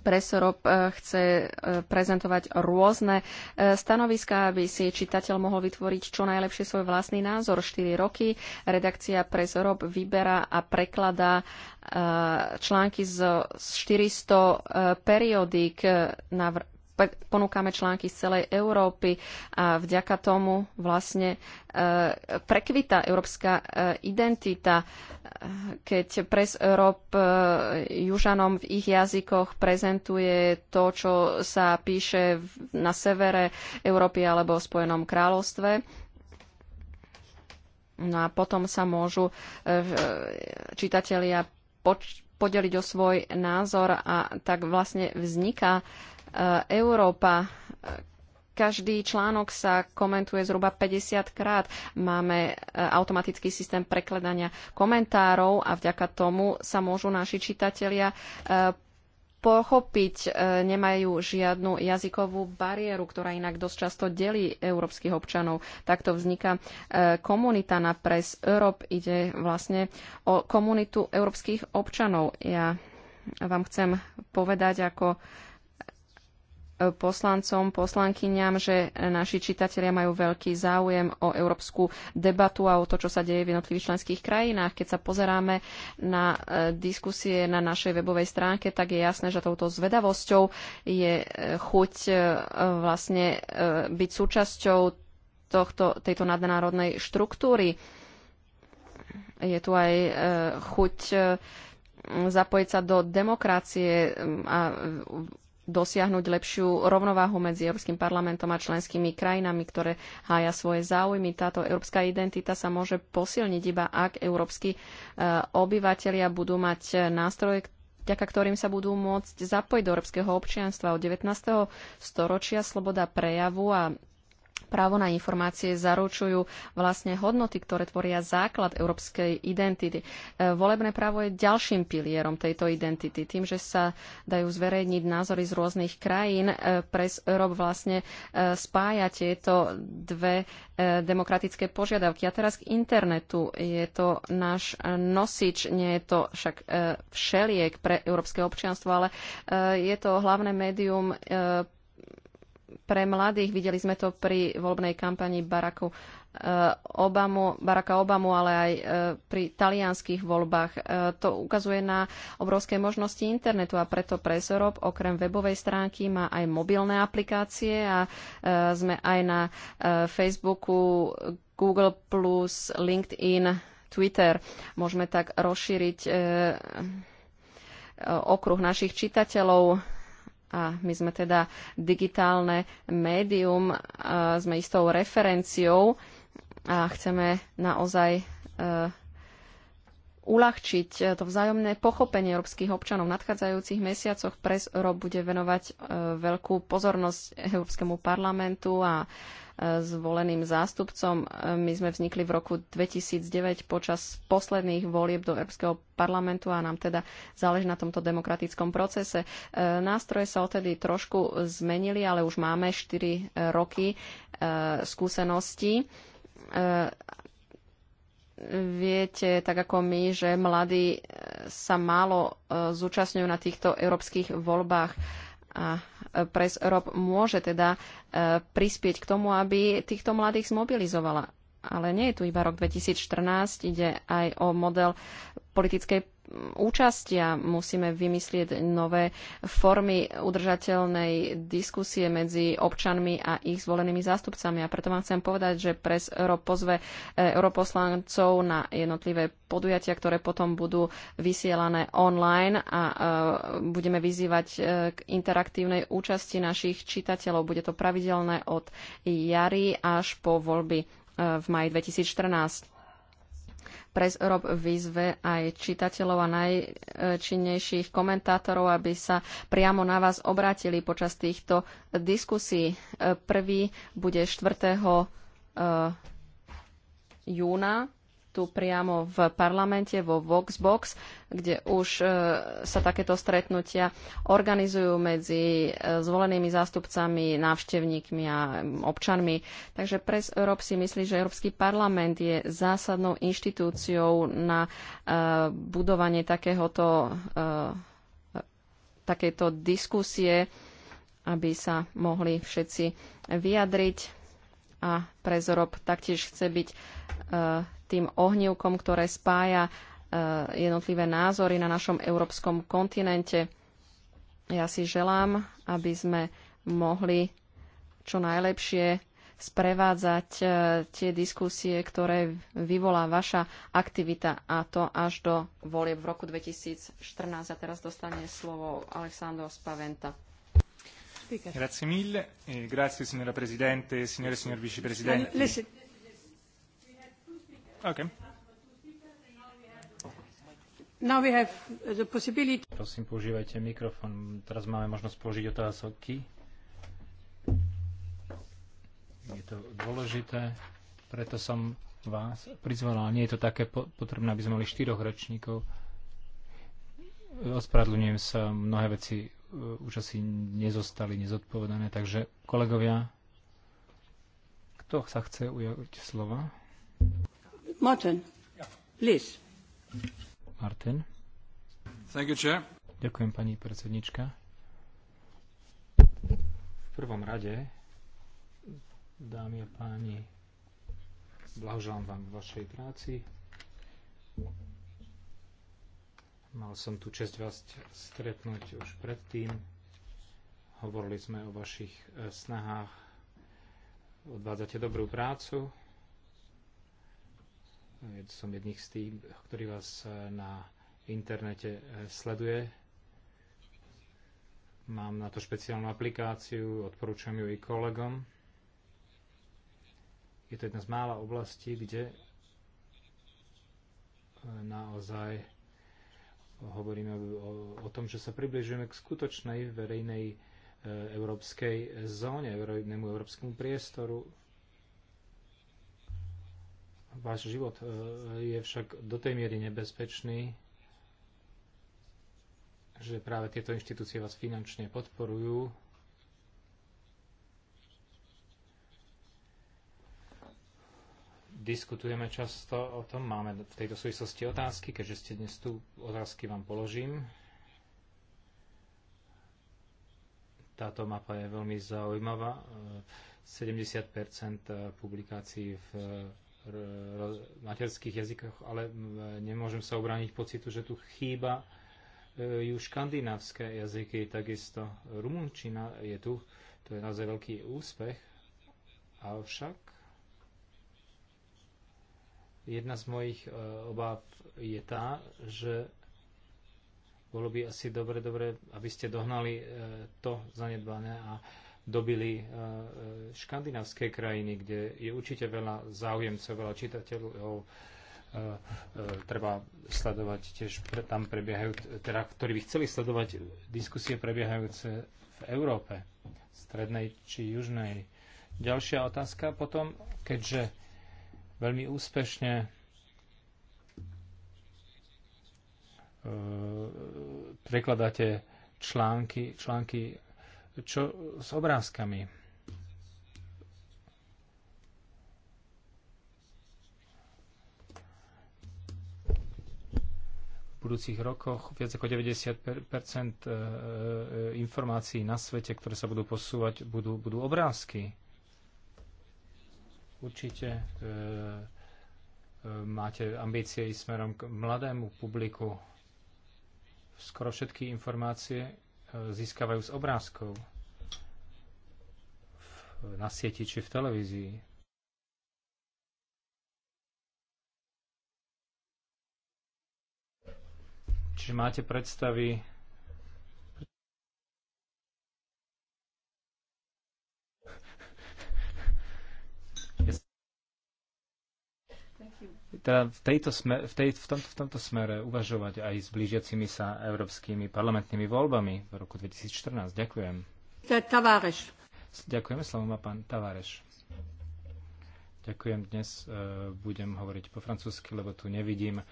C: Presorob e, chce e, prezentovať rôzne stanoviská, aby si čitateľ mohol vytvoriť čo najlepšie svoj vlastný názor. 4 roky redakcia Presorob vyberá a prekladá články z 400 periodík ponúkame články z celej Európy a vďaka tomu vlastne e, prekvita európska e, identita, e, keď pres Európ južanom v ich jazykoch prezentuje to, čo sa píše na severe Európy alebo v Spojenom kráľovstve. No a potom sa môžu čitatelia podeliť o svoj názor a tak vlastne vzniká Eh, Európa. Eh, každý článok sa komentuje zhruba 50 krát. Máme eh, automatický systém prekladania komentárov a vďaka tomu sa môžu naši čitatelia pochopiť, nemajú žiadnu jazykovú bariéru, ktorá inak dosť často delí európskych občanov. Takto vzniká komunita na Press Europe. Ide vlastne o komunitu európskych občanov. Ja vám chcem povedať ako poslancom, poslankyňam, že naši čitatelia majú veľký záujem o európsku debatu a o to, čo sa deje v jednotlivých členských krajinách. Keď sa pozeráme na e, diskusie na našej webovej stránke, tak je jasné, že touto zvedavosťou je e, chuť e, vlastne byť súčasťou tohto, tejto nadnárodnej štruktúry. Je tu aj chuť zapojiť sa do demokracie a dosiahnuť lepšiu rovnováhu medzi Európskym parlamentom a členskými krajinami, ktoré hája svoje záujmy. Táto európska identita sa môže posilniť iba, ak európsky e, obyvateľia budú mať nástroje, vďaka ktorým sa budú môcť zapojiť do európskeho občianstva. Od 19. storočia sloboda prejavu a Právo na informácie zaručujú vlastne hodnoty, ktoré tvoria základ európskej identity. E, volebné právo je ďalším pilierom tejto identity. Tým, že sa dajú zverejniť názory z rôznych krajín, e, pres Európ vlastne e, spája tieto dve demokratické požiadavky. A teraz k internetu. Je to náš nosič, nie je to však všeliek pre európske občianstvo, ale je to hlavné médium pre mladých. Videli sme to pri voľbnej kampani Baracku eh, Obamu, Baracka Obamu, ale aj eh, pri talianských voľbách. Eh, to ukazuje na obrovské možnosti internetu a preto Presorob okrem webovej stránky má aj mobilné aplikácie a sme aj na Facebooku, Google+, LinkedIn, Twitter. Môžeme tak rozšíriť okruh našich čitateľov a my sme teda digitálne médium, sme istou referenciou a chceme naozaj e, uľahčiť to vzájomné pochopenie európskych občanov. V nadchádzajúcich mesiacoch pres Rob bude venovať e, veľkú pozornosť Európskemu parlamentu a zvoleným zástupcom. My sme vznikli v roku 2009 počas posledných volieb do Európskeho parlamentu a nám teda záleží na tomto demokratickom procese. E, nástroje sa odtedy trošku zmenili, ale už máme 4 roky e, skúseností e, viete, tak ako my, že mladí sa málo zúčastňujú na týchto európskych voľbách a Press Europe môže teda e, prispieť k tomu, aby týchto mladých zmobilizovala. Ale nie je tu iba rok 2014, ide aj o model politickej účasti a musíme vymyslieť nové formy udržateľnej diskusie medzi občanmi a ich zvolenými zástupcami. A preto vám chcem povedať, že pres Euro pozve eh, europoslancov na jednotlivé podujatia, ktoré potom budú vysielané online a eh, budeme vyzývať eh, k interaktívnej účasti našich čitateľov. Bude to pravidelné od jary až po voľby v maji 2014. Press rob vyzve aj čitateľov a najčinnejších komentátorov, aby sa priamo na vás obrátili počas týchto diskusí. Prvý bude 4. Eh, júna tu priamo v parlamente vo Voxbox, kde už e, sa takéto stretnutia organizujú medzi e, zvolenými zástupcami, návštevníkmi a občanmi. Takže Pres Europe si myslí, že Európsky parlament je zásadnou inštitúciou na e, budovanie takéhoto, takéto diskusie, aby sa mohli všetci vyjadriť. A Prezorob taktiež chce byť tým ohnívkom, ktoré spája e, jednotlivé názory na našom európskom kontinente. Ja si želám, aby sme mohli čo najlepšie sprevádzať e, tie diskusie, ktoré vyvolá vaša aktivita a to až do volieb v roku 2014. A teraz dostane slovo Alexandro Spaventa.
B: Grazie mille, e grazie signora Presidente, signore e signor Presidente. Okay. Now we
A: have the possibility...
B: Prosím, používajte mikrofón. Teraz máme možnosť použiť otázky. Je to dôležité, preto som vás prizvala. Nie je to také potrebné, aby sme mali štyroch rečníkov. Ospravedlňujem sa, mnohé veci e, už asi nezostali nezodpovedané, takže kolegovia, kto sa chce ujať slova?
A: Martin, please.
B: Martin. Thank you, chair. Ďakujem, pani predsednička. V prvom rade, dámy a páni, blahoželám vám v vašej práci. Mal som tu čest vás stretnúť už predtým. Hovorili sme o vašich eh, snahách. Odvádzate dobrú prácu. Som jedných z tých, ktorý vás eh, na internete eh, sleduje. Mám na to špeciálnu aplikáciu, odporúčam ju i kolegom. Je to jedna z mála oblastí, kde eh, naozaj hovoríme o, o tom, že sa približujeme k skutočnej verejnej európskej zóne, verejnému európskemu priestoru, Váš život e, je však do tej miery nebezpečný, že práve tieto inštitúcie vás finančne podporujú. Diskutujeme často o tom, máme v tejto súvislosti otázky, keďže ste dnes tu, otázky vám položím. Táto mapa je veľmi zaujímavá. 70 e, e, publikácií v materských jazykoch, ale nemôžem sa obrániť pocitu, že tu chýba e, ju škandinávské jazyky, takisto rumunčina je tu, to je naozaj veľký úspech, avšak jedna z mojich e, obáv je tá, že bolo by asi dobre, dobre, aby ste dohnali e, to zanedbané a dobili e, e, škandinávské krajiny, kde je určite veľa záujemcov, veľa čitateľov. E, treba sledovať tiež, tam prebiehajú, teda, ktorí by chceli sledovať diskusie prebiehajúce v Európe, strednej či južnej. Ďalšia otázka potom, keďže veľmi úspešne prekladáte články, články čo s obrázkami. V budúcich rokoch viac ako 90 e, e, informácií na svete, ktoré sa budú posúvať, budú, budú obrázky. Určite e, e máte ambície smerom k mladému publiku. Skoro všetky informácie získavajú z obrázkov na sieti či v televízii. Čiže máte predstavy teda v, tejto smer, v, tej, v, tomto, v tomto smere uvažovať aj s blížiacimi sa európskymi parlamentnými voľbami v roku 2014. Ďakujem.
A: Tavareš.
B: Ďakujeme, slovo má pán tavareš. Ďakujem, dnes e, budem hovoriť po francúzsky, lebo tu nevidím e,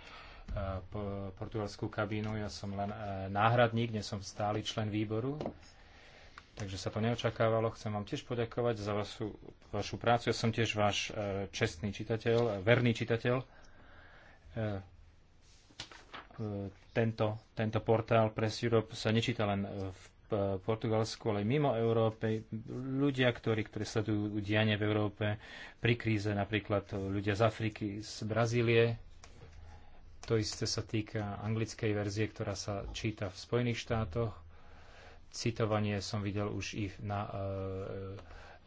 B: po portugalskú kabínu. Ja som len e, náhradník, nie som stály člen výboru, takže sa to neočakávalo. Chcem vám tiež poďakovať za vašu, vašu prácu. Ja som tiež váš čestný čitateľ, verný čitateľ. E, e, tento, tento portál Press Europe sa nečíta len e, v Portugalsku, ale aj mimo Európy. Ľudia, ktorí, ktorí sledujú dianie v Európe pri kríze, napríklad ľudia z Afriky, z Brazílie, to isté sa týka anglickej verzie, ktorá sa číta v Spojených štátoch. Citovanie som videl už i na e,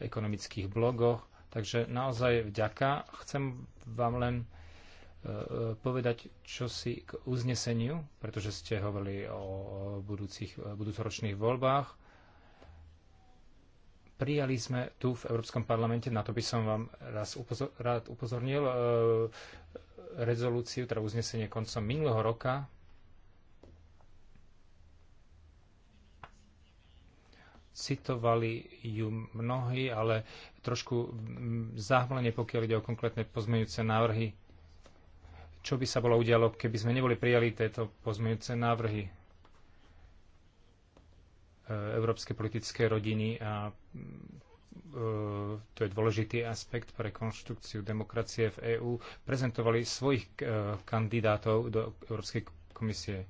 B: ekonomických blogoch. Takže naozaj vďaka. Chcem vám len E, povedať si k uzneseniu, pretože ste hovorili o budúcich, budúcoročných voľbách. Prijali sme tu v Európskom parlamente, na to by som vám raz upozor- rád upozornil, e, rezolúciu, teda uznesenie koncom minulého roka. Citovali ju mnohí, ale trošku zahmlenie, pokiaľ ide o konkrétne pozmeňujúce návrhy čo by sa bolo udialo, keby sme neboli prijali tieto pozmeňujúce návrhy e, európske politické rodiny a e, to je dôležitý aspekt pre konštrukciu demokracie v EÚ, prezentovali svojich e, kandidátov do Európskej komisie.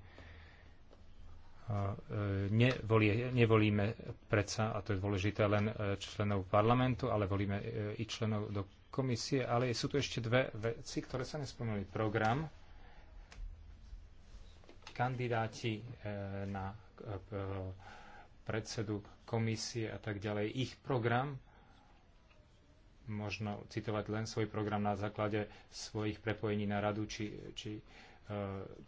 B: Nevolí, nevolíme predsa, a to je dôležité, len členov parlamentu, ale volíme i členov do komisie, ale sú tu ešte dve veci, ktoré sa nespomínali. Program, kandidáti e, na e, predsedu komisie a tak ďalej, ich program, možno citovať len svoj program na základe svojich prepojení na radu či, či e,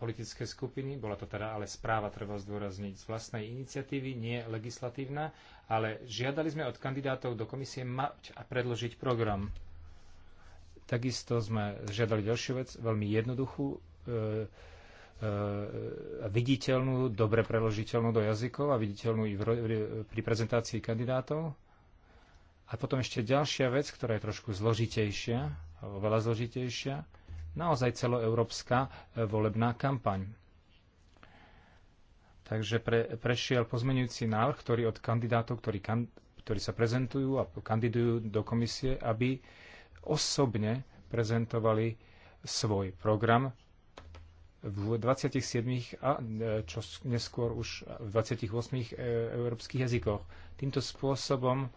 B: politické skupiny. Bola to teda ale správa, treba zdôrazniť, z vlastnej iniciatívy, nie legislatívna, ale žiadali sme od kandidátov do komisie mať a predložiť program. Takisto sme žiadali ďalšiu vec, veľmi jednoduchú, e, e, viditeľnú, dobre preložiteľnú do jazykov a viditeľnú i v, pri prezentácii kandidátov. A potom ešte ďalšia vec, ktorá je trošku zložitejšia, veľa zložitejšia, naozaj celoeurópska e, volebná kampaň. Takže pre, prešiel pozmenujúci návrh, ktorý od kandidátov, ktorí, kan, ktorí sa prezentujú a kandidujú do komisie, aby uh, osobne prezentovali svoj program v 27 a e, čo neskôr už v 28 e, európskych jazykoch. Týmto spôsobom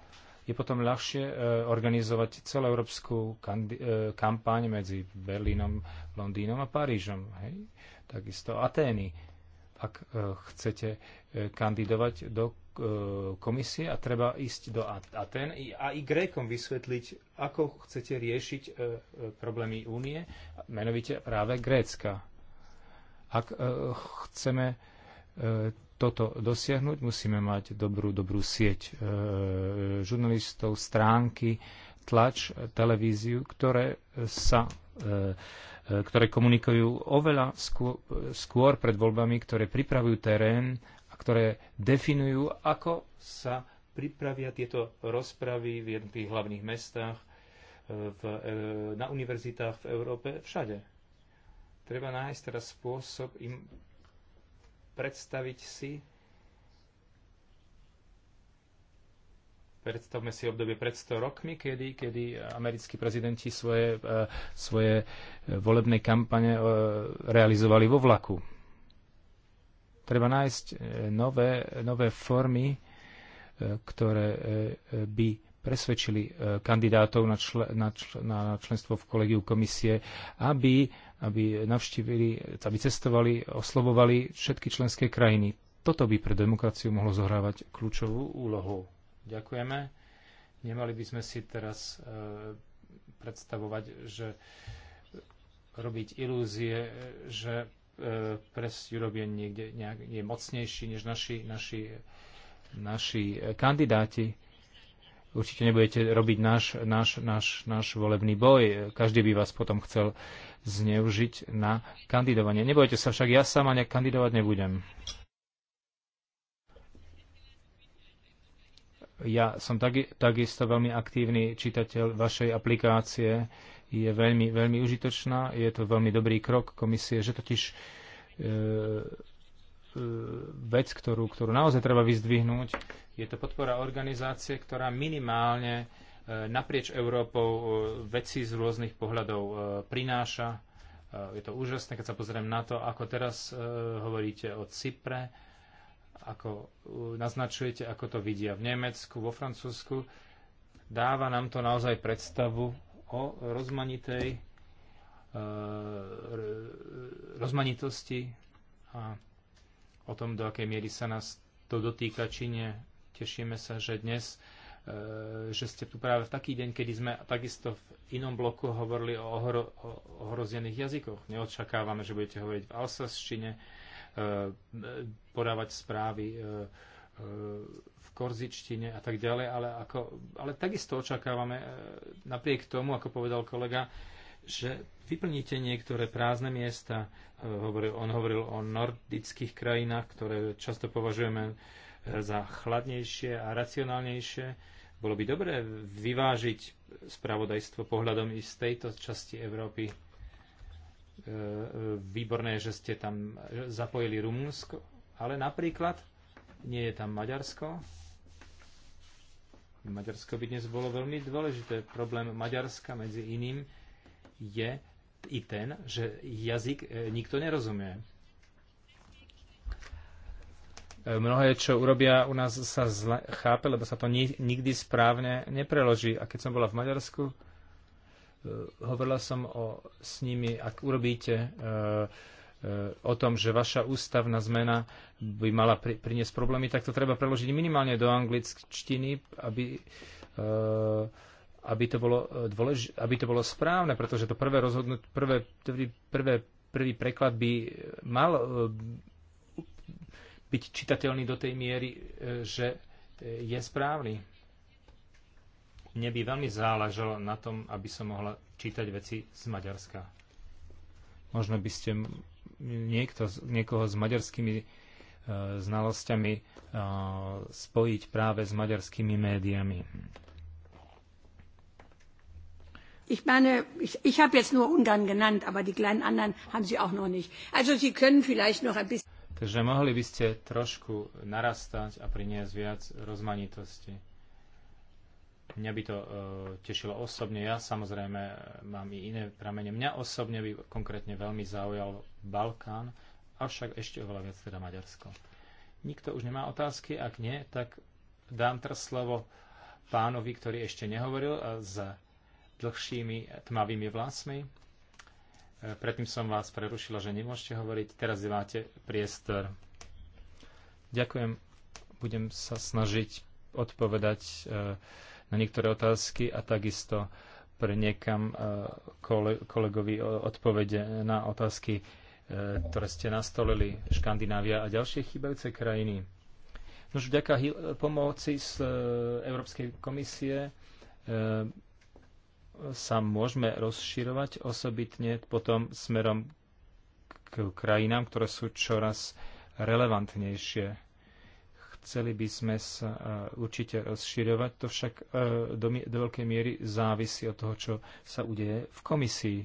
B: je potom ľahšie e, organizovať celoeurópsku kampaň medzi Berlínom, Londýnom a Parížom. Hej? Takisto Atény, ak chcete kandidovať do E, komisie a treba ísť do Aten a i Grékom vysvetliť, ako chcete riešiť e, e, problémy únie, menovite práve Grécka. Ak chceme toto dosiahnuť, musíme mať dobrú, dobrú sieť žurnalistov, stránky, tlač, televíziu, ktoré sa ktoré komunikujú oveľa skôr, pred voľbami, ktoré pripravujú terén ktoré definujú, ako sa pripravia tieto rozpravy v jednotlivých hlavných mestách, e, v, e, na univerzitách v Európe, všade. Treba nájsť teraz spôsob im predstaviť si, predstavme si obdobie pred 100 rokmi, kedy, kedy americkí prezidenti svoje, e, svoje volebné kampane realizovali vo vlaku Treba nájsť e, nové, nové formy, e, ktoré e, by presvedčili kandidátov na, čl- na, čl- na členstvo v kolegiu komisie, aby, aby navštívili, aby cestovali, oslovovali všetky členské krajiny. Toto by pre demokraciu mohlo zohrávať kľúčovú úlohu. Ďakujeme. Nemali by sme si teraz e, predstavovať, že robiť ilúzie, že E, Press Europe je niekde nejak, je mocnejší než naši, naši, naši e, kandidáti. Určite nebudete robiť náš, náš, náš, náš volebný boj. Každý by vás potom chcel zneužiť na kandidovanie. Nebojte sa však, ja sama nejak kandidovať nebudem. Ja som taky, takisto veľmi aktívny čitateľ vašej aplikácie je veľmi, veľmi užitočná. Je to veľmi dobrý krok komisie, že totiž e, e, vec, ktorú, ktorú naozaj treba vyzdvihnúť, je to podpora organizácie, ktorá minimálne e, naprieč Európou e, veci z rôznych pohľadov e, prináša. E, je to úžasné, keď sa pozriem na to, ako teraz e, hovoríte o Cypre, ako e, naznačujete, ako to vidia v Nemecku, vo Francúzsku dáva nám to naozaj predstavu o rozmanitej e, rozmanitosti a o tom, do akej miery sa nás to dotýka, či nie. Tešíme sa, že dnes, e, že ste tu práve v taký deň, kedy sme takisto v inom bloku hovorili o, ohrozených jazykoch. Neočakávame, že budete hovoriť v alsasčine, e, podávať správy v korzičtine a tak ďalej, ale, ako, ale takisto očakávame, e, napriek tomu, ako povedal kolega, že vyplníte niektoré prázdne miesta. E, hovoril, on hovoril o nordických krajinách, ktoré často považujeme e, za chladnejšie a racionálnejšie. Bolo by dobré vyvážiť spravodajstvo pohľadom i z tejto časti Európy. Výborné, že ste tam zapojili Rumunsko, ale napríklad nie je tam Maďarsko. Maďarsko by dnes bolo veľmi dôležité. Problém Maďarska medzi iným je i ten, že jazyk e, nikto nerozumie. E, mnohé, čo urobia u nás, sa zle chápe, lebo sa to ni- nikdy správne nepreloží. A keď som bola v Maďarsku, e, hovorila som o, s nimi, ak urobíte uh, E, o tom, že vaša ústavná zmena by mala pri, priniesť problémy, tak to treba preložiť minimálne do angličtiny, aby, e, aby, to, bolo e, dôlež, aby to bolo správne, pretože to prvé rozhodnutie, prvé, prvý, prvé, prvý preklad by mal byť čitateľný do tej miery, že je správny. Mne by veľmi záležalo na tom, aby som mohla čítať veci z Maďarska. Možno by ste niekto, niekoho s maďarskými e, znalosťami e, spojiť práve s maďarskými médiami.
C: Ich meine, ich, ich habe jetzt nur Ungarn genannt, aber die kleinen anderen haben Sie auch noch nicht. Also Sie können vielleicht noch ein bisschen.
B: Takže mohli by ste trošku narastať a priniesť viac rozmanitosti. Mňa by to uh, tešilo osobne. Ja samozrejme mám i iné pramene. Mňa osobne by konkrétne veľmi zaujal Balkán, avšak ešte oveľa viac teda Maďarsko. Nikto už nemá otázky? Ak nie, tak dám teraz slovo pánovi, ktorý ešte nehovoril a s dlhšími tmavými vlasmi. E, predtým som vás prerušila, že nemôžete hovoriť. Teraz máte priestor. Ďakujem. Budem sa snažiť odpovedať uh, na niektoré otázky a takisto pre niekam e, kolegovi odpovede na otázky, e, ktoré ste nastolili, Škandinávia a ďalšie chýbajúce krajiny. Nož vďaka pomoci z e, Európskej komisie sa môžeme rozširovať osobitne potom smerom k krajinám, ktoré sú čoraz relevantnejšie Chceli by sme sa e, určite rozširovať, to však e, do, do veľkej miery závisí od toho, čo sa udeje v komisii.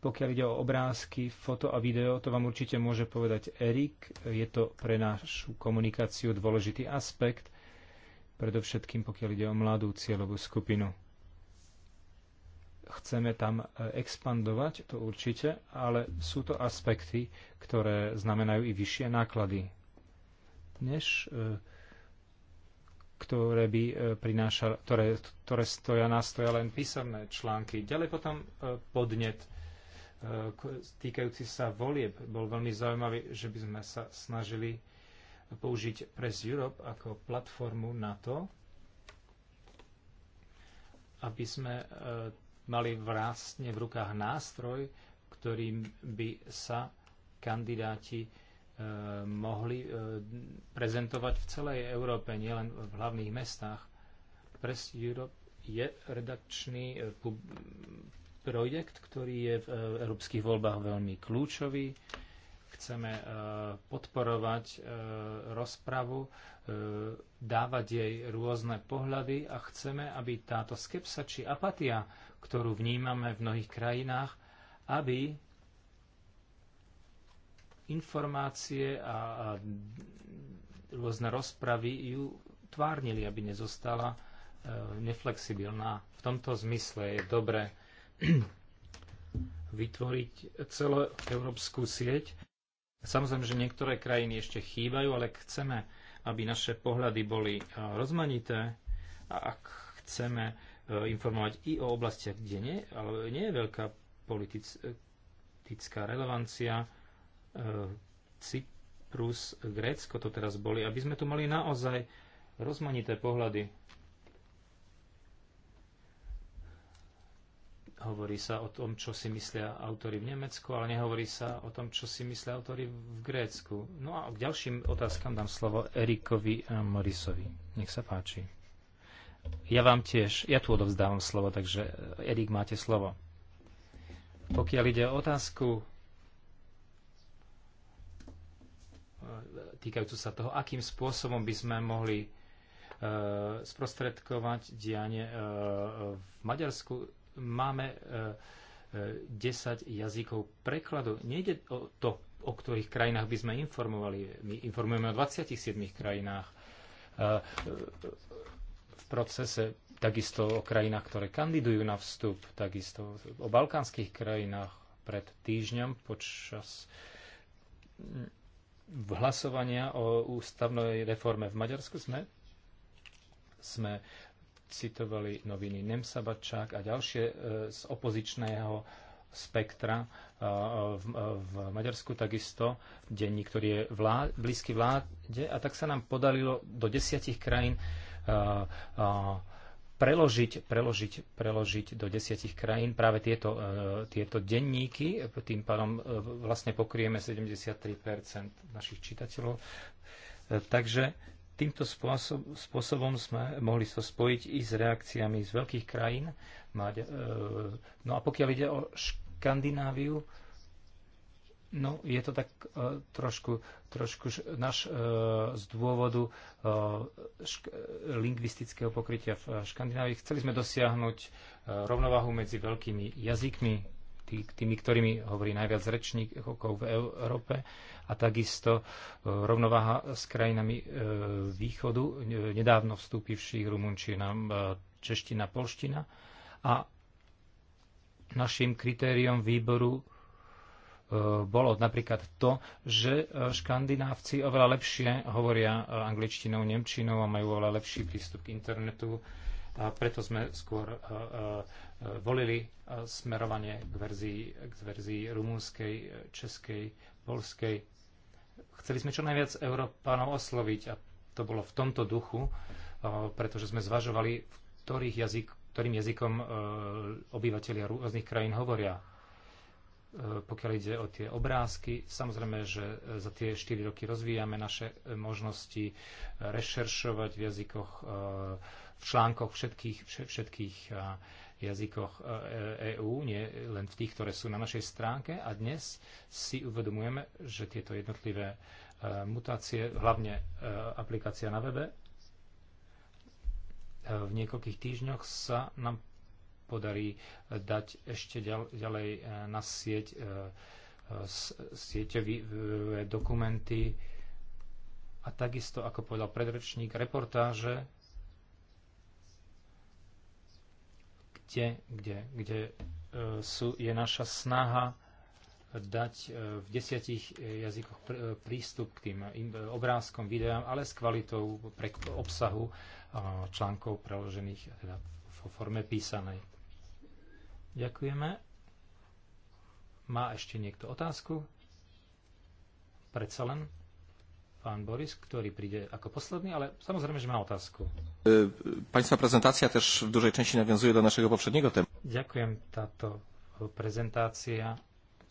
B: Pokiaľ ide o obrázky, foto a video, to vám určite môže povedať Erik. Je to pre našu komunikáciu dôležitý aspekt, predovšetkým pokiaľ ide o mladú cieľovú skupinu chceme tam e, expandovať, to určite, ale sú to aspekty, ktoré znamenajú i vyššie náklady než e, ktoré by e, prináša, ktoré, ktoré stoja, nastoja len písomné články. Ďalej potom e, podnet týkajúci sa volieb bol veľmi zaujímavý, že by sme sa snažili použiť Press Europe ako platformu na to, aby sme mali vlastne v rukách nástroj, ktorým by sa kandidáti Eh, mohli eh, prezentovať v celej Európe, nielen v hlavných mestách. Press Europe je redakčný eh, projekt, ktorý je v európskych voľbách veľmi kľúčový. Chceme podporovať rozpravu, dávať jej rôzne pohľady a chceme, aby táto skepsa či apatia, ktorú vnímame v mnohých krajinách, aby informácie a, a rôzne rozpravy ju tvárnili, aby nezostala e, neflexibilná. V tomto zmysle je dobre vytvoriť celú európsku sieť. Samozrejme, že niektoré krajiny ešte chýbajú, ale chceme, aby naše pohľady boli e, rozmanité a ak chceme e, informovať i o oblastiach, kde nie, ale nie je veľká e, politická relevancia, E, Cyprus, Grécko to teraz boli, aby sme tu mali naozaj rozmanité pohľady. Hovorí sa o tom, čo si myslia autory v Nemecku, ale nehovorí sa o tom, čo si myslia autory v Grécku. No a k ďalším otázkam dám slovo Erikovi a e, Morisovi. Nech sa páči. Ja vám tiež, ja tu odovzdávam slovo, takže e, Erik, máte slovo. Pokiaľ ide o otázku týkajúcu sa toho, akým spôsobom by sme mohli e, sprostredkovať dianie e, v Maďarsku. Máme 10 e, jazykov prekladu. Nejde o to, o ktorých krajinách by sme informovali. My informujeme o 27 krajinách v procese, takisto o krajinách, ktoré kandidujú na vstup, takisto o balkánskych krajinách pred týždňom počas v hlasovania o ústavnej reforme v Maďarsku sme, sme citovali noviny Nemsa a ďalšie e, z opozičného spektra e, v, e, v Maďarsku takisto, denník, ktorý je vlá, blízky vláde a tak sa nám podarilo do desiatich krajín preložiť, preložiť, preložiť do desiatich krajín práve tieto, e, tieto denníky. Tým pádom e, vlastne pokrieme 73 našich čitateľov. E, takže týmto spôsob, spôsobom sme mohli sa so spojiť i s reakciami z veľkých krajín. Mať, no a pokiaľ ide o Škandináviu, No, je to tak uh, trošku, trošku náš uh, z dôvodu uh, šk- lingvistického pokrytia v Škandinávii. Chceli sme dosiahnuť uh, rovnovahu medzi veľkými jazykmi, tý, tými, ktorými hovorí najviac rečníkov v Európe, a takisto uh, rovnováha s krajinami uh, východu, uh, nedávno vstúpivších rumunčina, uh, čeština, polština. A našim kritériom výboru E, bolo napríklad to, že e, škandinávci oveľa lepšie hovoria e, angličtinou, nemčinou a majú oveľa lepší prístup k internetu a preto sme skôr volili smerovanie k verzii, k verzii rumúnskej, českej, polskej. Chceli sme čo najviac Európanov osloviť a to bolo v tomto duchu, pretože sme zvažovali, v ktorých jazyk, ktorým jazykom obyvateľia rôznych krajín hovoria E, pokiaľ ide o tie obrázky. Samozrejme, že e, za tie 4 roky rozvíjame naše e, možnosti rešeršovať v jazykoch, v článkoch všetkých, všetkých jazykoch EÚ, nie len v tých, ktoré sú na našej stránke. A dnes si uvedomujeme, že tieto jednotlivé mutácie, hlavne aplikácia na webe, v niekoľkých týždňoch sa nám podarí eh, dať ešte ďalej eh, na sieť eh, sieťové dokumenty a takisto, ako povedal predrečník, reportáže, kde, kde, kde sú, je naša snaha dať v desiatich jazykoch prístup k tým obrázkom, videám, ale s kvalitou pre obsahu článkov preložených teda vo forme písanej. Ďakujeme. Má ešte niekto otázku? Predsa len pán Boris, ktorý príde ako posledný, ale samozrejme, že má otázku. E,
A: Państwa prezentácia też v dužej części nawiązuje do našeho popředního tému.
B: Ďakujem. Táto prezentácia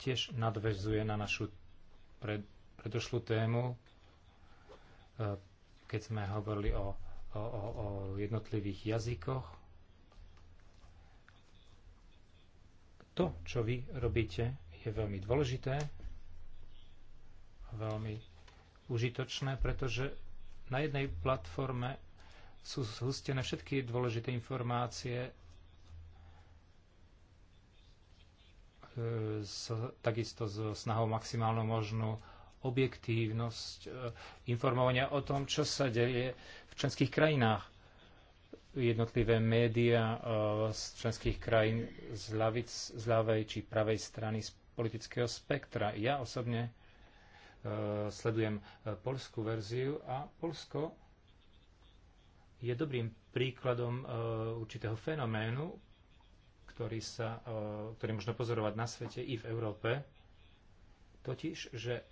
B: tiež nadvezuje na našu pred, predošlú tému, e, keď sme hovorili o, o, o jednotlivých jazykoch To, čo vy robíte, je veľmi dôležité a veľmi užitočné, pretože na jednej platforme sú zhustené všetky dôležité informácie e, s, takisto s snahou maximálnu možnú objektívnosť e, informovania o tom, čo sa deje v členských krajinách jednotlivé médiá e, z členských krajín z, lavic, z ľavej či pravej strany z politického spektra. Ja osobne e, sledujem e, polskú verziu a Polsko je dobrým príkladom určitého fenoménu, ktorý, sa, ktorý možno pozorovať na svete i v Európe, totiž, že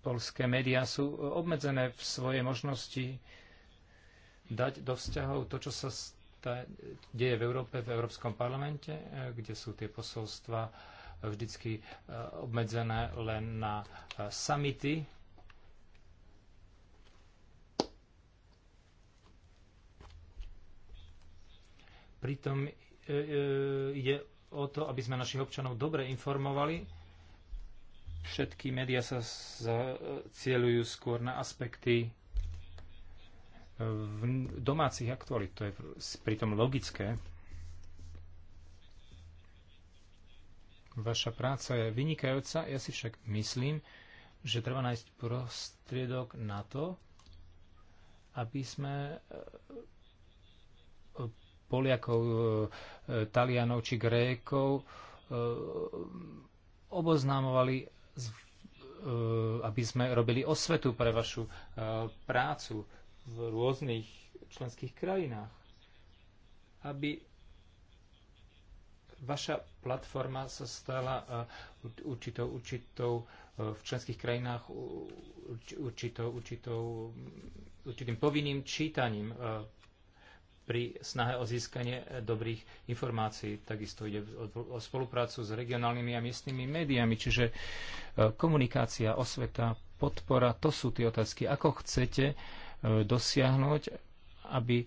B: polské médiá sú obmedzené v svojej možnosti dať do vzťahov to, čo sa deje v Európe, v Európskom parlamente, e, kde sú tie posolstva e, vždycky e, obmedzené len na samity. Pritom ide o to, aby sme našich občanov dobre informovali. Všetky médiá sa cieľujú skôr na aspekty v domácich aktuálit, To je pritom logické. Vaša práca je vynikajúca, ja si však myslím, že treba nájsť prostriedok na to, aby sme e, Poliakov, e, Talianov či Grékov e, oboznámovali, aby sme robili osvetu pre vašu prácu v rôznych členských krajinách, aby vaša platforma sa stala určitou, určitou e, v členských krajinách určitou, určitou, určitým povinným čítaním e, pri snahe o získanie e, dobrých informácií. Takisto ide o, o spoluprácu s regionálnymi a miestnymi médiami, čiže komunikácia, osveta, podpora, to sú tie otázky. Ako chcete E, dosiahnuť, aby e,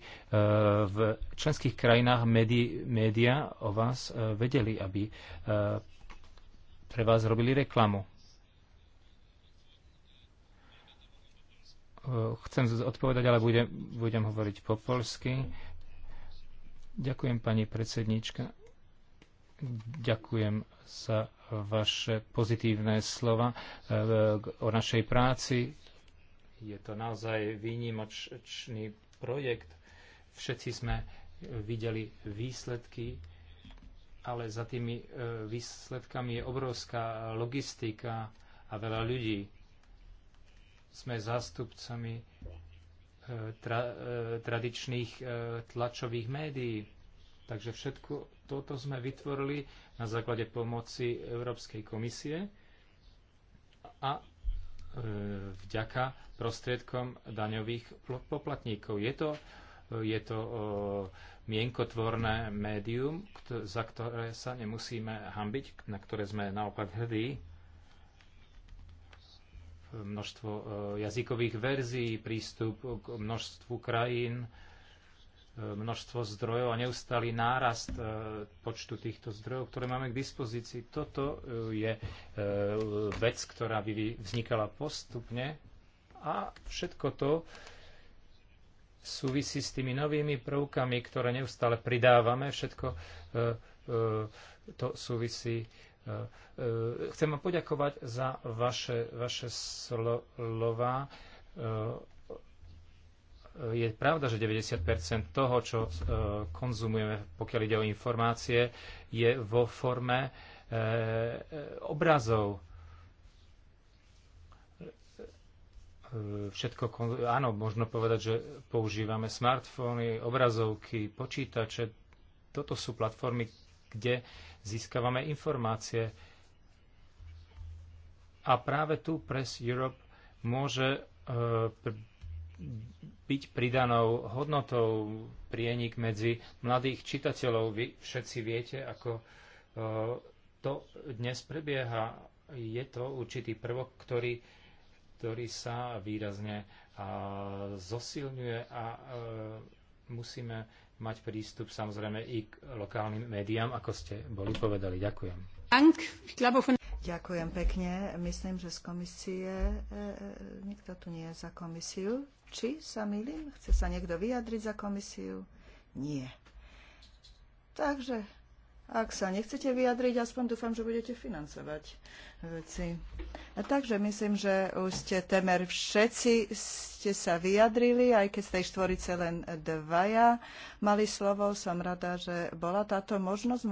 B: v členských krajinách médiá o vás e, vedeli, aby pre vás robili reklamu. Chcem odpovedať, ale budem, budem hovoriť po polsky. Ďakujem, pani predsednička. Ďakujem za vaše pozitívne slova o našej práci. Je to naozaj výnimočný projekt. Všetci sme videli výsledky, ale za tými e, výsledkami je obrovská logistika a veľa ľudí. Sme zástupcami e, tra, e, tradičných tlačových médií. Takže všetko toto sme vytvorili na základe pomoci Európskej komisie a E, vďaka prostriedkom daňových poplatníkov. Je to, e, je to e, mienkotvorné médium, za ktoré sa nemusíme hambiť, na ktoré sme naopak hrdí. Množstvo jazykových verzií, prístup k množstvu krajín, množstvo zdrojov a neustály nárast e, počtu týchto zdrojov, ktoré máme k dispozícii. Toto e, je e, vec, ktorá by vznikala postupne a všetko to súvisí s tými novými prvkami, ktoré neustále pridávame. Všetko to súvisí. Chcem vám poďakovať za vaše, vaše slova je pravda, že 90 toho, čo e, konzumujeme, pokiaľ ide o informácie, je vo forme e, e, obrazov. Všetko, áno, možno povedať, že používame smartfóny, obrazovky, počítače. Toto sú platformy, kde získavame informácie. A práve tu Press Europe môže byť pridanou hodnotou prienik medzi mladých čitateľov. Vy všetci viete, ako e, to dnes prebieha. Je to určitý prvok, ktorý, ktorý sa výrazne e, zosilňuje a e, musíme mať prístup samozrejme i k lokálnym médiám, ako ste boli povedali. Ďakujem.
A: Ďakujem pekne. Myslím, že z komisie, nikto tu nie je za komisiu. Či sa milím? Chce sa niekto vyjadriť za komisiu? Nie. Takže, ak sa nechcete vyjadriť, aspoň dúfam, že budete financovať veci. A takže myslím, že už ste temer všetci ste sa vyjadrili, aj keď z tej štvorice len dvaja mali slovo. Som rada, že bola táto možnosť.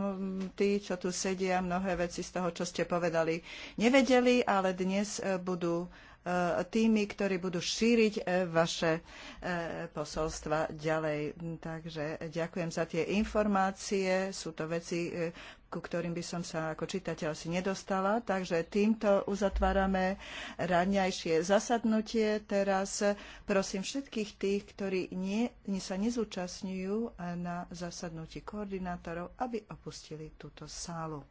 A: Tí, čo tu sedia, mnohé veci z toho, čo ste povedali, nevedeli, ale dnes e, budú E, tými, ktorí budú šíriť e, vaše e, posolstva ďalej. Takže ďakujem za tie informácie. Sú to veci, ku ktorým by som sa ako čitateľ si nedostala. Takže týmto uzatvárame raňajšie zasadnutie. Teraz prosím všetkých tých, ktorí nie, sa nezúčastňujú na zasadnutí koordinátorov, aby opustili túto sálu.